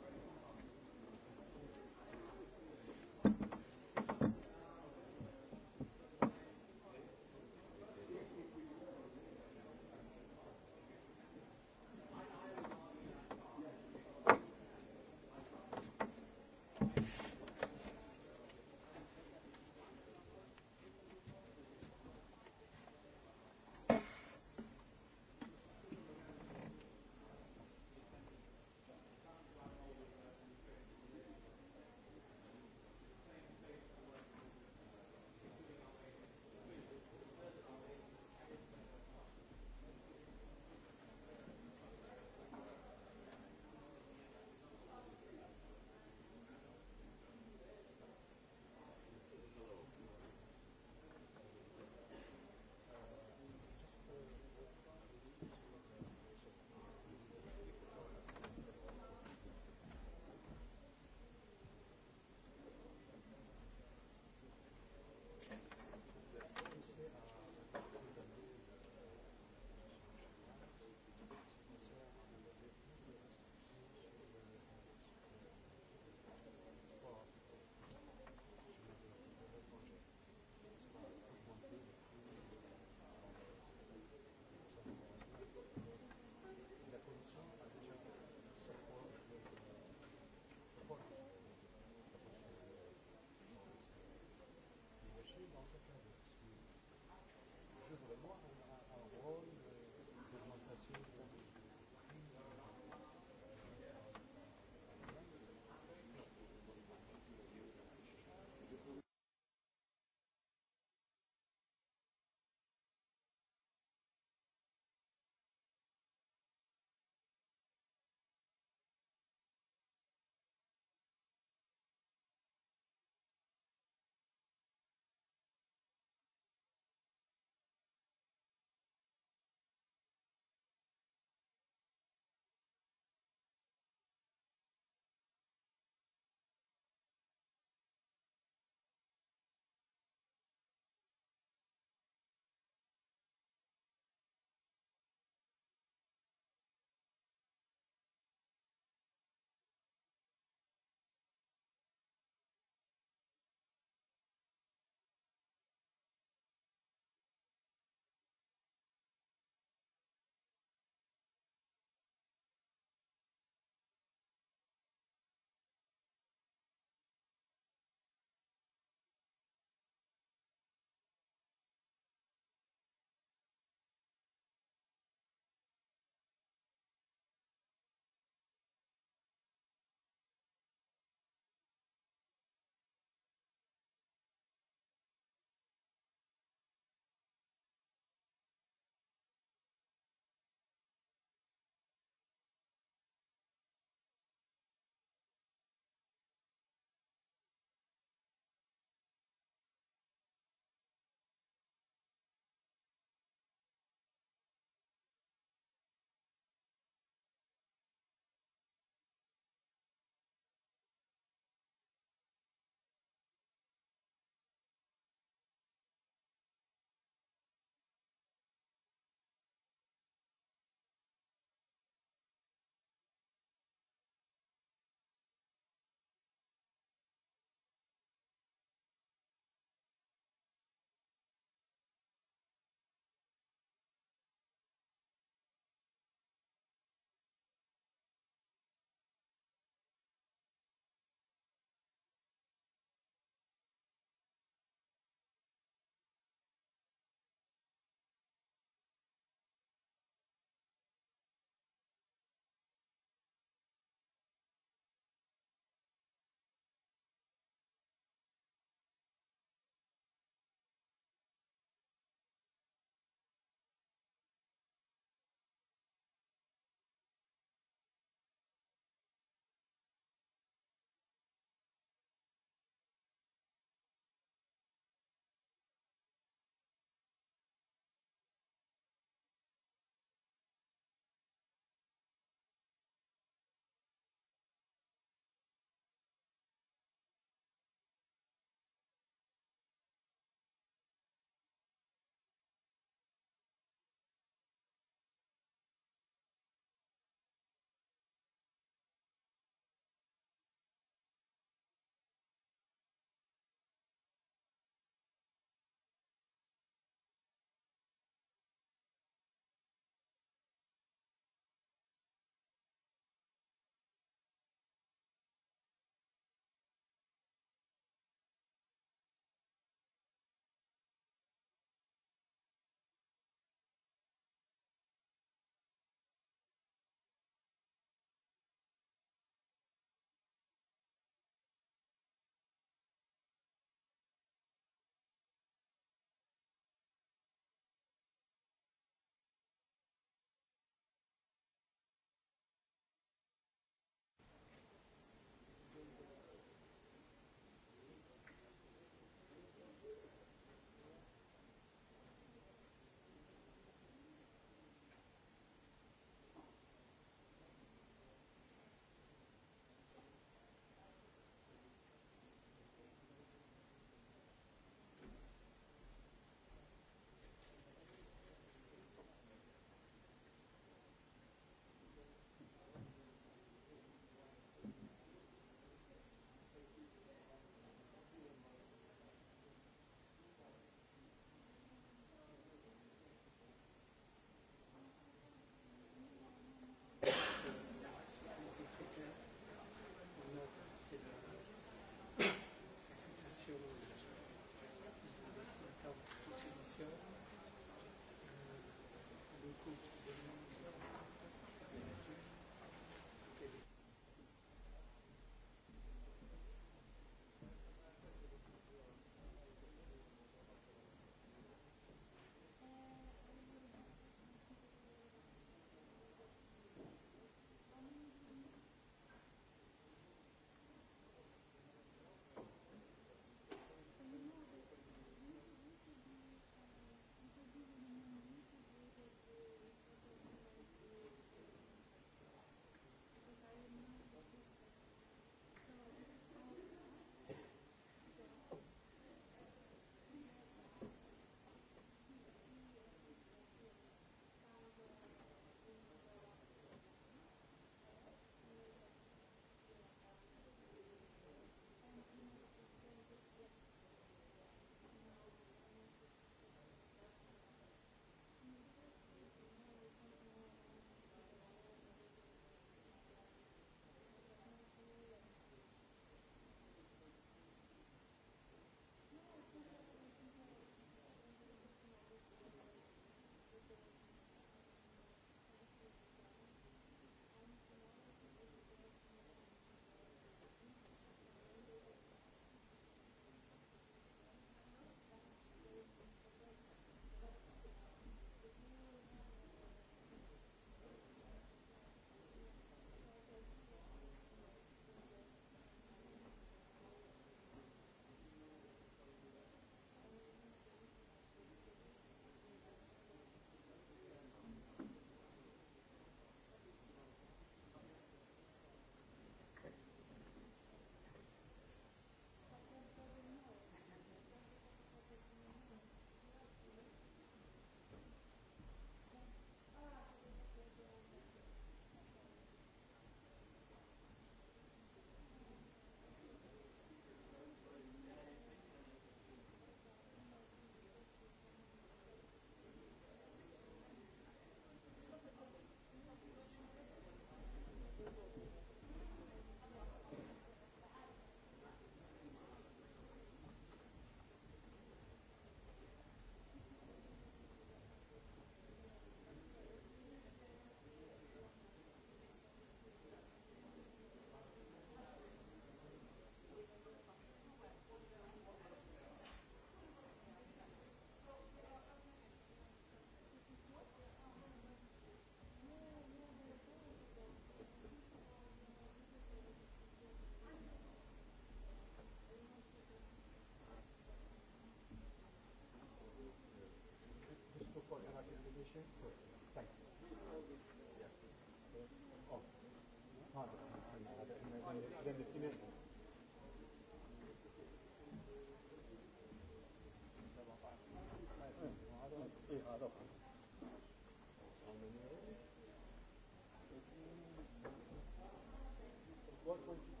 What would you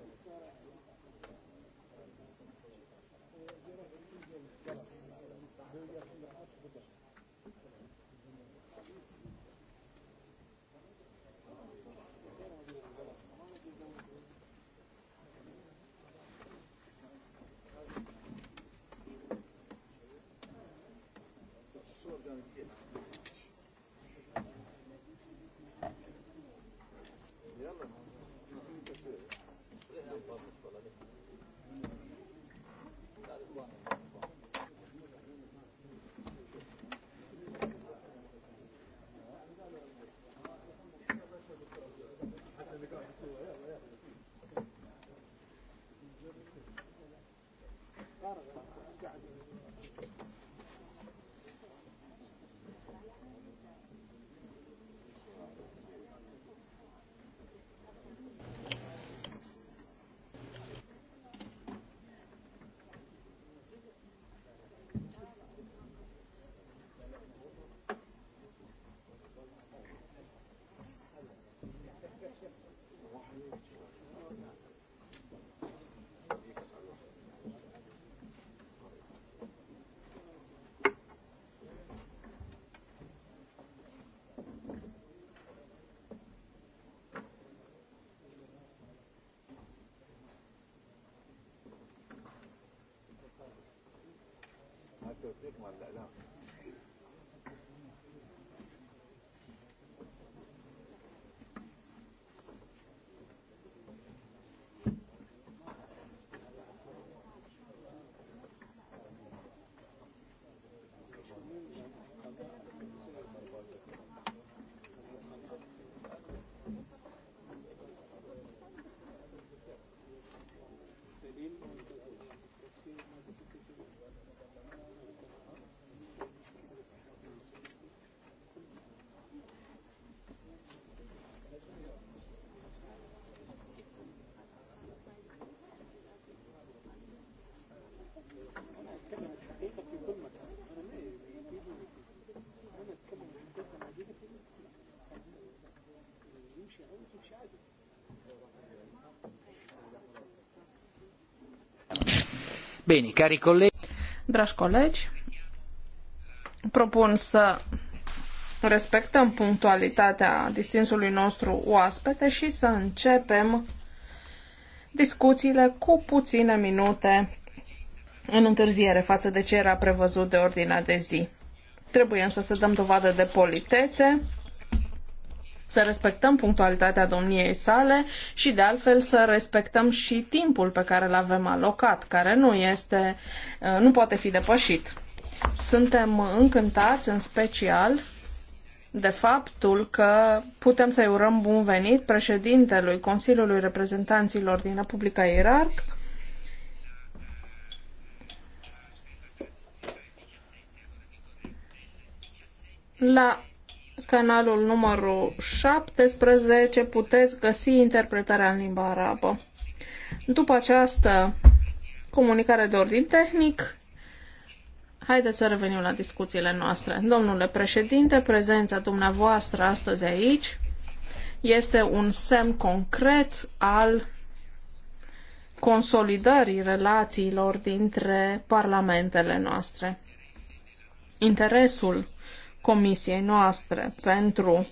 التوثيق ولا لا Bine, cari colegi... Dragi colegi, propun să respectăm punctualitatea distinsului nostru oaspete și să începem discuțiile cu puține minute în întârziere față de ce era prevăzut de ordinea de zi. Trebuie însă să dăm dovadă de politețe să respectăm punctualitatea domniei sale și de altfel să respectăm și timpul pe care îl avem alocat, care nu este, uh, nu poate fi depășit. Suntem încântați în special de faptul că putem să-i urăm bun venit președintelui Consiliului Reprezentanților din Republica Irak, la canalul numărul 17 puteți găsi interpretarea în limba arabă. După această comunicare de ordin tehnic, haideți să revenim la discuțiile noastre. Domnule președinte, prezența dumneavoastră astăzi aici este un semn concret al consolidării relațiilor dintre parlamentele noastre. Interesul comisiei noastre pentru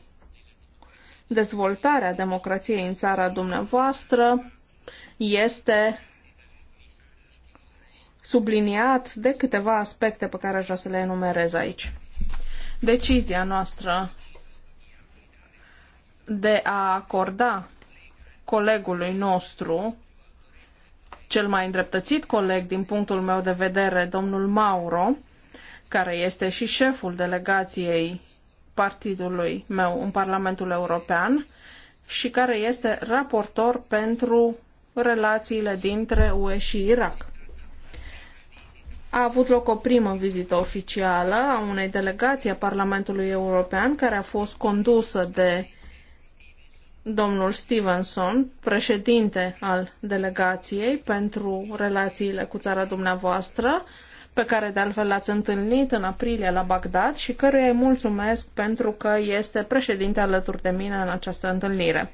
dezvoltarea democrației în țara dumneavoastră este subliniat de câteva aspecte pe care aș vrea să le enumerez aici. Decizia noastră de a acorda colegului nostru, cel mai îndreptățit coleg din punctul meu de vedere, domnul Mauro, care este și șeful delegației partidului meu în Parlamentul European și care este raportor pentru relațiile dintre UE și Irak. A avut loc o primă vizită oficială a unei delegații a Parlamentului European care a fost condusă de domnul Stevenson, președinte al delegației pentru relațiile cu țara dumneavoastră, pe care de altfel l-ați întâlnit în aprilie la Bagdad și căruia îi mulțumesc pentru că este președinte alături de mine în această întâlnire.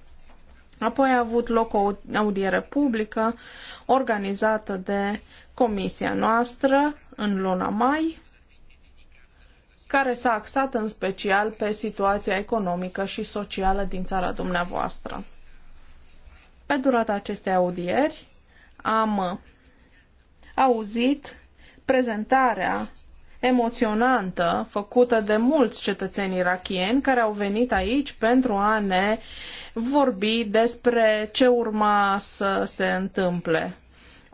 Apoi a avut loc o audiere publică organizată de comisia noastră în luna mai, care s-a axat în special pe situația economică și socială din țara dumneavoastră. Pe durata acestei audieri am auzit prezentarea emoționantă făcută de mulți cetățeni irachieni care au venit aici pentru a ne vorbi despre ce urma să se întâmple.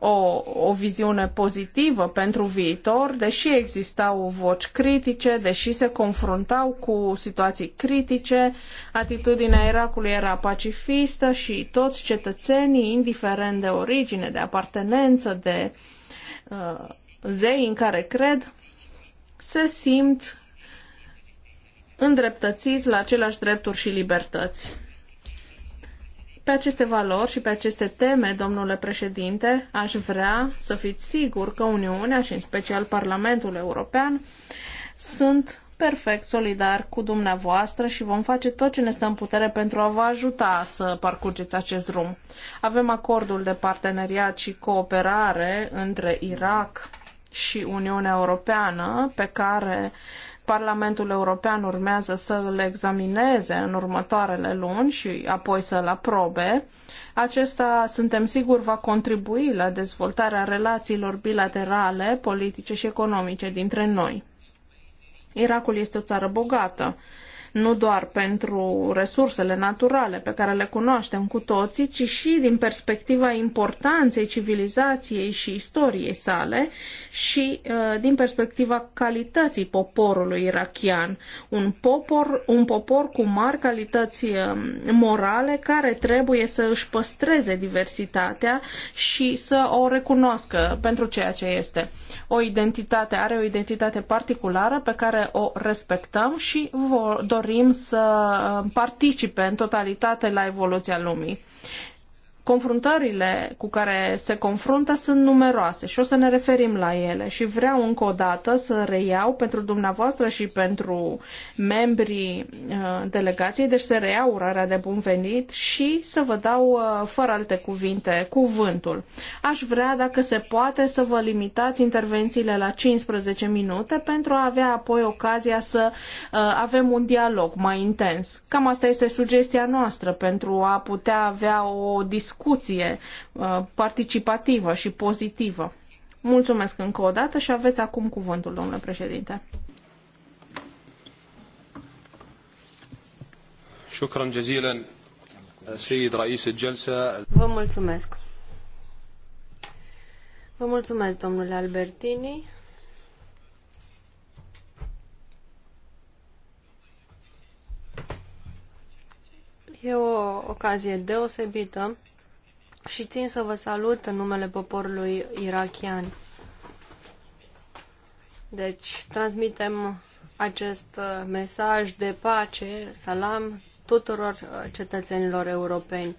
O, o viziune pozitivă pentru viitor, deși existau voci critice, deși se confruntau cu situații critice, atitudinea Irakului era pacifistă și toți cetățenii, indiferent de origine, de apartenență, de uh, zei în care cred se simt îndreptățiți la aceleași drepturi și libertăți. Pe aceste valori și pe aceste teme, domnule președinte, aș vrea să fiți sigur că Uniunea și în special Parlamentul European sunt perfect solidar cu dumneavoastră și vom face tot ce ne stă în putere pentru a vă ajuta să parcurgeți acest drum. Avem acordul de parteneriat și cooperare între Irak și Uniunea Europeană, pe care Parlamentul European urmează să îl examineze în următoarele luni și apoi să îl aprobe, acesta, suntem siguri, va contribui la dezvoltarea relațiilor bilaterale, politice și economice dintre noi. Irakul este o țară bogată nu doar pentru resursele naturale pe care le cunoaștem cu toții, ci și din perspectiva importanței civilizației și istoriei sale și uh, din perspectiva calității poporului irachian. Un popor, un popor cu mari calități uh, morale care trebuie să își păstreze diversitatea și să o recunoască pentru ceea ce este. O identitate, are o identitate particulară pe care o respectăm și vor, dorim să uh, participe în totalitate la evoluția lumii confruntările cu care se confruntă sunt numeroase și o să ne referim la ele și vreau încă o dată să reiau pentru dumneavoastră și pentru membrii uh, delegației, deci să reiau urarea de bun venit și să vă dau, uh, fără alte cuvinte, cuvântul. Aș vrea, dacă se poate, să vă limitați intervențiile la 15 minute pentru a avea apoi ocazia să uh, avem un dialog mai intens. Cam asta este sugestia noastră pentru a putea avea o discuție discuție uh, participativă și pozitivă. Mulțumesc încă o dată și aveți acum cuvântul, domnule președinte. Vă mulțumesc. Vă mulțumesc, domnule Albertini. E o ocazie deosebită și țin să vă salut în numele poporului irachian. Deci, transmitem acest uh, mesaj de pace, salam, tuturor uh, cetățenilor europeni.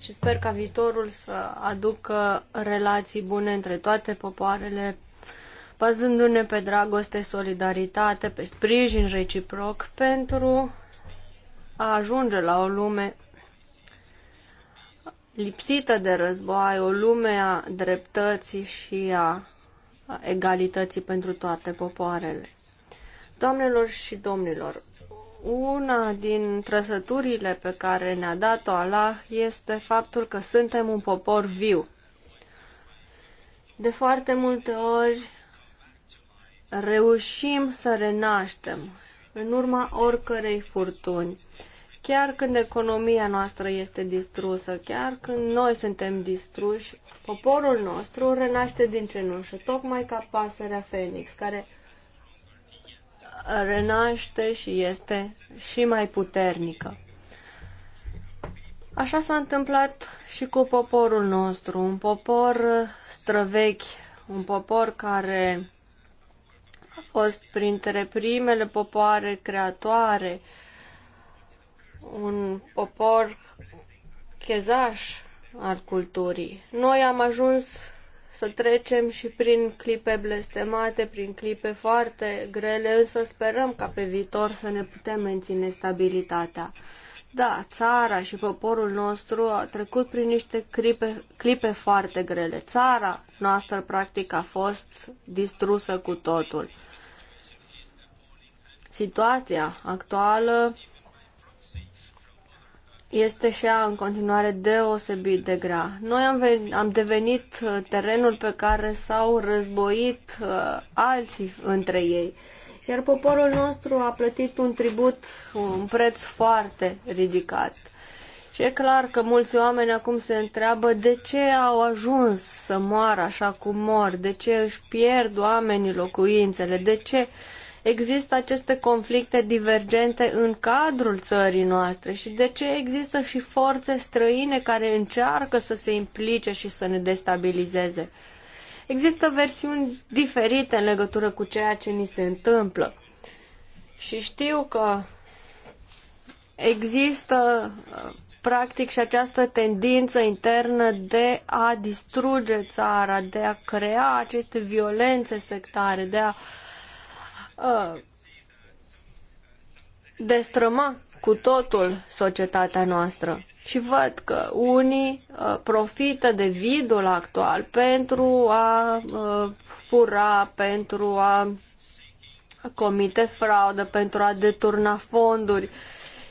Și sper ca viitorul să aducă relații bune între toate popoarele, bazându-ne pe dragoste, solidaritate, pe sprijin reciproc, pentru a ajunge la o lume lipsită de război, o lume a dreptății și a egalității pentru toate popoarele. Doamnelor și domnilor, una din trăsăturile pe care ne-a dat-o Allah este faptul că suntem un popor viu. De foarte multe ori reușim să renaștem în urma oricărei furtuni Chiar când economia noastră este distrusă, chiar când noi suntem distruși, poporul nostru renaște din cenușă, tocmai ca pasărea Fenix, care renaște și este și mai puternică. Așa s-a întâmplat și cu poporul nostru, un popor străvechi, un popor care a fost printre primele popoare creatoare uh, un popor chezaș al culturii. Noi am ajuns să trecem și prin clipe blestemate, prin clipe foarte grele, însă sperăm ca pe viitor să ne putem menține stabilitatea. Da, țara și poporul nostru a trecut prin niște clipe, clipe foarte grele. Țara noastră, practic, a fost distrusă cu totul. Situația actuală este și ea în continuare deosebit de grea. Noi am, venit, am devenit uh, terenul pe care s-au războit uh, alții între ei. Iar poporul nostru a plătit un tribut, un preț foarte ridicat. Și e clar că mulți oameni acum se întreabă de ce au ajuns să moară așa cum mor, de ce își pierd oamenii locuințele, de ce uh, există aceste conflicte divergente în cadrul țării noastre și de ce există și forțe străine care încearcă să se implice și să ne destabilizeze. Există versiuni diferite în legătură cu ceea ce ni se întâmplă. Și știu că există practic și această tendință internă de a distruge țara, de a crea aceste violențe sectare, de a uh, Uh, destrăma cu totul societatea noastră. Și văd că unii uh, profită de vidul actual pentru a uh, fura, pentru a comite fraudă, pentru a deturna fonduri. Uh,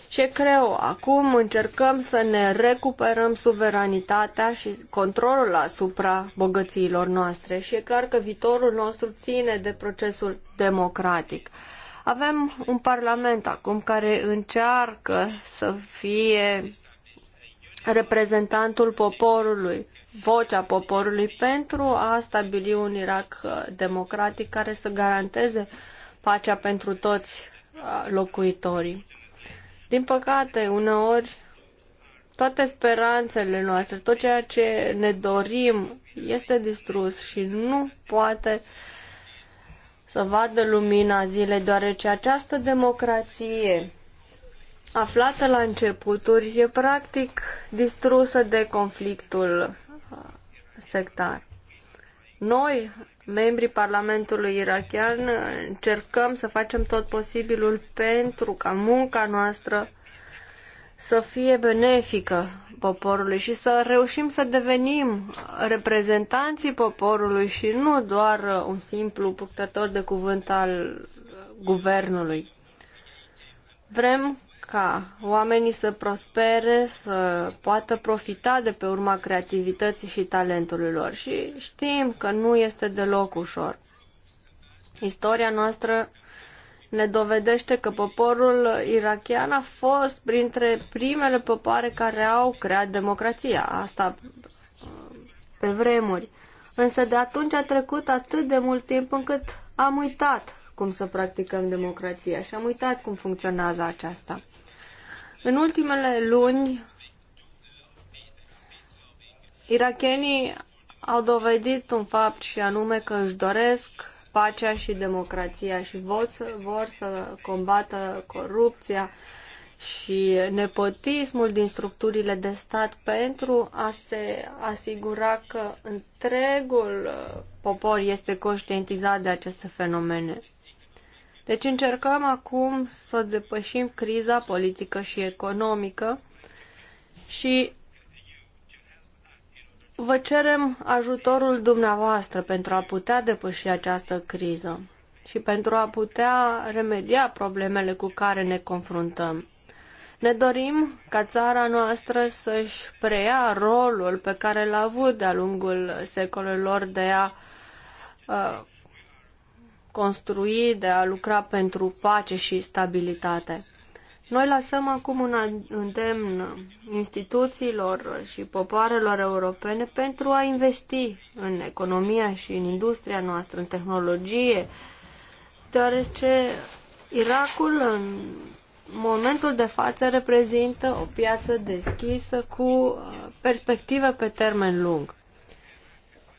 ce creu? Acum încercăm să ne recuperăm suveranitatea și controlul asupra bogățiilor noastre și e clar că viitorul nostru ține de procesul democratic. Avem un parlament acum care încearcă să fie reprezentantul poporului, vocea poporului pentru a stabili un Irak uh, democratic care să garanteze pacea pentru toți uh, locuitorii. Din păcate, uneori, toate speranțele noastre, tot ceea ce ne dorim este distrus și nu poate să vadă lumina zilei, deoarece această democrație aflată la începuturi e practic distrusă de conflictul uh, sectar. Noi membrii Parlamentului irachian încercăm să facem tot posibilul pentru ca munca noastră să fie benefică poporului și să reușim să devenim reprezentanții poporului și nu doar un simplu purtător de cuvânt al guvernului. Vrem ca oamenii să prospere, să poată profita de pe urma creativității și talentului lor. Și știm că nu este deloc ușor. Istoria noastră ne dovedește că poporul irachian a fost printre primele popoare care au creat democrația. Asta mm, pe vremuri. Însă de atunci a trecut atât de mult timp încât am uitat cum să practicăm democrația și am uitat cum funcționează aceasta. În ultimele luni, irachenii au dovedit un fapt și anume că își doresc pacea și democrația și vor să, vor să combată corupția și nepotismul din structurile de stat pentru a se asigura că întregul uh, popor este conștientizat de aceste fenomene. Deci încercăm acum să depășim criza politică și economică și vă cerem ajutorul dumneavoastră pentru a putea depăși această criză și pentru a putea remedia problemele cu care ne confruntăm. Ne dorim ca țara noastră să-și preia rolul pe care l-a avut de-a lungul secolelor de a uh, construi, de a lucra pentru pace și stabilitate. Noi lăsăm acum un îndemn instituțiilor și popoarelor europene pentru a investi în economia și în industria noastră, în tehnologie, deoarece Irakul în momentul de față reprezintă o piață deschisă cu uh, perspective pe termen lung.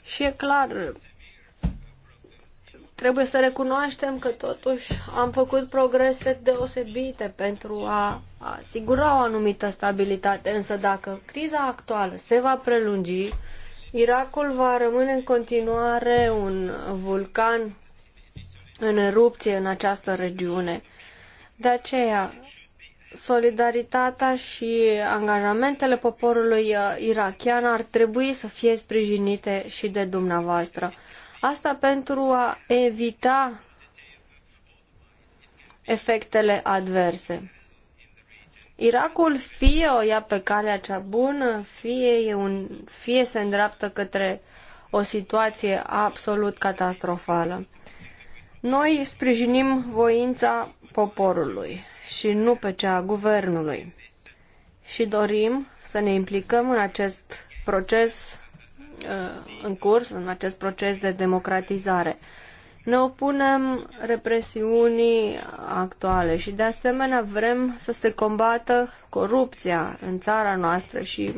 Și e clar, Trebuie să recunoaștem că totuși am făcut progrese deosebite pentru a asigura o anumită stabilitate, însă dacă criza actuală se va prelungi, Irakul va rămâne în continuare un vulcan în erupție în această regiune. De aceea, solidaritatea și angajamentele poporului uh, irakian ar trebui să fie sprijinite și de dumneavoastră. Asta pentru a evita efectele adverse. Irakul fie o ia pe calea cea bună, fie, e un, fie se îndreaptă către o situație absolut catastrofală. Noi sprijinim voința poporului și nu pe cea a guvernului și dorim să ne implicăm în acest proces Uh, în curs în acest proces de democratizare. Ne opunem represiunii actuale și de asemenea vrem să se combată corupția în țara noastră și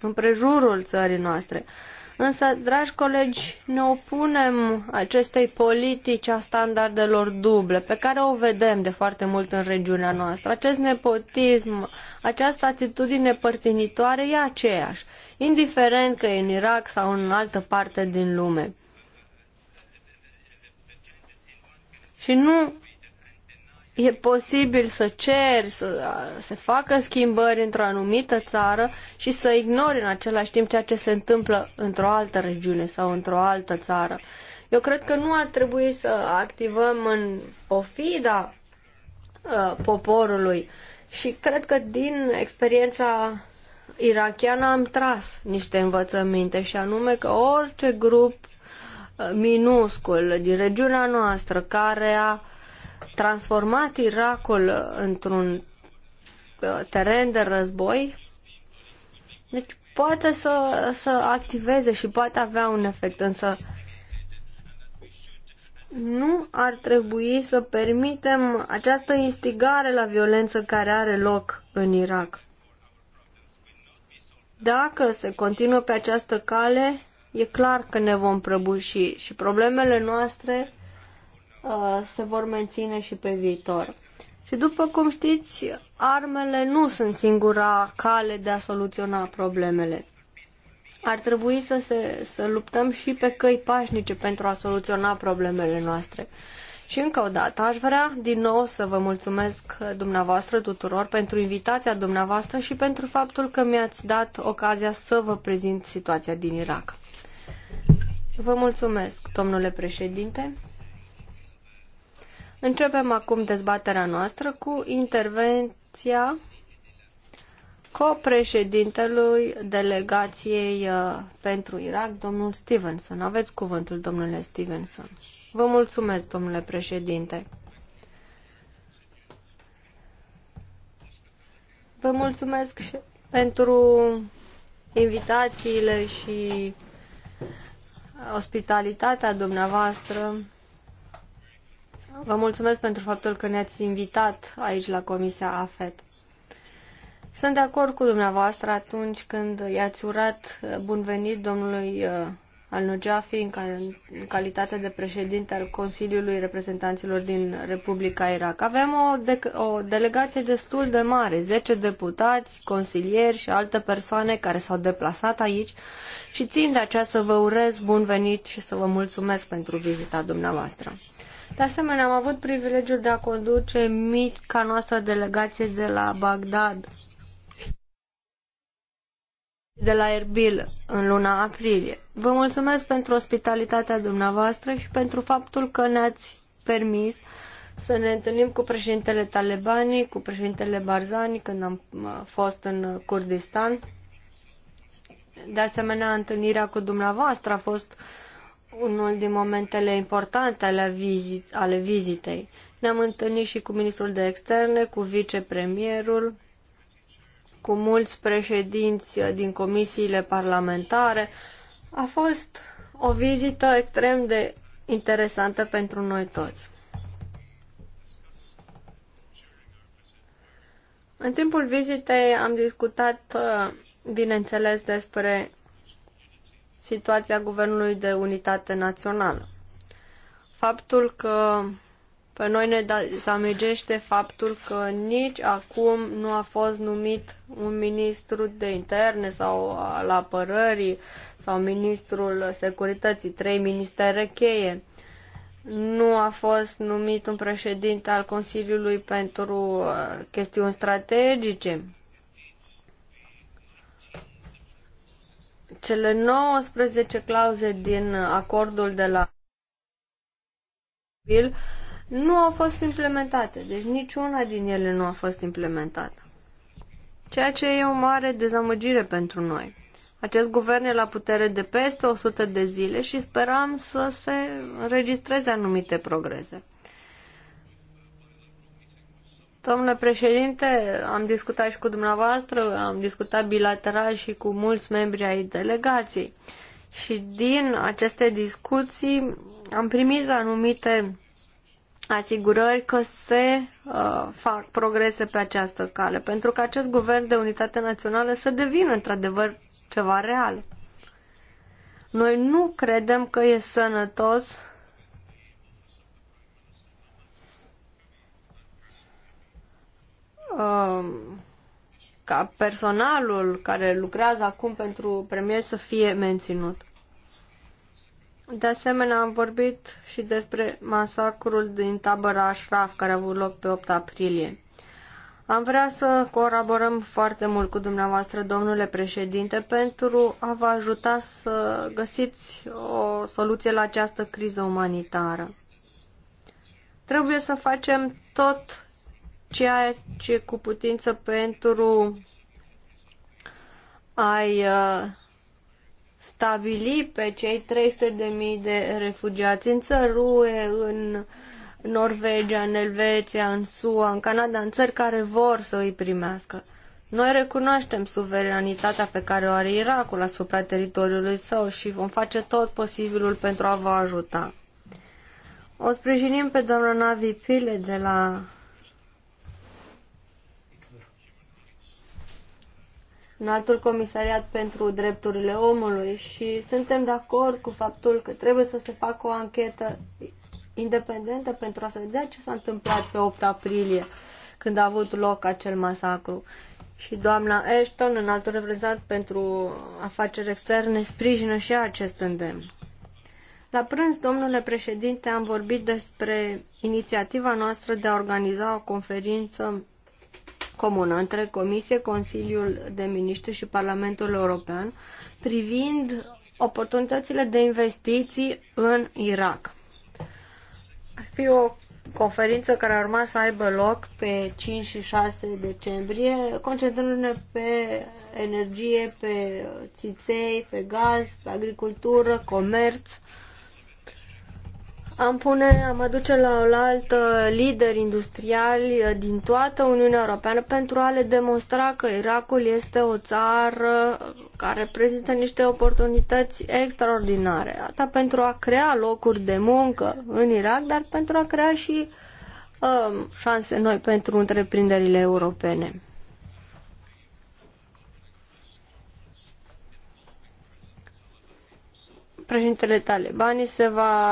în prejurul țării noastre. Uh, Însă, dragi colegi, ne opunem acestei politici a standardelor duble, pe care o vedem de foarte mult în regiunea noastră. Acest nepotism, această atitudine părtinitoare e aceeași, indiferent că e în Irak sau în altă parte din lume. Și nu e posibil să ceri, să se facă schimbări într-o anumită țară și să ignori în același timp ceea ce se întâmplă într-o altă regiune sau într-o altă țară. Eu cred că nu ar trebui să activăm în ofida uh, ă, poporului și cred că din experiența irachiană am tras niște învățăminte și anume că orice grup ă, minuscul din regiunea noastră care a transformat Irakul într-un uh, teren de război, deci poate să, să activeze și poate avea un efect, însă nu ar trebui să permitem această instigare la violență care are loc în Irak. Dacă se continuă pe această cale, e clar că ne vom prăbuși și problemele noastre Uh, se vor menține și pe viitor. Și după cum știți, armele nu sunt singura cale de a soluționa problemele. Ar trebui să, se, să luptăm și pe căi pașnice pentru a soluționa problemele noastre. Și încă o dată aș vrea din nou să vă mulțumesc dumneavoastră tuturor pentru invitația dumneavoastră și pentru faptul că mi-ați dat ocazia să vă prezint situația din Irak. Vă mulțumesc, domnule președinte. Începem acum dezbaterea noastră cu intervenția copreședintelui delegației uh, pentru Irak, domnul Stevenson. Aveți cuvântul, domnule Stevenson. Vă mulțumesc, domnule președinte. Vă mulțumesc și pentru invitațiile și ospitalitatea dumneavoastră Vă mulțumesc pentru faptul că ne-ați invitat aici la Comisia AFET. Sunt de acord cu dumneavoastră atunci când i-ați urat bun venit domnului uh, Al-Najafi în, în calitate de președinte al Consiliului Reprezentanților din Republica Irak. Avem o, de- o delegație destul de mare, 10 deputați, consilieri și alte persoane care s-au deplasat aici și țin de aceea să vă urez bun venit și să vă mulțumesc pentru vizita dumneavoastră. De asemenea, am avut privilegiul de a conduce mica noastră delegație de la Bagdad de la Erbil în luna aprilie. Vă mulțumesc pentru ospitalitatea dumneavoastră și pentru faptul că ne-ați permis să ne întâlnim cu președintele Talebani, cu președintele Barzani când am uh, fost în Kurdistan. De asemenea, întâlnirea cu dumneavoastră a fost uh, unul din momentele importante ale, vizit, ale vizitei. Ne-am întâlnit și cu ministrul de externe, cu vicepremierul, cu mulți președinți din comisiile parlamentare. A fost o vizită extrem de interesantă pentru noi toți. În timpul vizitei am discutat, bineînțeles, despre situația Guvernului de Unitate Națională. Faptul că pe noi ne amegește faptul că nici acum nu a fost numit un ministru de interne sau al apărării sau ministrul securității, trei ministere cheie. Nu a fost numit un președinte al Consiliului pentru uh, chestiuni strategice. cele 19 clauze din acordul de la Bill nu au fost implementate, deci niciuna din ele nu a fost implementată. Ceea ce e o mare dezamăgire pentru noi. Acest guvern e la putere de peste 100 de zile și speram să se înregistreze anumite progrese. Domnule președinte, am discutat și cu dumneavoastră, am discutat bilateral și cu mulți membri ai delegației. Și din aceste discuții am primit anumite asigurări că se uh, fac progrese pe această cale, pentru că acest guvern de unitate națională să devină într-adevăr ceva real. Noi nu credem că e sănătos Um, ca personalul care lucrează acum pentru premier să fie menținut. De asemenea, am vorbit și despre masacrul din tabăra Ashraf, care a avut loc pe 8 aprilie. Am vrea să colaborăm foarte mult cu dumneavoastră, domnule președinte, pentru a vă ajuta să găsiți o soluție la această criză umanitară. Trebuie să facem tot ceea ce cu putință pentru ai uh, stabili pe cei 300.000 de refugiați în țărue, în Norvegia, în Elveția, în SUA, în Canada, în țări care vor să îi primească. Noi recunoaștem suveranitatea pe care o are Irakul asupra teritoriului său și vom face tot posibilul pentru a vă ajuta. O sprijinim pe doamna Navi Pile de la în altul comisariat pentru drepturile omului și suntem de acord cu faptul că trebuie să se facă o anchetă independentă pentru a să vedea ce s-a întâmplat pe 8 aprilie, când a avut loc acel masacru. Și doamna Ashton, în altul reprezentant pentru afaceri externe, sprijină și acest îndemn. La prânz, domnule președinte, am vorbit despre inițiativa noastră de a organiza o conferință comună între Comisie, Consiliul de Miniștri și Parlamentul European privind oportunitățile de investiții în Irak. Ar fi o conferință care ar urma să aibă loc pe 5 și 6 decembrie, concentrându-ne pe energie, pe țiței, pe gaz, pe agricultură, comerț, am pune, am aduce la oaltă lideri industriali uh, din toată Uniunea Europeană pentru a le demonstra că Irakul este o țară care prezintă niște oportunități extraordinare. Asta pentru a crea locuri de muncă în Irak, dar pentru a crea și um, șanse noi pentru întreprinderile europene. președintele Talebani se va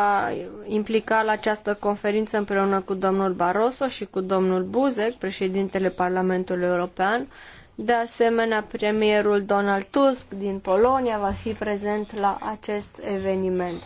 implica la această conferință împreună cu domnul Barroso și cu domnul Buzek, președintele Parlamentului European. De asemenea, premierul Donald Tusk din Polonia va fi prezent la acest eveniment.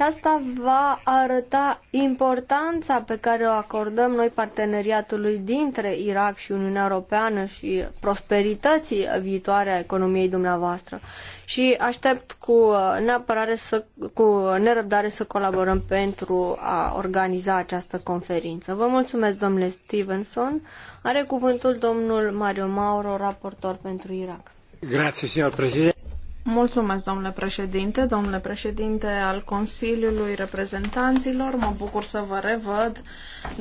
Și asta va arăta importanța pe care o acordăm noi parteneriatului dintre Irak și Uniunea Europeană și prosperității viitoare a economiei dumneavoastră. Și aștept cu, uh, neapărare să, cu nerăbdare să colaborăm pentru a organiza această conferință. Vă mulțumesc, domnule Stevenson. Are cuvântul domnul Mario Mauro, raportor pentru Irak. Grazie, signor președinte. Mulțumesc, domnule președinte, domnule președinte al Consiliului Reprezentanților. Mă bucur să vă revăd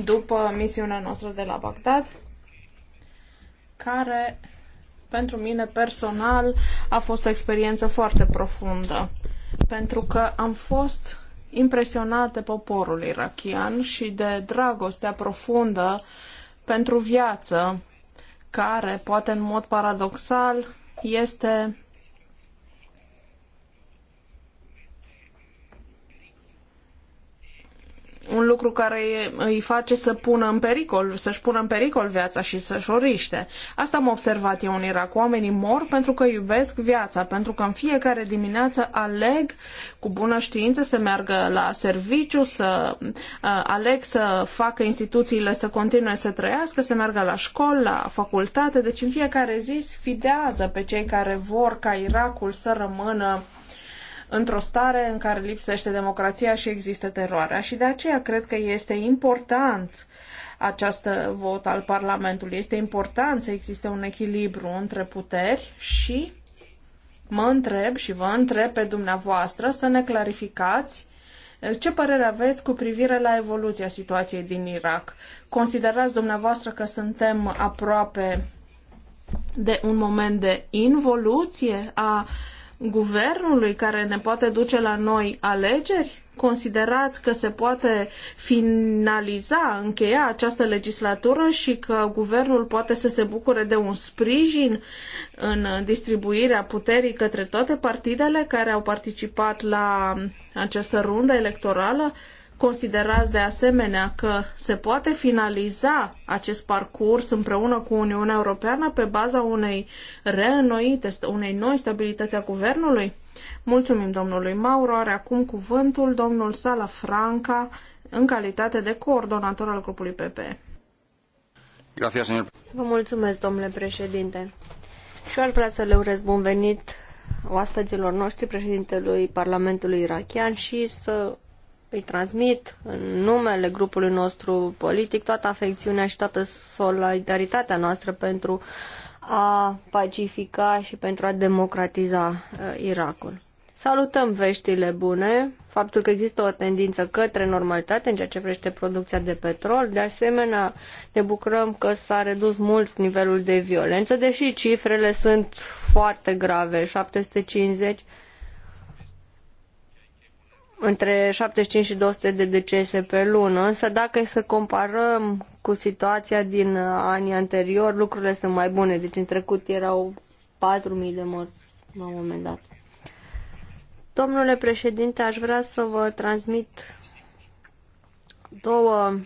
după misiunea noastră de la Bagdad, care pentru mine personal a fost o experiență foarte profundă, pentru că am fost impresionat de poporul irachian și de dragostea profundă pentru viață, care, poate în mod paradoxal, este un lucru care îi face să pună în pericol, să-și pună în pericol viața și să-și o Asta am observat eu în Irak. Oamenii mor pentru că iubesc viața, pentru că în fiecare dimineață aleg cu bună știință să meargă la serviciu, să aleg să facă instituțiile să continue să trăiască, să meargă la școală, la facultate. Deci în fiecare zi sfidează pe cei care vor ca Irakul să rămână uh, într-o stare în care lipsește democrația și există teroarea. Și de aceea cred că este important această vot al Parlamentului. Este important să existe un echilibru între puteri și mă întreb și vă întreb pe dumneavoastră să ne clarificați eh, ce părere aveți cu privire la evoluția situației din Irak? Considerați dumneavoastră că suntem aproape de un moment de involuție a uh, guvernului care ne poate duce la noi alegeri? Considerați că se poate finaliza, încheia această legislatură și că guvernul poate să se bucure de un sprijin în distribuirea puterii către toate partidele care au participat la această rundă electorală? Uh, Considerați de asemenea că se poate finaliza acest parcurs împreună cu Uniunea Europeană pe baza unei reînnoite, unei noi stabilități a guvernului? Mulțumim domnului Mauro. Are acum cuvântul domnul Sala Franca în calitate de coordonator al grupului PP. Grazie, Vă mulțumesc, domnule președinte. Și eu aș vrea să le urez bun venit oaspeților noștri, președintelui Parlamentului irachian și să îi transmit în numele grupului nostru politic toată afecțiunea și toată solidaritatea noastră pentru a pacifica și pentru a democratiza uh, Irakul. Salutăm veștile bune, faptul că există o tendință către normalitate în ceea ce privește producția de petrol. De asemenea, ne bucurăm că s-a redus mult nivelul de violență, deși cifrele sunt foarte grave, 750 între 75 și 200 de decese pe lună, însă dacă e să comparăm cu situația din anii anterior, lucrurile sunt mai bune. Deci în trecut erau 4.000 de morți la un moment dat. Domnule președinte, aș vrea să vă transmit două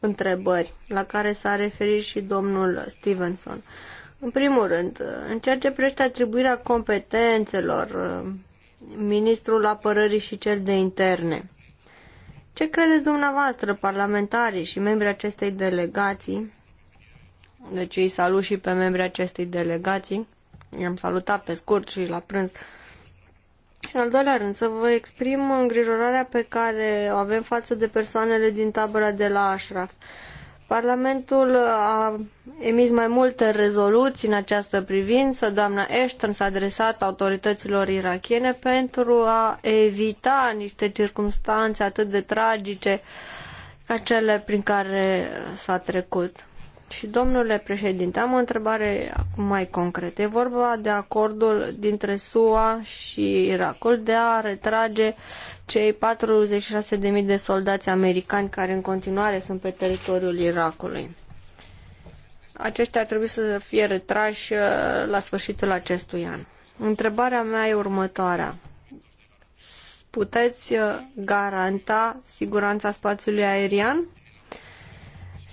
întrebări la care s-a referit și domnul Stevenson. În primul rând, în ceea ce privește atribuirea competențelor ministrul apărării și cel de interne. Ce credeți dumneavoastră, parlamentarii și membrii acestei delegații? Deci îi salut și pe membrii acestei delegații. I-am salutat pe scurt și la prânz. În al doilea rând, să vă exprim îngrijorarea pe care o avem față de persoanele din tabăra de la Ashraf. Parlamentul a emis mai multe rezoluții în această privință. Doamna Ashton s-a adresat autorităților irakiene pentru a evita niște circunstanțe atât de tragice ca cele prin care s-a trecut. Și, domnule președinte, am o întrebare mai concretă. E vorba de acordul dintre SUA și Irakul de a retrage cei 46.000 de soldați americani care în continuare sunt pe teritoriul Irakului. Aceștia ar trebui să fie retrași uh, la sfârșitul acestui an. Întrebarea mea e următoarea. Puteți uh, garanta siguranța spațiului aerian?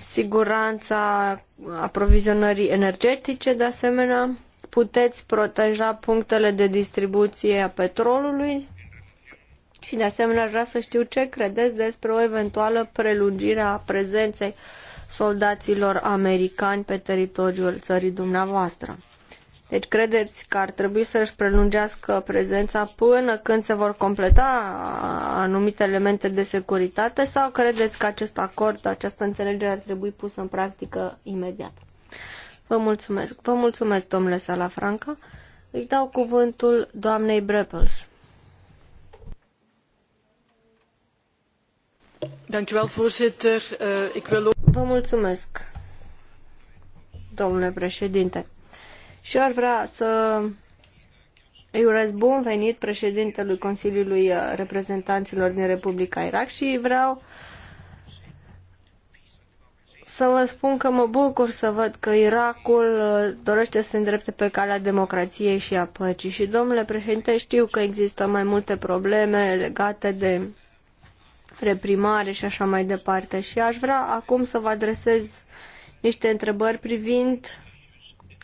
siguranța aprovizionării energetice, de asemenea, puteți proteja punctele de distribuție a petrolului și, de asemenea, aș vrea să știu ce credeți despre o eventuală prelungire a prezenței soldaților americani pe teritoriul țării dumneavoastră. Deci credeți că ar trebui să își prelungească prezența până când se vor completa anumite elemente de securitate sau credeți că acest acord, această înțelegere ar trebui pusă în practică imediat? Vă mulțumesc. Vă mulțumesc, domnule Salafranca. Îi dau cuvântul doamnei Brepels. Eh, Vă mulțumesc, domnule președinte și ar vrea să îi urez bun venit președintelui Consiliului uh, Reprezentanților din Republica Irak și vreau să vă spun că mă bucur să văd că Irakul uh, dorește să se îndrepte pe calea democrației și a păcii. Și, domnule președinte, știu că există mai multe probleme legate de reprimare și așa mai departe. Și aș vrea acum să vă adresez niște întrebări privind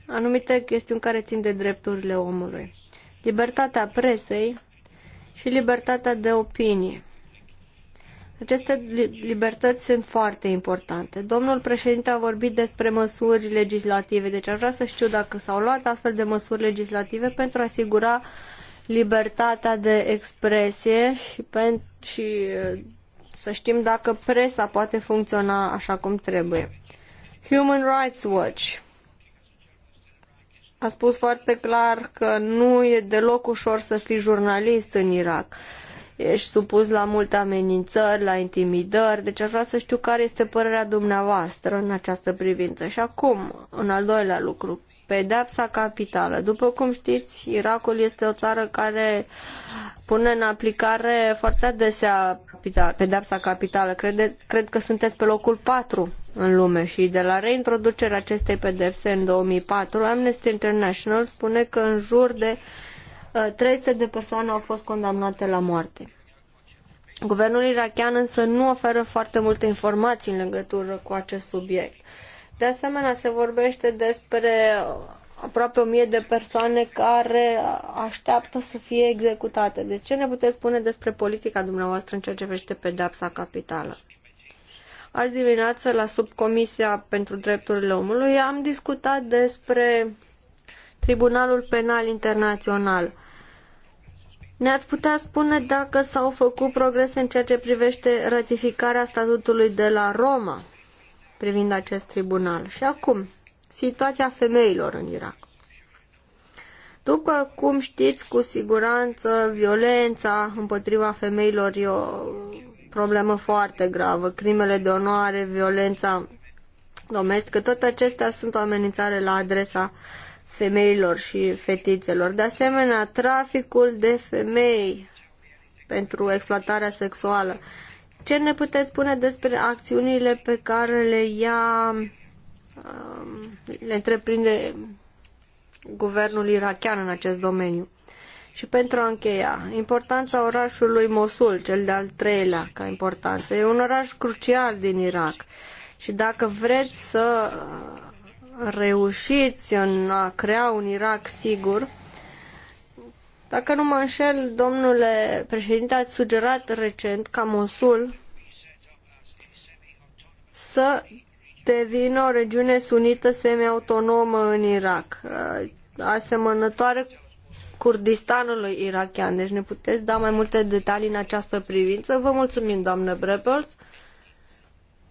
anumite chestiuni care țin de drepturile omului. Libertatea presei și libertatea de opinie. Aceste libertăți sunt foarte importante. Domnul președinte a vorbit despre măsuri legislative, deci aș vrea să știu dacă s-au luat astfel de măsuri legislative pentru a asigura libertatea de expresie și, și uh, să știm dacă presa poate funcționa așa cum trebuie. Human Rights Watch a spus foarte clar că nu e deloc ușor să fii jurnalist în Irak. Ești supus la multe amenințări, la intimidări, deci aș vrea să știu care este părerea dumneavoastră în această privință. Și acum, un al doilea lucru, pedepsa capitală. După cum știți, Irakul este o țară care pune în aplicare foarte adesea pedepsa capitală. Cred cred că sunteți pe locul patru în lume și de la reintroducerea acestei pedepse în 2004, Amnesty International spune că în jur de 300 uh, de persoane au fost condamnate la moarte. Guvernul irachian însă nu oferă foarte multe informații în legătură cu acest subiect. De asemenea, se vorbește despre uh, aproape o mie de persoane care așteaptă să fie executate. De ce ne puteți spune despre politica dumneavoastră în ceea ce privește pedepsa capitală? Azi dimineață, la subcomisia pentru drepturile omului, am discutat despre Tribunalul Penal Internațional. Ne-ați putea spune dacă s-au făcut progrese în ceea ce privește ratificarea statutului de la Roma privind acest tribunal. Și acum, situația femeilor în Irak. După cum știți, cu siguranță, violența împotriva femeilor e o problemă foarte gravă. Crimele de onoare, violența domestică, toate acestea sunt o amenințare la adresa femeilor și fetițelor. De asemenea, traficul de femei pentru exploatarea sexuală. Ce ne puteți spune despre acțiunile pe care le ia, um, le întreprinde guvernul irachian în acest domeniu? Și pentru a încheia, importanța orașului Mosul, cel de-al treilea ca importanță. E un oraș crucial din Irak. Și dacă vreți să uh, reușiți în a crea un Irak sigur, dacă nu mă înșel, domnule președinte, ați sugerat recent ca Mosul să devină o regiune sunită semi-autonomă în Irak, uh, asemănătoare Kurdistanului irachian. Deci ne puteți da mai multe detalii în această privință. Vă mulțumim, doamnă Brebels.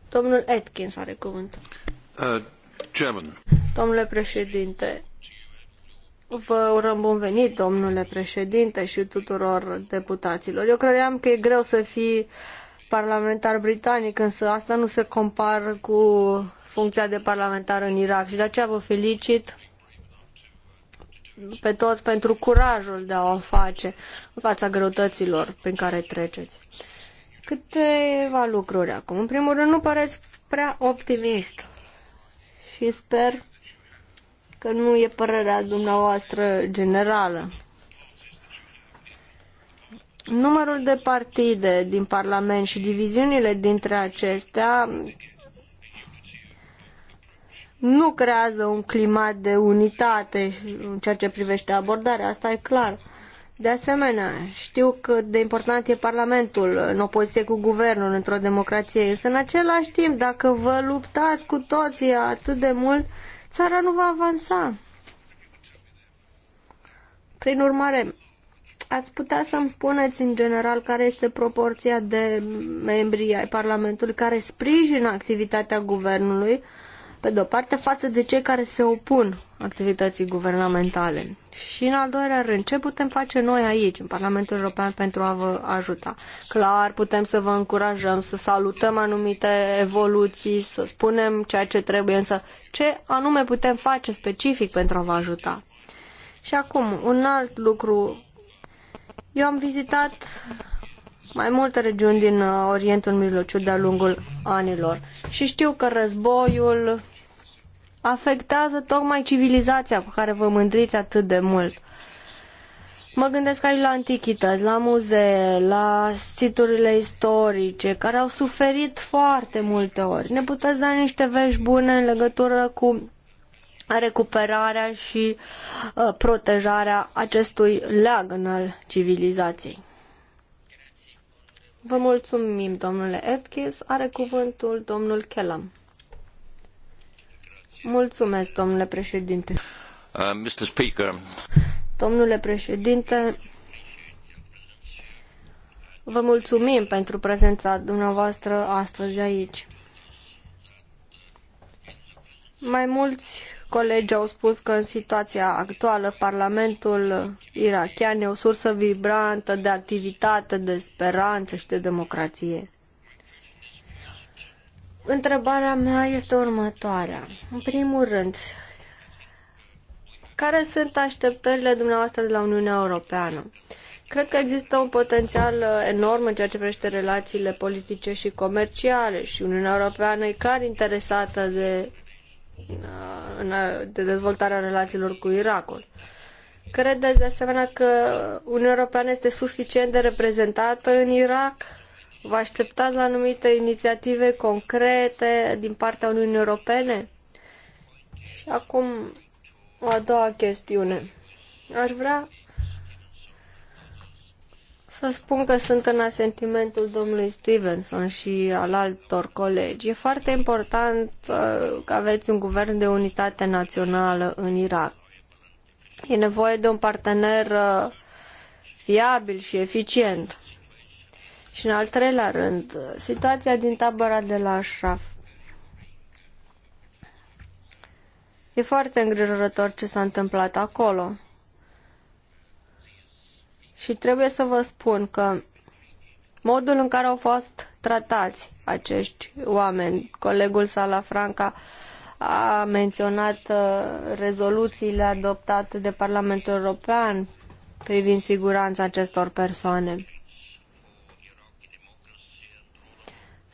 Domnul Atkins are cuvântul. Uh, Domnule președinte, Vă urăm bun venit, domnule președinte și tuturor deputaților. Eu credeam că e greu să fii parlamentar britanic, însă asta nu se compară cu funcția de parlamentar în Irak și de aceea vă felicit pe toți pentru curajul de a o face în fața greutăților prin care treceți. Câteva lucruri acum. În primul rând, nu păreți prea optimist și sper că nu e părerea dumneavoastră generală. Numărul de partide din Parlament și diviziunile dintre acestea nu creează un climat de unitate în ceea ce privește abordarea, asta e clar. De asemenea, știu că de important e Parlamentul în opoziție cu guvernul într-o democrație, însă în același timp, dacă vă luptați cu toții atât de mult, țara nu va avansa. Prin urmare, ați putea să-mi spuneți în general care este proporția de membri ai Parlamentului care sprijină activitatea guvernului pe de-o parte, față de cei care se opun activității guvernamentale. Și, în al doilea rând, ce putem face noi aici, în Parlamentul European, pentru a vă ajuta? Clar, putem să vă încurajăm, să salutăm anumite evoluții, să spunem ceea ce trebuie, însă ce anume putem face specific pentru a vă ajuta? Și acum, un alt lucru. Eu am vizitat mai multe regiuni din uh, Orientul Mijlociu de-a lungul anilor. Și știu că războiul afectează tocmai civilizația cu care vă mândriți atât de mult. Mă gândesc aici la antichități, la muzee, la siturile istorice, care au suferit foarte multe ori. Ne puteți da niște vești bune în legătură cu recuperarea și uh, protejarea acestui leagăn al civilizației. Vă mulțumim, domnule Atkins. Are cuvântul domnul Kellam. Mulțumesc, domnule președinte. Uh, Mr. Speaker. Domnule președinte, vă mulțumim pentru prezența dumneavoastră astăzi aici. Mai mulți colegi au spus că în situația actuală Parlamentul irachian e o sursă vibrantă de activitate, de speranță și de democrație. Întrebarea mea este următoarea. În primul rând, care sunt așteptările dumneavoastră de la Uniunea Europeană? Cred că există un potențial enorm în ceea ce privește relațiile politice și comerciale și Uniunea Europeană e clar interesată de de dezvoltarea relațiilor cu Irakul. Credeți de asemenea că Uniunea Europeană este suficient de reprezentată în Irak? Vă așteptați la anumite inițiative concrete din partea Uniunii Europene? Și acum o a doua chestiune. Aș vrea să spun că sunt în asentimentul domnului Stevenson și al altor colegi. E foarte important uh, că aveți un guvern de unitate națională în Irak. E nevoie de un partener uh, fiabil și eficient. Și în al treilea rând, uh, situația din tabăra de la Ashraf. E foarte îngrijorător ce s-a întâmplat acolo. Și trebuie să vă spun că modul în care au fost tratați acești oameni, colegul Salafranca a menționat uh, rezoluțiile adoptate de Parlamentul European privind siguranța acestor persoane.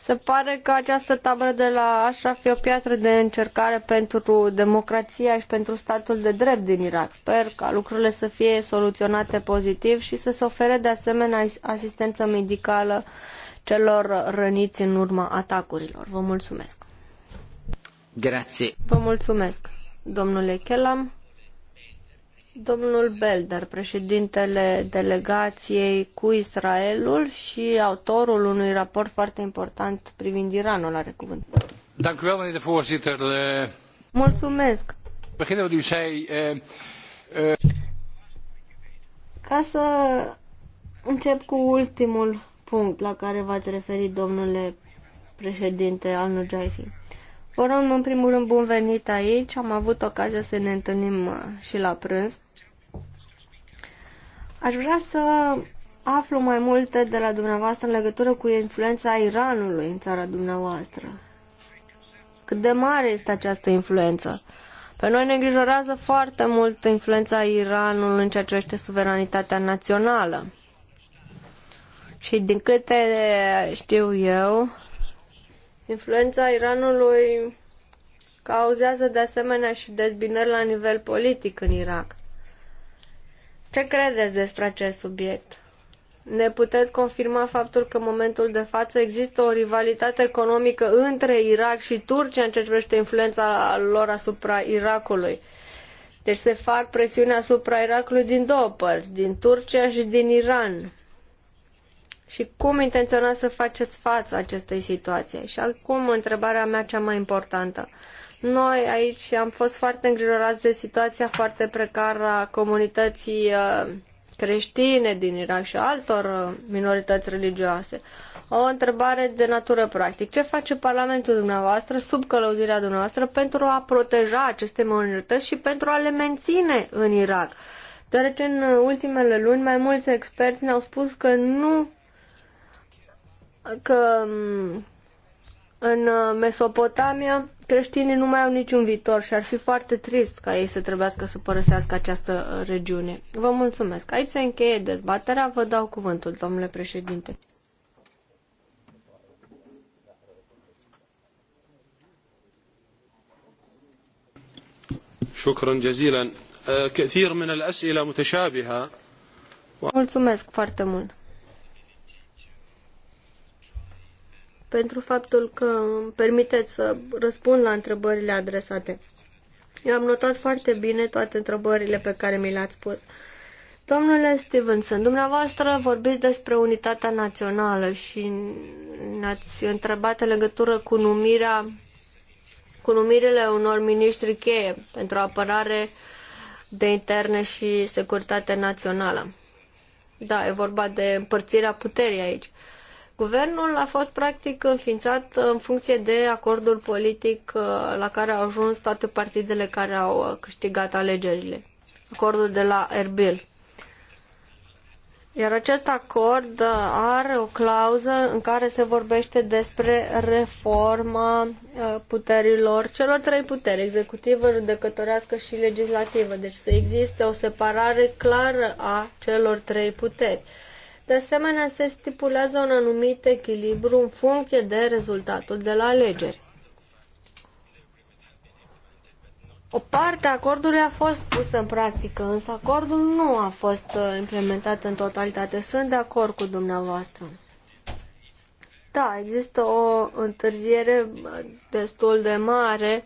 Se pare că această tabără de la Ashraf e o piatră de încercare pentru democrația și pentru statul de drept din Irak. Sper ca lucrurile să fie soluționate pozitiv și să se ofere de asemenea asistență medicală celor răniți în urma atacurilor. Vă mulțumesc! Grazie. Vă mulțumesc, domnule Kellam. Domnul Belder, președintele delegației cu Israelul și autorul unui raport foarte important privind Iranul, are cuvânt. Eh, Mulțumesc. Eh, eh, Ca să încep cu ultimul punct la care v-ați referit, domnule președinte al Nujaifi. Vă rog, în primul rând, bun venit aici. Am avut ocazia să ne întâlnim și la prânz. Aș vrea să aflu mai multe de la dumneavoastră în legătură cu influența Iranului în țara dumneavoastră. Cât de mare este această influență? Pe noi ne îngrijorează foarte mult influența Iranului în ceea ce este suveranitatea națională. Și din câte știu eu, influența Iranului cauzează de asemenea și dezbinări la nivel politic în Irak. Ce credeți despre acest subiect? Ne puteți confirma faptul că în momentul de față există o rivalitate economică între Irak și Turcia în ceea ce privește influența lor asupra Irakului. Deci se fac presiuni asupra Irakului din două părți, din Turcia și din Iran. Și cum intenționați să faceți față acestei situații? Și acum întrebarea mea cea mai importantă. Noi aici am fost foarte îngrijorați de situația foarte precară a comunității uh, creștine din Irak și altor uh, minorități religioase. O întrebare de natură practic. Ce face Parlamentul dumneavoastră sub călăuzirea dumneavoastră pentru a proteja aceste minorități și pentru a le menține în Irak? Deoarece în ultimele luni mai mulți experți ne-au spus că nu că mm, în uh, Mesopotamia creștinii nu mai au niciun viitor și ar fi foarte trist ca ei să trebuiască să părăsească această uh, regiune. Vă mulțumesc. Aici se încheie dezbaterea. Vă dau cuvântul, domnule președinte. Uh, mulțumesc foarte mult. pentru faptul că îmi permiteți să răspund la întrebările adresate. Eu am notat foarte bine toate întrebările pe care mi le-ați pus. Domnule Stevenson, dumneavoastră vorbiți despre unitatea națională și ne-ați întrebat în legătură cu numirea cu numirile unor miniștri cheie pentru apărare de interne și securitate națională. Da, e vorba de împărțirea puterii aici. Uh, Guvernul a fost practic înființat în funcție de acordul politic uh, la care au ajuns toate partidele care au uh, câștigat alegerile. Acordul de la Erbil. Iar acest acord uh, are o clauză în care se vorbește despre reforma puterilor celor trei puteri, executivă, judecătorească și legislativă. Deci să existe o separare clară a celor trei puteri. De asemenea, se stipulează un anumit echilibru în funcție de rezultatul de la alegeri. O parte a acordului a fost pusă în practică, însă acordul nu a fost uh, implementat în totalitate. Sunt de acord cu dumneavoastră. Da, există o întârziere uh, destul de mare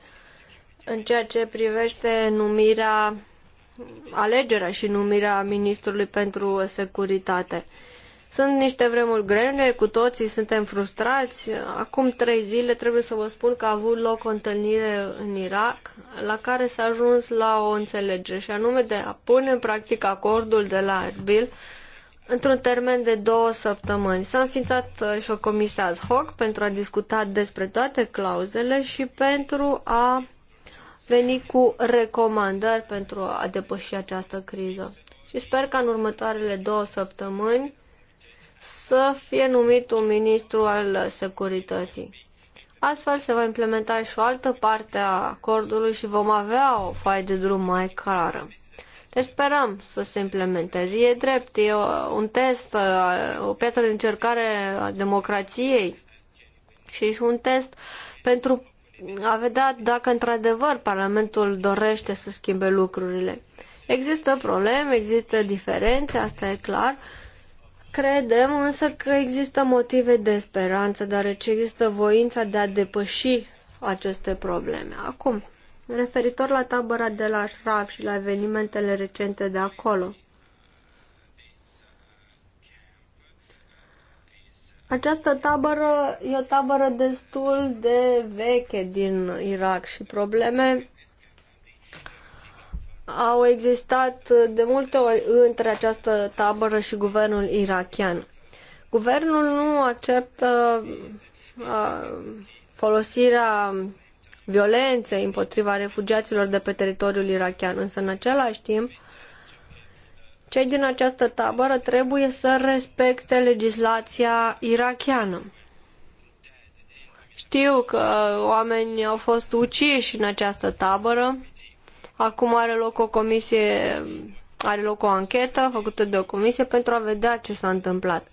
în ceea ce privește numirea, alegerea și numirea ministrului pentru securitate. Sunt niște vremuri grele, cu toții suntem frustrați. Acum trei zile trebuie să vă spun că a avut loc o întâlnire în Irak la care s-a ajuns la o înțelegere și anume de a pune în practic acordul de la Erbil într-un termen de două săptămâni. S-a înființat uh, și o comisie ad hoc pentru a discuta despre toate clauzele și pentru a veni cu recomandări pentru a depăși această criză. Și sper că în următoarele două săptămâni să fie numit un ministru al securității. Astfel se va implementa și o altă parte a acordului și vom avea o foaie de drum mai clară. Deci sperăm să se implementeze. E drept, e un test, o piatră de încercare a democrației și și un test pentru a vedea dacă într-adevăr Parlamentul dorește să schimbe lucrurile. Există probleme, există diferențe, asta e clar. Credem însă că există motive de speranță, deoarece există voința de a depăși aceste probleme. Acum, referitor la tabăra de la Shraf și la evenimentele recente de acolo, Această tabără e o tabără destul de veche din Irak și probleme au existat de multe ori între această tabără și guvernul irachian. Guvernul nu acceptă uh, folosirea violenței împotriva refugiaților de pe teritoriul irachian, însă în același timp cei din această tabără trebuie să respecte legislația irachiană. Știu că oamenii au fost uciși în această tabără, Acum are loc o comisie, are loc o anchetă făcută de o comisie pentru a vedea ce s-a întâmplat.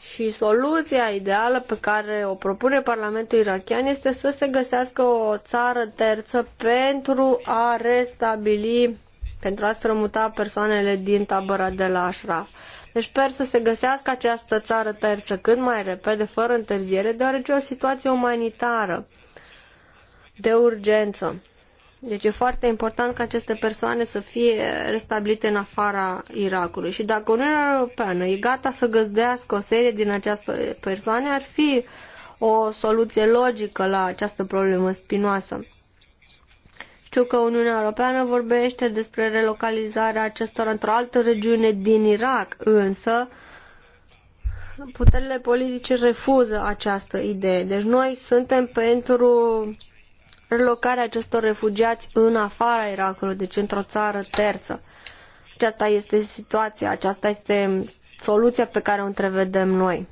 Și soluția ideală pe care o propune Parlamentul irachian este să se găsească o țară terță pentru a restabili, pentru a strămuta persoanele din tabăra de la Ashraf. Deci sper să se găsească această țară terță cât mai repede, fără întârziere, deoarece e o situație umanitară de urgență. Deci e foarte important ca aceste persoane să fie restabilite în afara Irakului. Și dacă Uniunea Europeană e gata să găzdească o serie din aceste persoane, ar fi o soluție logică la această problemă spinoasă. Știu că Uniunea Europeană vorbește despre relocalizarea acestor, într-o altă regiune din Irak, însă puterile politice refuză această idee. Deci noi suntem pentru relocarea acestor refugiați în afara Irakului, deci într-o țară terță. Aceasta este situația, aceasta este soluția pe care o întrevedem noi.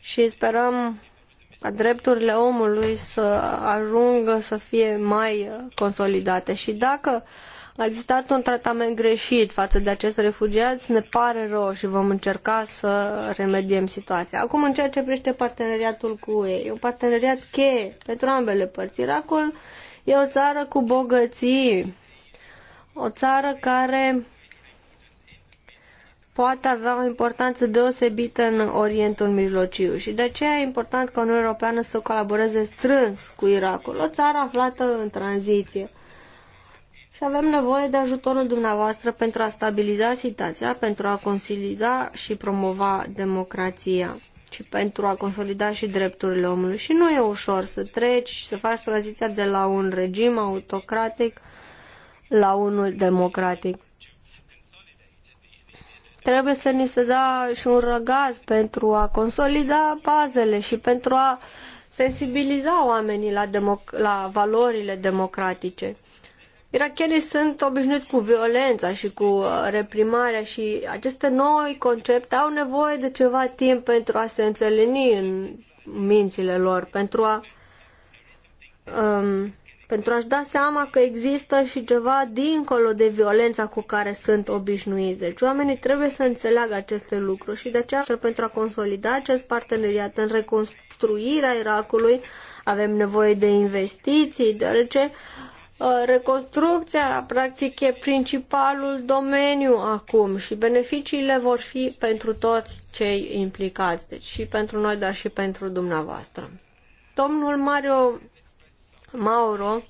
Și sperăm ca drepturile omului să ajungă să fie mai consolidate. Și dacă uh, a existat un tratament greșit față de acești refugiați, ne pare rău și vom încerca să remediem situația. Acum, în ceea ce privește parteneriatul cu UE, e un parteneriat cheie pentru ambele părți. Irakul e o țară cu bogății, o țară care poate avea o importanță deosebită în Orientul Mijlociu și de aceea e important ca Uniunea Europeană să colaboreze strâns cu Irakul, o țară aflată în tranziție și avem nevoie de ajutorul dumneavoastră pentru a stabiliza situația, pentru a consolida și promova democrația și pentru a consolida și drepturile omului. Și nu e ușor să treci și să faci tranziția de la un regim autocratic la unul democratic. Trebuie să ni se da și un răgaz pentru a consolida bazele și pentru a sensibiliza oamenii la, democ- la valorile democratice. Irakienii sunt obișnuiți cu violența și cu uh, reprimarea și aceste noi concepte au nevoie de ceva timp pentru a se înțeleni în mințile lor, pentru a um, pentru a-și da seama că există și ceva dincolo de violența cu care sunt obișnuiți. Deci oamenii trebuie să înțeleagă aceste lucruri și de aceea pentru a consolida acest parteneriat în reconstruirea Irakului avem nevoie de investiții, deoarece uh, Uh, reconstrucția, practic, e principalul domeniu acum și beneficiile vor fi pentru toți cei implicați, deci și pentru noi, dar și pentru dumneavoastră. Domnul Mario Mauro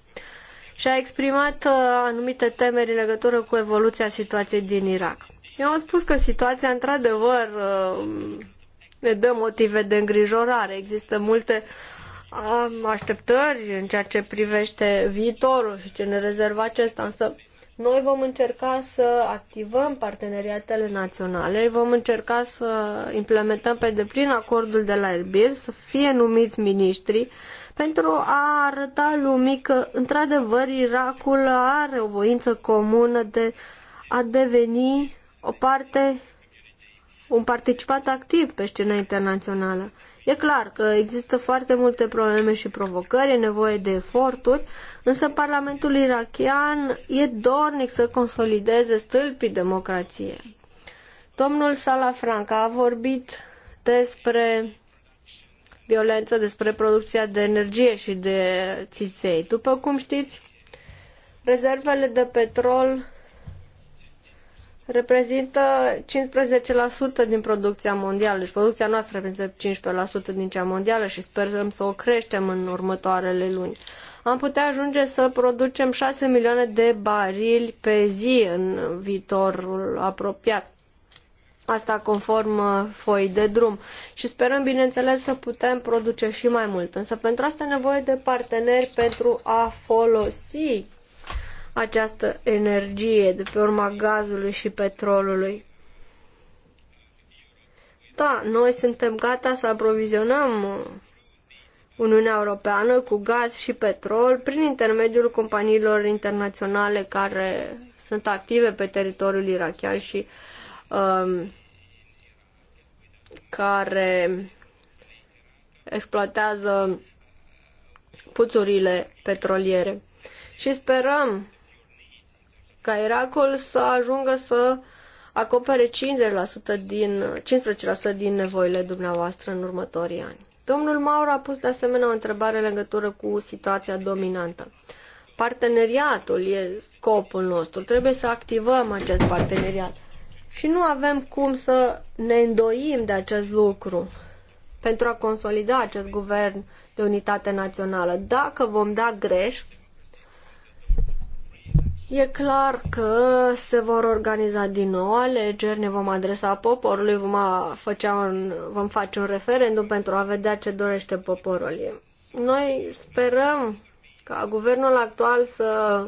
și-a exprimat uh, anumite temeri în legătură cu evoluția situației din Irak. Eu am spus că situația, într-adevăr, uh, ne dă motive de îngrijorare. Există multe uh, am așteptări în ceea ce privește viitorul și ce ne rezervă acesta, însă noi vom încerca să activăm parteneriatele naționale, vom încerca să implementăm pe deplin acordul de la Erbil, să fie numiți miniștri, pentru a arăta lumii că, într-adevăr, Irakul are o voință comună de a deveni o parte, un participant activ pe scena internațională. E clar că există foarte multe probleme și provocări, e nevoie de eforturi, însă Parlamentul irachian e dornic să consolideze stâlpii democrației. Domnul Salafranca a vorbit despre violență, despre producția de energie și de țiței. După cum știți, rezervele de petrol reprezintă 15% din producția mondială, deci producția noastră reprezintă 15% din cea mondială și sperăm să o creștem în următoarele luni. Am putea ajunge să producem 6 milioane de barili pe zi în viitorul apropiat. Asta conform uh, foi de drum. Și sperăm, bineînțeles, să putem produce și mai mult. Însă pentru asta e nevoie de parteneri pentru a folosi această energie de pe urma gazului și petrolului. Da, noi suntem gata să aprovizionăm Uniunea Europeană cu gaz și petrol prin intermediul companiilor internaționale care sunt active pe teritoriul irachian și um, care exploatează puțurile petroliere. Și sperăm ca Eracol să ajungă să acopere 50% din, 15% din nevoile dumneavoastră în următorii ani. Domnul Maur a pus de asemenea o întrebare în legătură cu situația dominantă. Parteneriatul e scopul nostru. Trebuie să activăm acest parteneriat. Și nu avem cum să ne îndoim de acest lucru pentru a consolida acest guvern de unitate națională. Dacă vom da greș, E clar că se vor organiza din nou alegeri, ne vom adresa poporului, vom, face un, vom face un referendum pentru a vedea ce dorește poporul. Noi sperăm ca guvernul actual să,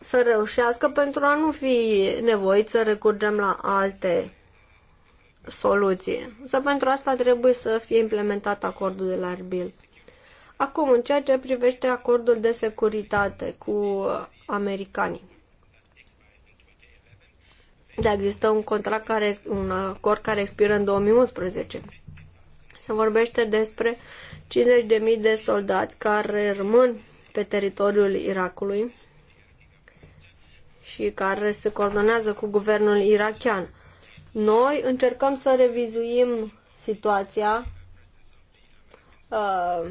să reușească pentru a nu fi nevoit să recurgem la alte soluții. Să pentru asta trebuie să fie implementat acordul de la Erbil. Acum, în ceea ce privește acordul de securitate cu americanii. Da, există un contract care, un acord care expiră în 2011. Se vorbește despre 50.000 de soldați care rămân pe teritoriul Irakului și care se coordonează cu guvernul irachian. Noi încercăm să revizuim situația uh,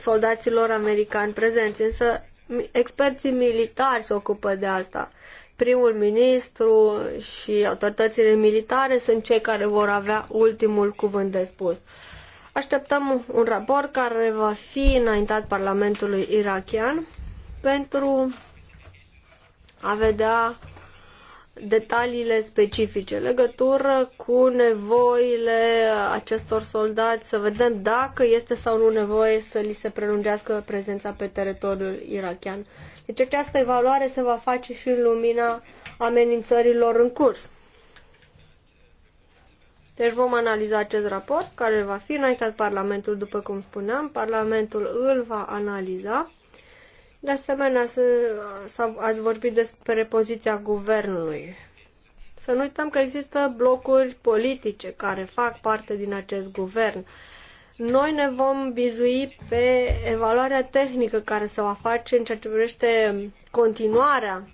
soldaților americani prezenți, însă experții militari se ocupă de asta. Primul ministru și autoritățile militare sunt cei care vor avea ultimul cuvânt de spus. Așteptăm un raport care va fi înaintat Parlamentului irachian pentru a vedea detaliile specifice, legătură cu nevoile acestor soldați, să vedem dacă este sau nu nevoie să li se prelungească prezența pe teritoriul irachian. Deci această evaluare se va face și în lumina amenințărilor în curs. Deci vom analiza acest raport, care va fi înaintat Parlamentul, după cum spuneam. Parlamentul îl va analiza de asemenea, să, să, ați vorbit despre poziția guvernului. Să nu uităm că există blocuri politice care fac parte din acest guvern. Noi ne vom bizui pe evaluarea tehnică care se va face în ceea ce privește continuarea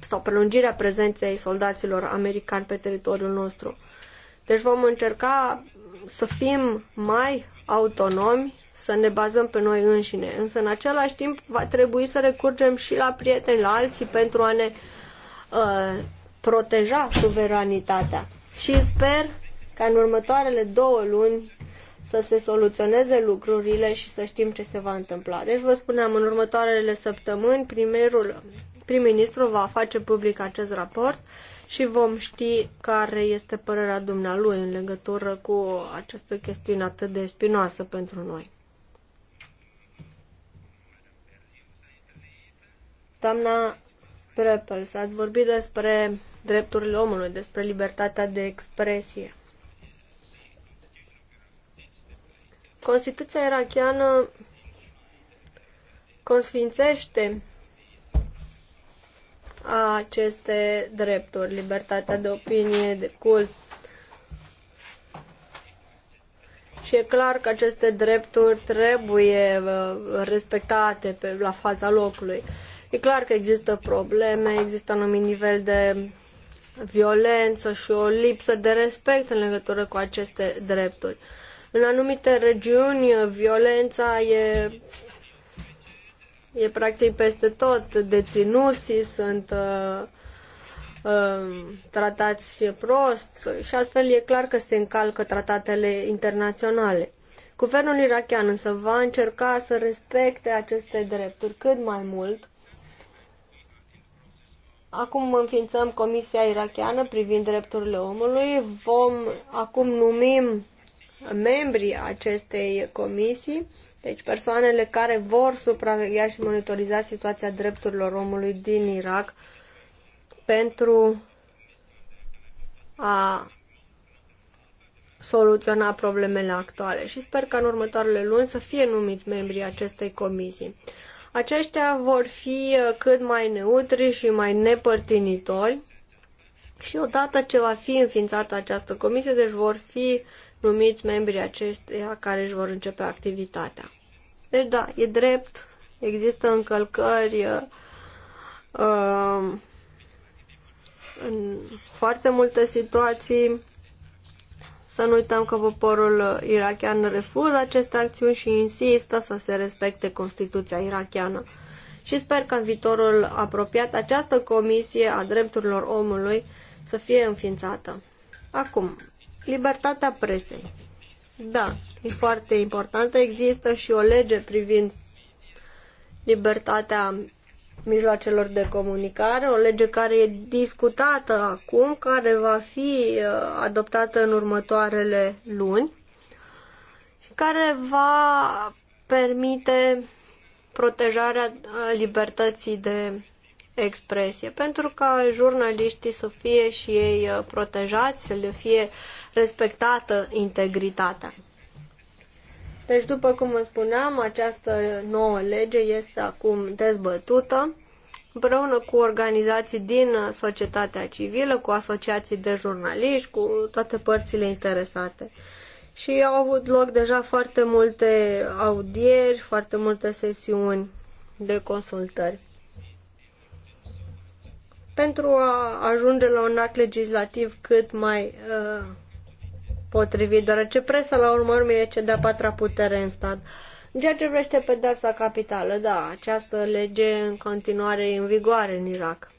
sau prelungirea prezenței soldaților americani pe teritoriul nostru. Deci vom încerca să fim mai autonomi să ne bazăm pe noi înșine. Însă, în același timp, va trebui să recurgem și la prieteni, la alții, pentru a ne uh, proteja suveranitatea. Și sper ca în următoarele două luni să se soluționeze lucrurile și să știm ce se va întâmpla. Deci vă spuneam, în următoarele săptămâni primerul prim-ministru va face public acest raport și vom ști care este părerea dumnealui în legătură cu această chestiune atât de spinoasă pentru noi. Doamna Prepels, ați vorbit despre drepturile omului, despre libertatea de expresie. Constituția irachiană consfințește aceste drepturi, libertatea de opinie, de cult. Și e clar că aceste drepturi trebuie uh, respectate pe, la fața locului. Uh, E clar că există probleme, există un anumit nivel de violență și o lipsă de respect în legătură cu aceste drepturi. În anumite regiuni, violența e, e practic peste tot. Deținuții sunt uh, uh, tratați prost și astfel e clar că se încalcă tratatele internaționale. Guvernul irachian însă va încerca să respecte aceste drepturi cât mai mult Acum înființăm Comisia irakiană privind drepturile omului. Vom acum numim membrii acestei comisii, deci persoanele care vor supraveghea și monitoriza situația drepturilor omului din Irak pentru a soluționa problemele actuale și sper ca în următoarele luni să fie numiți membrii acestei comisii aceștia vor fi uh, cât mai neutri și mai nepărtinitori și odată ce va fi înființată această comisie, deci vor fi numiți membrii acesteia care își vor începe activitatea. Deci da, e drept, există încălcări uh, um, în foarte multe situații să nu uităm că poporul irachian refuză aceste acțiuni și insistă să se respecte Constituția irachiană. Și sper că în viitorul apropiat această comisie a drepturilor omului să fie înființată. Acum, libertatea presei. Da, e foarte importantă. Există și o lege privind libertatea mijloacelor de comunicare, o lege care e discutată acum, care va fi uh, adoptată în următoarele luni, care va permite protejarea uh, libertății de expresie, pentru ca jurnaliștii să fie și ei uh, protejați, să le fie respectată integritatea. Deci, după cum vă spuneam, această nouă lege este acum dezbătută împreună cu organizații din societatea civilă, cu asociații de jurnaliști, cu toate părțile interesate. Și au avut loc deja foarte multe audieri, foarte multe sesiuni de consultări. Pentru a ajunge la un act legislativ cât mai uh, potrivit, deoarece presa la urmă urmei e cea de-a patra putere în stat. În ceea ce vrește pedeapsa capitală, da, această lege în continuare e în vigoare în Irak.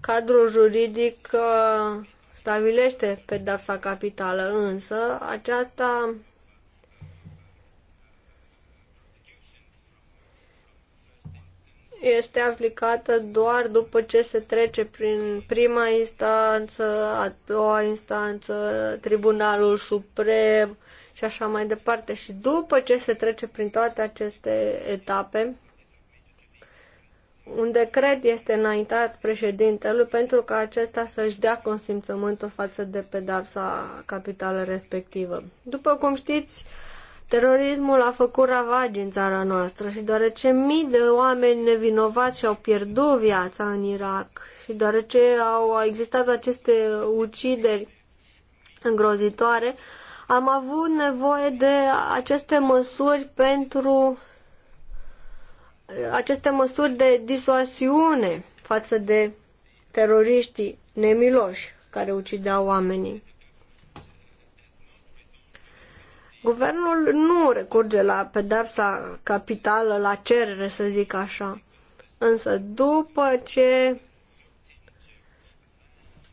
Cadrul juridic uh, stabilește pedapsa capitală, însă aceasta este aplicată doar după ce se trece prin prima instanță, a doua instanță, Tribunalul Suprem și așa mai departe. Și după ce se trece prin toate aceste etape, un decret este înaintat președintelui pentru ca acesta să-și dea consimțământul față de pedapsa capitală respectivă. După cum știți, Terorismul a făcut ravagi în țara noastră și deoarece mii de oameni nevinovați și-au pierdut viața în Irak și deoarece au existat aceste ucideri îngrozitoare, am avut nevoie de aceste măsuri pentru aceste măsuri de disuasiune față de teroriștii nemiloși care ucideau oamenii. Guvernul nu recurge la pedepsa capitală, la cerere, să zic așa. Însă după ce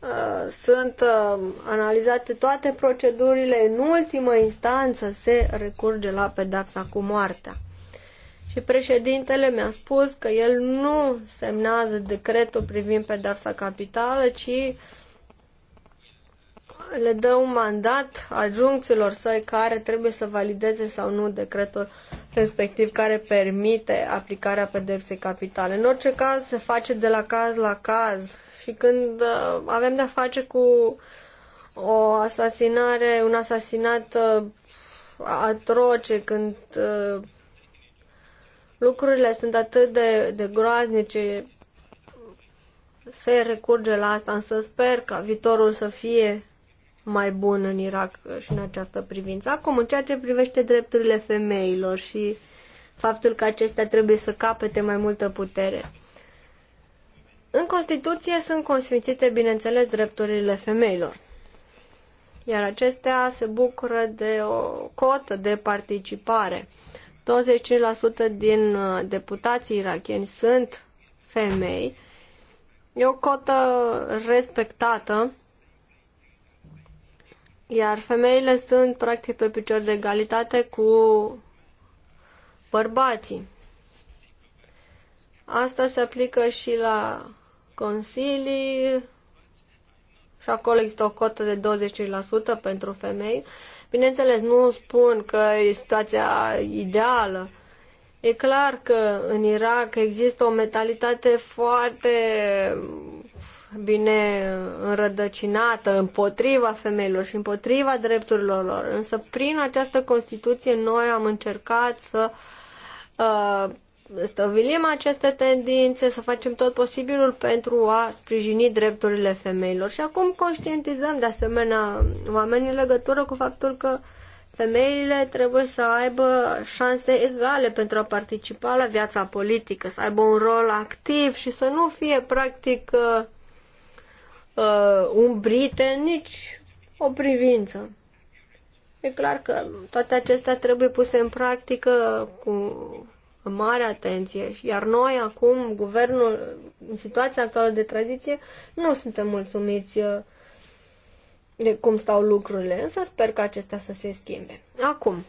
uh, sunt uh, analizate toate procedurile, în ultimă instanță se recurge la pedepsa cu moartea. Și președintele mi-a spus că el nu semnează decretul privind pedepsa capitală, ci le dă un mandat adjuncților săi care trebuie să valideze sau nu decretul respectiv care permite aplicarea pedepsei capitale. În orice caz, se face de la caz la caz și când uh, avem de-a face cu o asasinare, un asasinat uh, atroce, când uh, lucrurile sunt atât de, de groaznice, se recurge la asta, însă sper ca viitorul să fie mai bun în Irak și în această privință. Acum, în ceea ce privește drepturile femeilor și faptul că acestea trebuie să capete mai multă putere. În Constituție sunt consfințite, bineînțeles, drepturile femeilor, iar acestea se bucură de o cotă de participare. 25% din uh, deputații irakieni sunt femei. E o cotă respectată iar femeile sunt practic pe picior de egalitate cu bărbații. Asta se aplică și la consilii și acolo există o cotă de 20% pentru femei. Bineînțeles, nu spun că e situația ideală. E clar că în Irak există o mentalitate foarte bine înrădăcinată împotriva femeilor și împotriva drepturilor lor. Însă prin această Constituție noi am încercat să uh, stăvilim aceste tendințe, să facem tot posibilul pentru a sprijini drepturile femeilor. Și acum conștientizăm de asemenea oamenii în legătură cu faptul că femeile trebuie să aibă șanse egale pentru a participa la viața politică, să aibă un rol activ și să nu fie practic uh, uh, umbrite nici o privință. E clar că toate acestea trebuie puse în practică cu mare atenție. Iar noi acum, guvernul, în situația actuală de tranziție, nu suntem mulțumiți uh, de cum stau lucrurile, însă sper că acestea să se schimbe. Acum,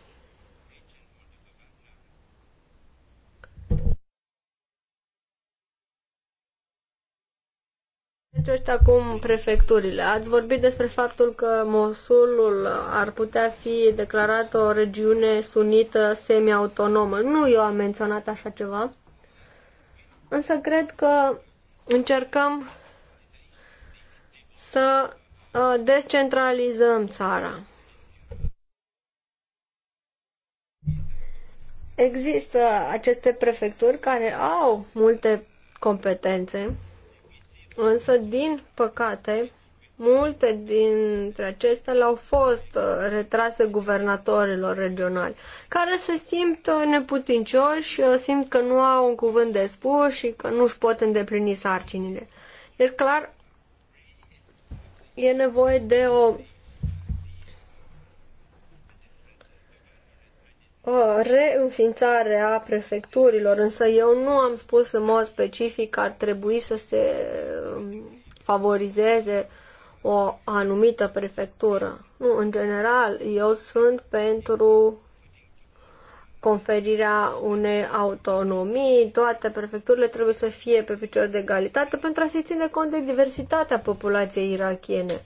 privește acum prefecturile, ați vorbit despre faptul că Mosulul ar putea fi declarată o regiune sunită semi-autonomă. Nu eu am menționat așa ceva. Însă cred că încercăm să uh, descentralizăm țara. Există aceste prefecturi care au multe competențe Însă, din păcate, multe dintre acestea le-au fost uh, retrase guvernatorilor regionali, care se simt uh, neputincioși, uh, simt că nu au un cuvânt de spus și că nu își pot îndeplini sarcinile. Deci, clar, e nevoie de o reînființare a prefecturilor, însă eu nu am spus în mod specific că ar trebui să se um, favorizeze o anumită prefectură. Nu, în general, eu sunt pentru conferirea unei autonomii, toate prefecturile trebuie să fie pe picior de egalitate pentru a se ține cont de diversitatea populației irachiene.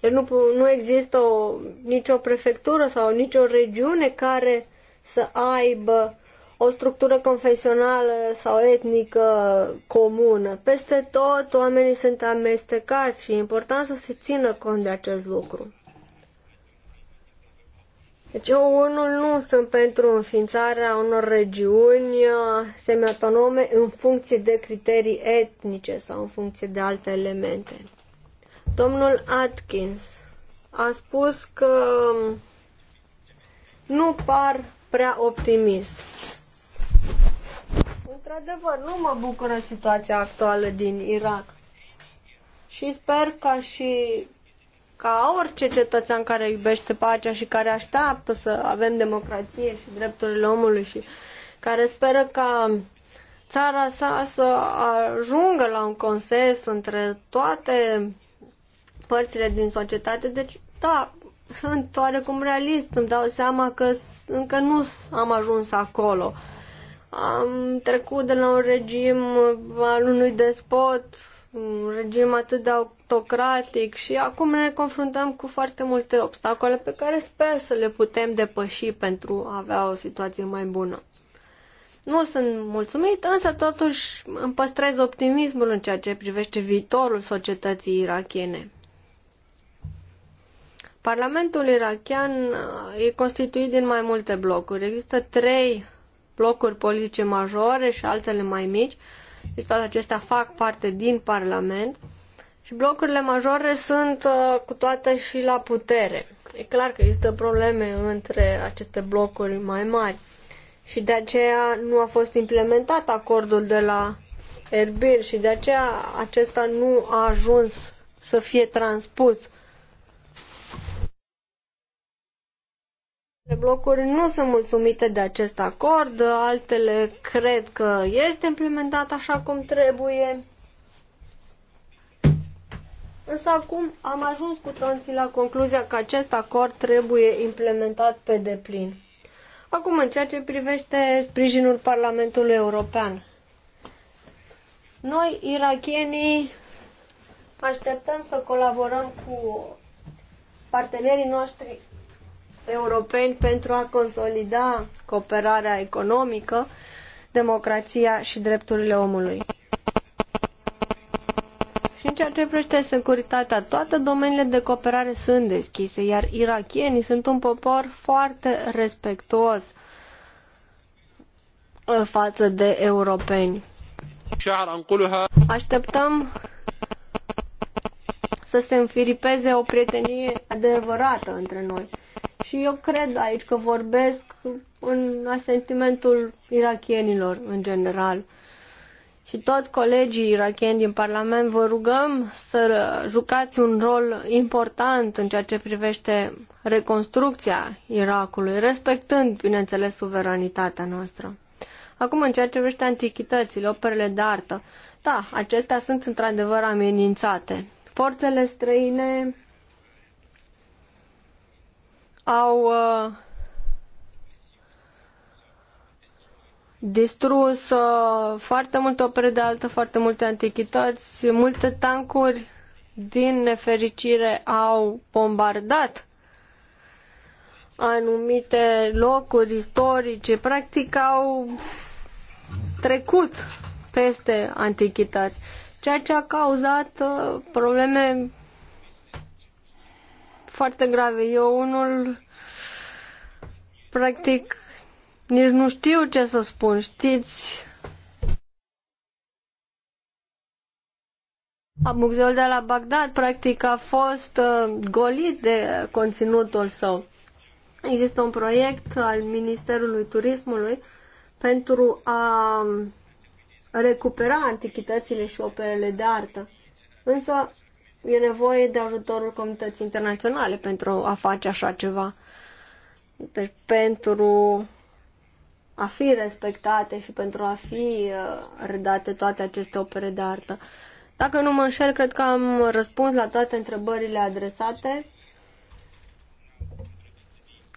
Deci nu, nu există o, nicio prefectură sau nicio regiune care să aibă o structură confesională sau etnică comună. Peste tot oamenii sunt amestecați și e important să se țină cont de acest lucru. Deci eu unul nu sunt pentru înființarea unor regiuni semiautonome în funcție de criterii etnice sau în funcție de alte elemente. Domnul Atkins a spus că nu par prea optimist. Într-adevăr, nu mă bucură situația actuală din Irak. Și sper ca și ca orice cetățean care iubește pacea și care așteaptă să avem democrație și drepturile omului și care speră ca țara sa să ajungă la un consens între toate părțile din societate. Deci, da, sunt oarecum realist, îmi dau seama că încă nu am ajuns acolo. Am trecut de la un regim uh, al unui despot, un regim atât de autocratic și acum ne confruntăm cu foarte multe obstacole pe care sper să le putem depăși pentru a avea o situație mai bună. Nu sunt mulțumit, însă totuși îmi păstrez optimismul în ceea ce privește viitorul societății irachiene. Parlamentul irachian uh, e constituit din mai multe blocuri. Există trei blocuri politice majore și altele mai mici. Deci toate acestea fac parte din Parlament. Și blocurile majore sunt uh, cu toate și la putere. E clar că există probleme între aceste blocuri mai mari. Și de aceea nu a fost implementat acordul de la Erbil și de aceea acesta nu a ajuns să fie transpus blocuri nu sunt mulțumite de acest acord, altele cred că este implementat așa cum trebuie. Însă acum am ajuns cu toții la concluzia că acest acord trebuie implementat pe deplin. Acum, în ceea ce privește sprijinul Parlamentului European, noi, irachienii, așteptăm să colaborăm cu partenerii noștri europeni pentru a consolida cooperarea economică, democrația și drepturile omului. Și în ceea ce privește securitatea, toate domeniile de cooperare sunt deschise, iar irakienii sunt un popor foarte respectuos uh, față de europeni. Așteptăm să se înfiripeze o prietenie adevărată între noi. Și eu cred aici că vorbesc în sentimentul irachienilor în general. Și toți colegii irachieni din Parlament vă rugăm să jucați un rol important în ceea ce privește reconstrucția Irakului, respectând, bineînțeles, suveranitatea noastră. Acum, în ceea ce privește antichitățile, operele de artă, da, acestea sunt într-adevăr amenințate. Forțele străine au uh, distrus uh, foarte multe opere de altă, foarte multe antichități, multe tancuri din nefericire au bombardat anumite locuri istorice, practic au trecut peste antichități, ceea ce a cauzat uh, probleme foarte grave. Eu unul, practic, nici nu știu ce să spun. Știți, muzeul de la Bagdad, practic, a fost uh, golit de conținutul său. Există un proiect al Ministerului Turismului pentru a um, recupera antichitățile și operele de artă. Însă e nevoie de ajutorul comunității internaționale pentru a face așa ceva. Deci pentru a fi respectate și pentru a fi uh, redate toate aceste opere de artă. Dacă nu mă înșel, cred că am răspuns la toate întrebările adresate.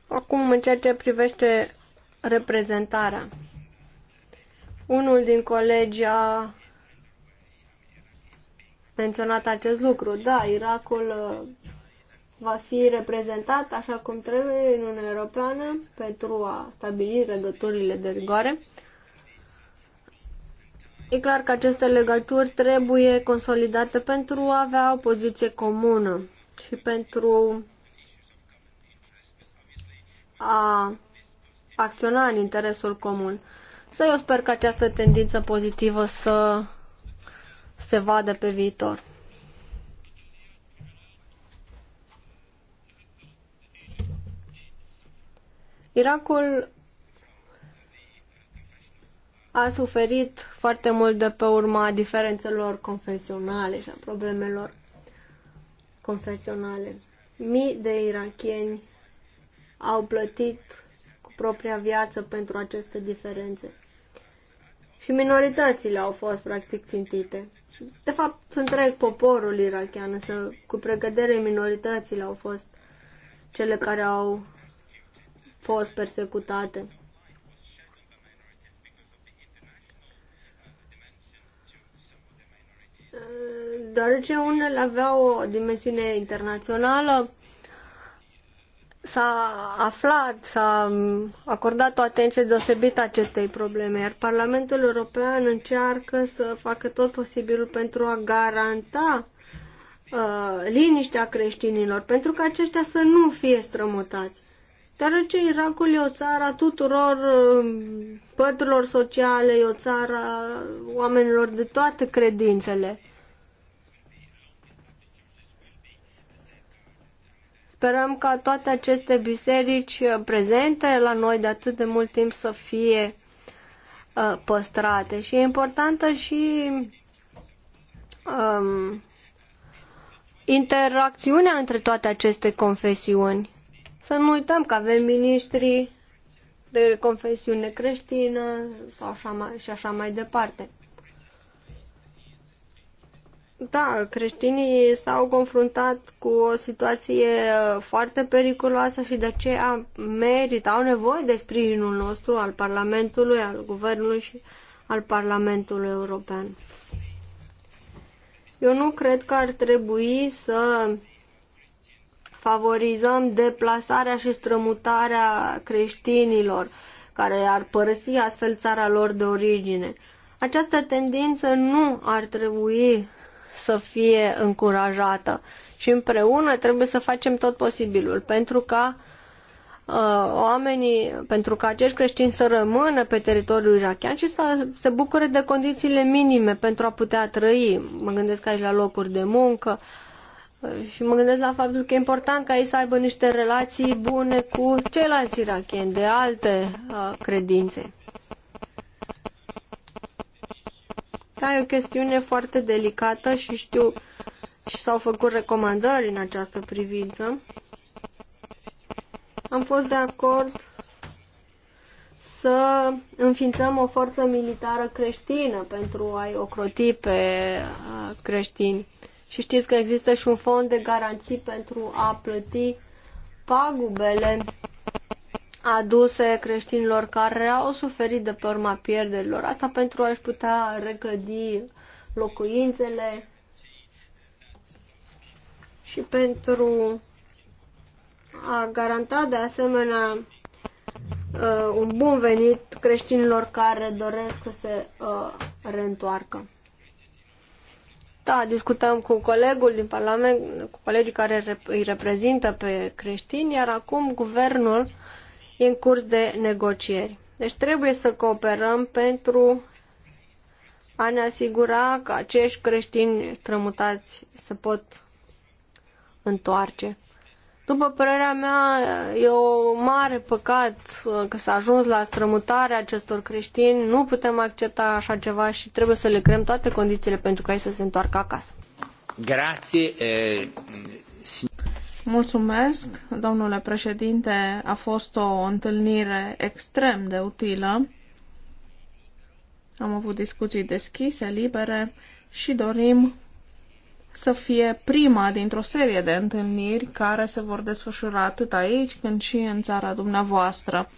Acum, în ceea ce privește reprezentarea. Unul din colegi a menționat acest lucru. Da, Irakul uh, va fi reprezentat așa cum trebuie în Uniunea Europeană pentru a stabili legăturile de rigoare. E clar că aceste legături trebuie consolidate pentru a avea o poziție comună și pentru a acționa în interesul comun. Să eu sper că această tendință pozitivă să se vadă pe viitor. Irakul a suferit foarte mult de pe urma diferențelor confesionale și a problemelor confesionale. Mii de irachieni au plătit cu propria viață pentru aceste diferențe. Și minoritățile au fost practic țintite de fapt, întreg poporul irachian, însă cu pregădere minoritățile au fost cele care au fost persecutate. Deoarece unele aveau o dimensiune internațională, s-a aflat, s-a acordat o atenție deosebită acestei probleme, iar Parlamentul European încearcă să facă tot posibilul pentru a garanta uh, liniștea creștinilor, pentru că aceștia să nu fie strămutați. Deoarece Irakul e o țară a tuturor uh, pătrilor sociale, e o țară a oamenilor de toate credințele. Sperăm ca toate aceste biserici prezente la noi de atât de mult timp să fie uh, păstrate și e importantă și um, interacțiunea între toate aceste confesiuni. Să nu uităm că avem ministrii de confesiune creștină sau așa mai, și așa mai departe. Da, creștinii s-au confruntat cu o situație uh, foarte periculoasă și de aceea merit, au nevoie de sprijinul nostru al Parlamentului, al Guvernului și al Parlamentului European. Eu nu cred că ar trebui să favorizăm deplasarea și strămutarea creștinilor care ar părăsi astfel țara lor de origine. Această tendință nu ar trebui să fie încurajată și împreună trebuie să facem tot posibilul pentru ca uh, oamenii, pentru ca acești creștini să rămână pe teritoriul irachian și să se bucure de condițiile minime pentru a putea trăi. Mă gândesc aici la locuri de muncă uh, și mă gândesc la faptul că e important ca ei să aibă niște relații bune cu ceilalți irachieni de alte uh, credințe. Da, e o chestiune foarte delicată și știu și s-au făcut recomandări în această privință. Am fost de acord să înființăm o forță militară creștină pentru a-i ocroti pe creștini. Și știți că există și un fond de garanții pentru a plăti pagubele aduse creștinilor care au suferit de pe urma pierderilor. Asta pentru a-și putea reclădi locuințele și pentru a garanta de asemenea uh, un bun venit creștinilor care doresc să se uh, reîntoarcă. Da, discutăm cu colegul din Parlament, cu colegii care îi reprezintă pe creștini, iar acum guvernul e în curs de negocieri. Deci trebuie să cooperăm pentru a ne asigura că acești creștini strămutați se pot întoarce. După părerea mea, e o mare păcat uh, că s-a ajuns la strămutarea acestor creștini. Nu putem accepta așa ceva și trebuie să le creăm toate condițiile pentru ca ei să se întoarcă acasă. Grazie, eh, Mulțumesc, domnule președinte. A fost o întâlnire extrem de utilă. Am avut discuții deschise, libere și dorim să fie prima dintr-o serie de întâlniri care se vor desfășura atât aici cât și în țara dumneavoastră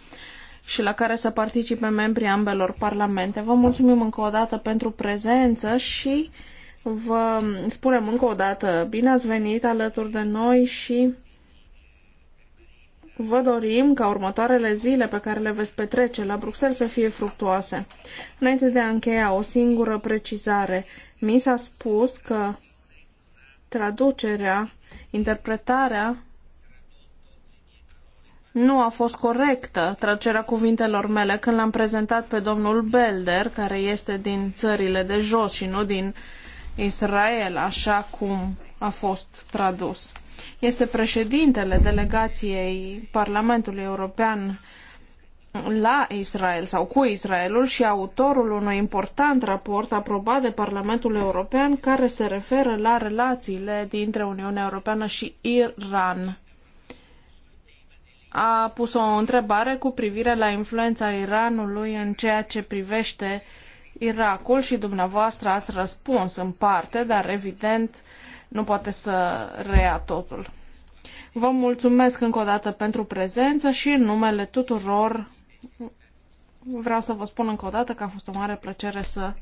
și la care să participe membrii ambelor parlamente. Vă mulțumim încă o dată pentru prezență și Vă spunem încă o dată, bine ați venit alături de noi și Vă dorim ca următoarele zile pe care le veți petrece la Bruxelles să fie fructuoase. Înainte de a încheia, o singură precizare. Mi s-a spus că traducerea, interpretarea nu a fost corectă, traducerea cuvintelor mele, când l-am prezentat pe domnul Belder, care este din țările de jos și nu din uh, Israel, așa cum a fost tradus. Este președintele delegației Parlamentului European la Israel sau cu Israelul și autorul unui important raport aprobat de Parlamentul European care se referă la relațiile dintre Uniunea Europeană și Iran. A pus o întrebare cu privire la influența Iranului în ceea ce privește uh, Irakul și dumneavoastră ați răspuns în parte, dar evident nu poate să rea totul. Vă mulțumesc încă o dată pentru prezență și în numele tuturor vreau să vă spun încă o dată că a fost o mare plăcere să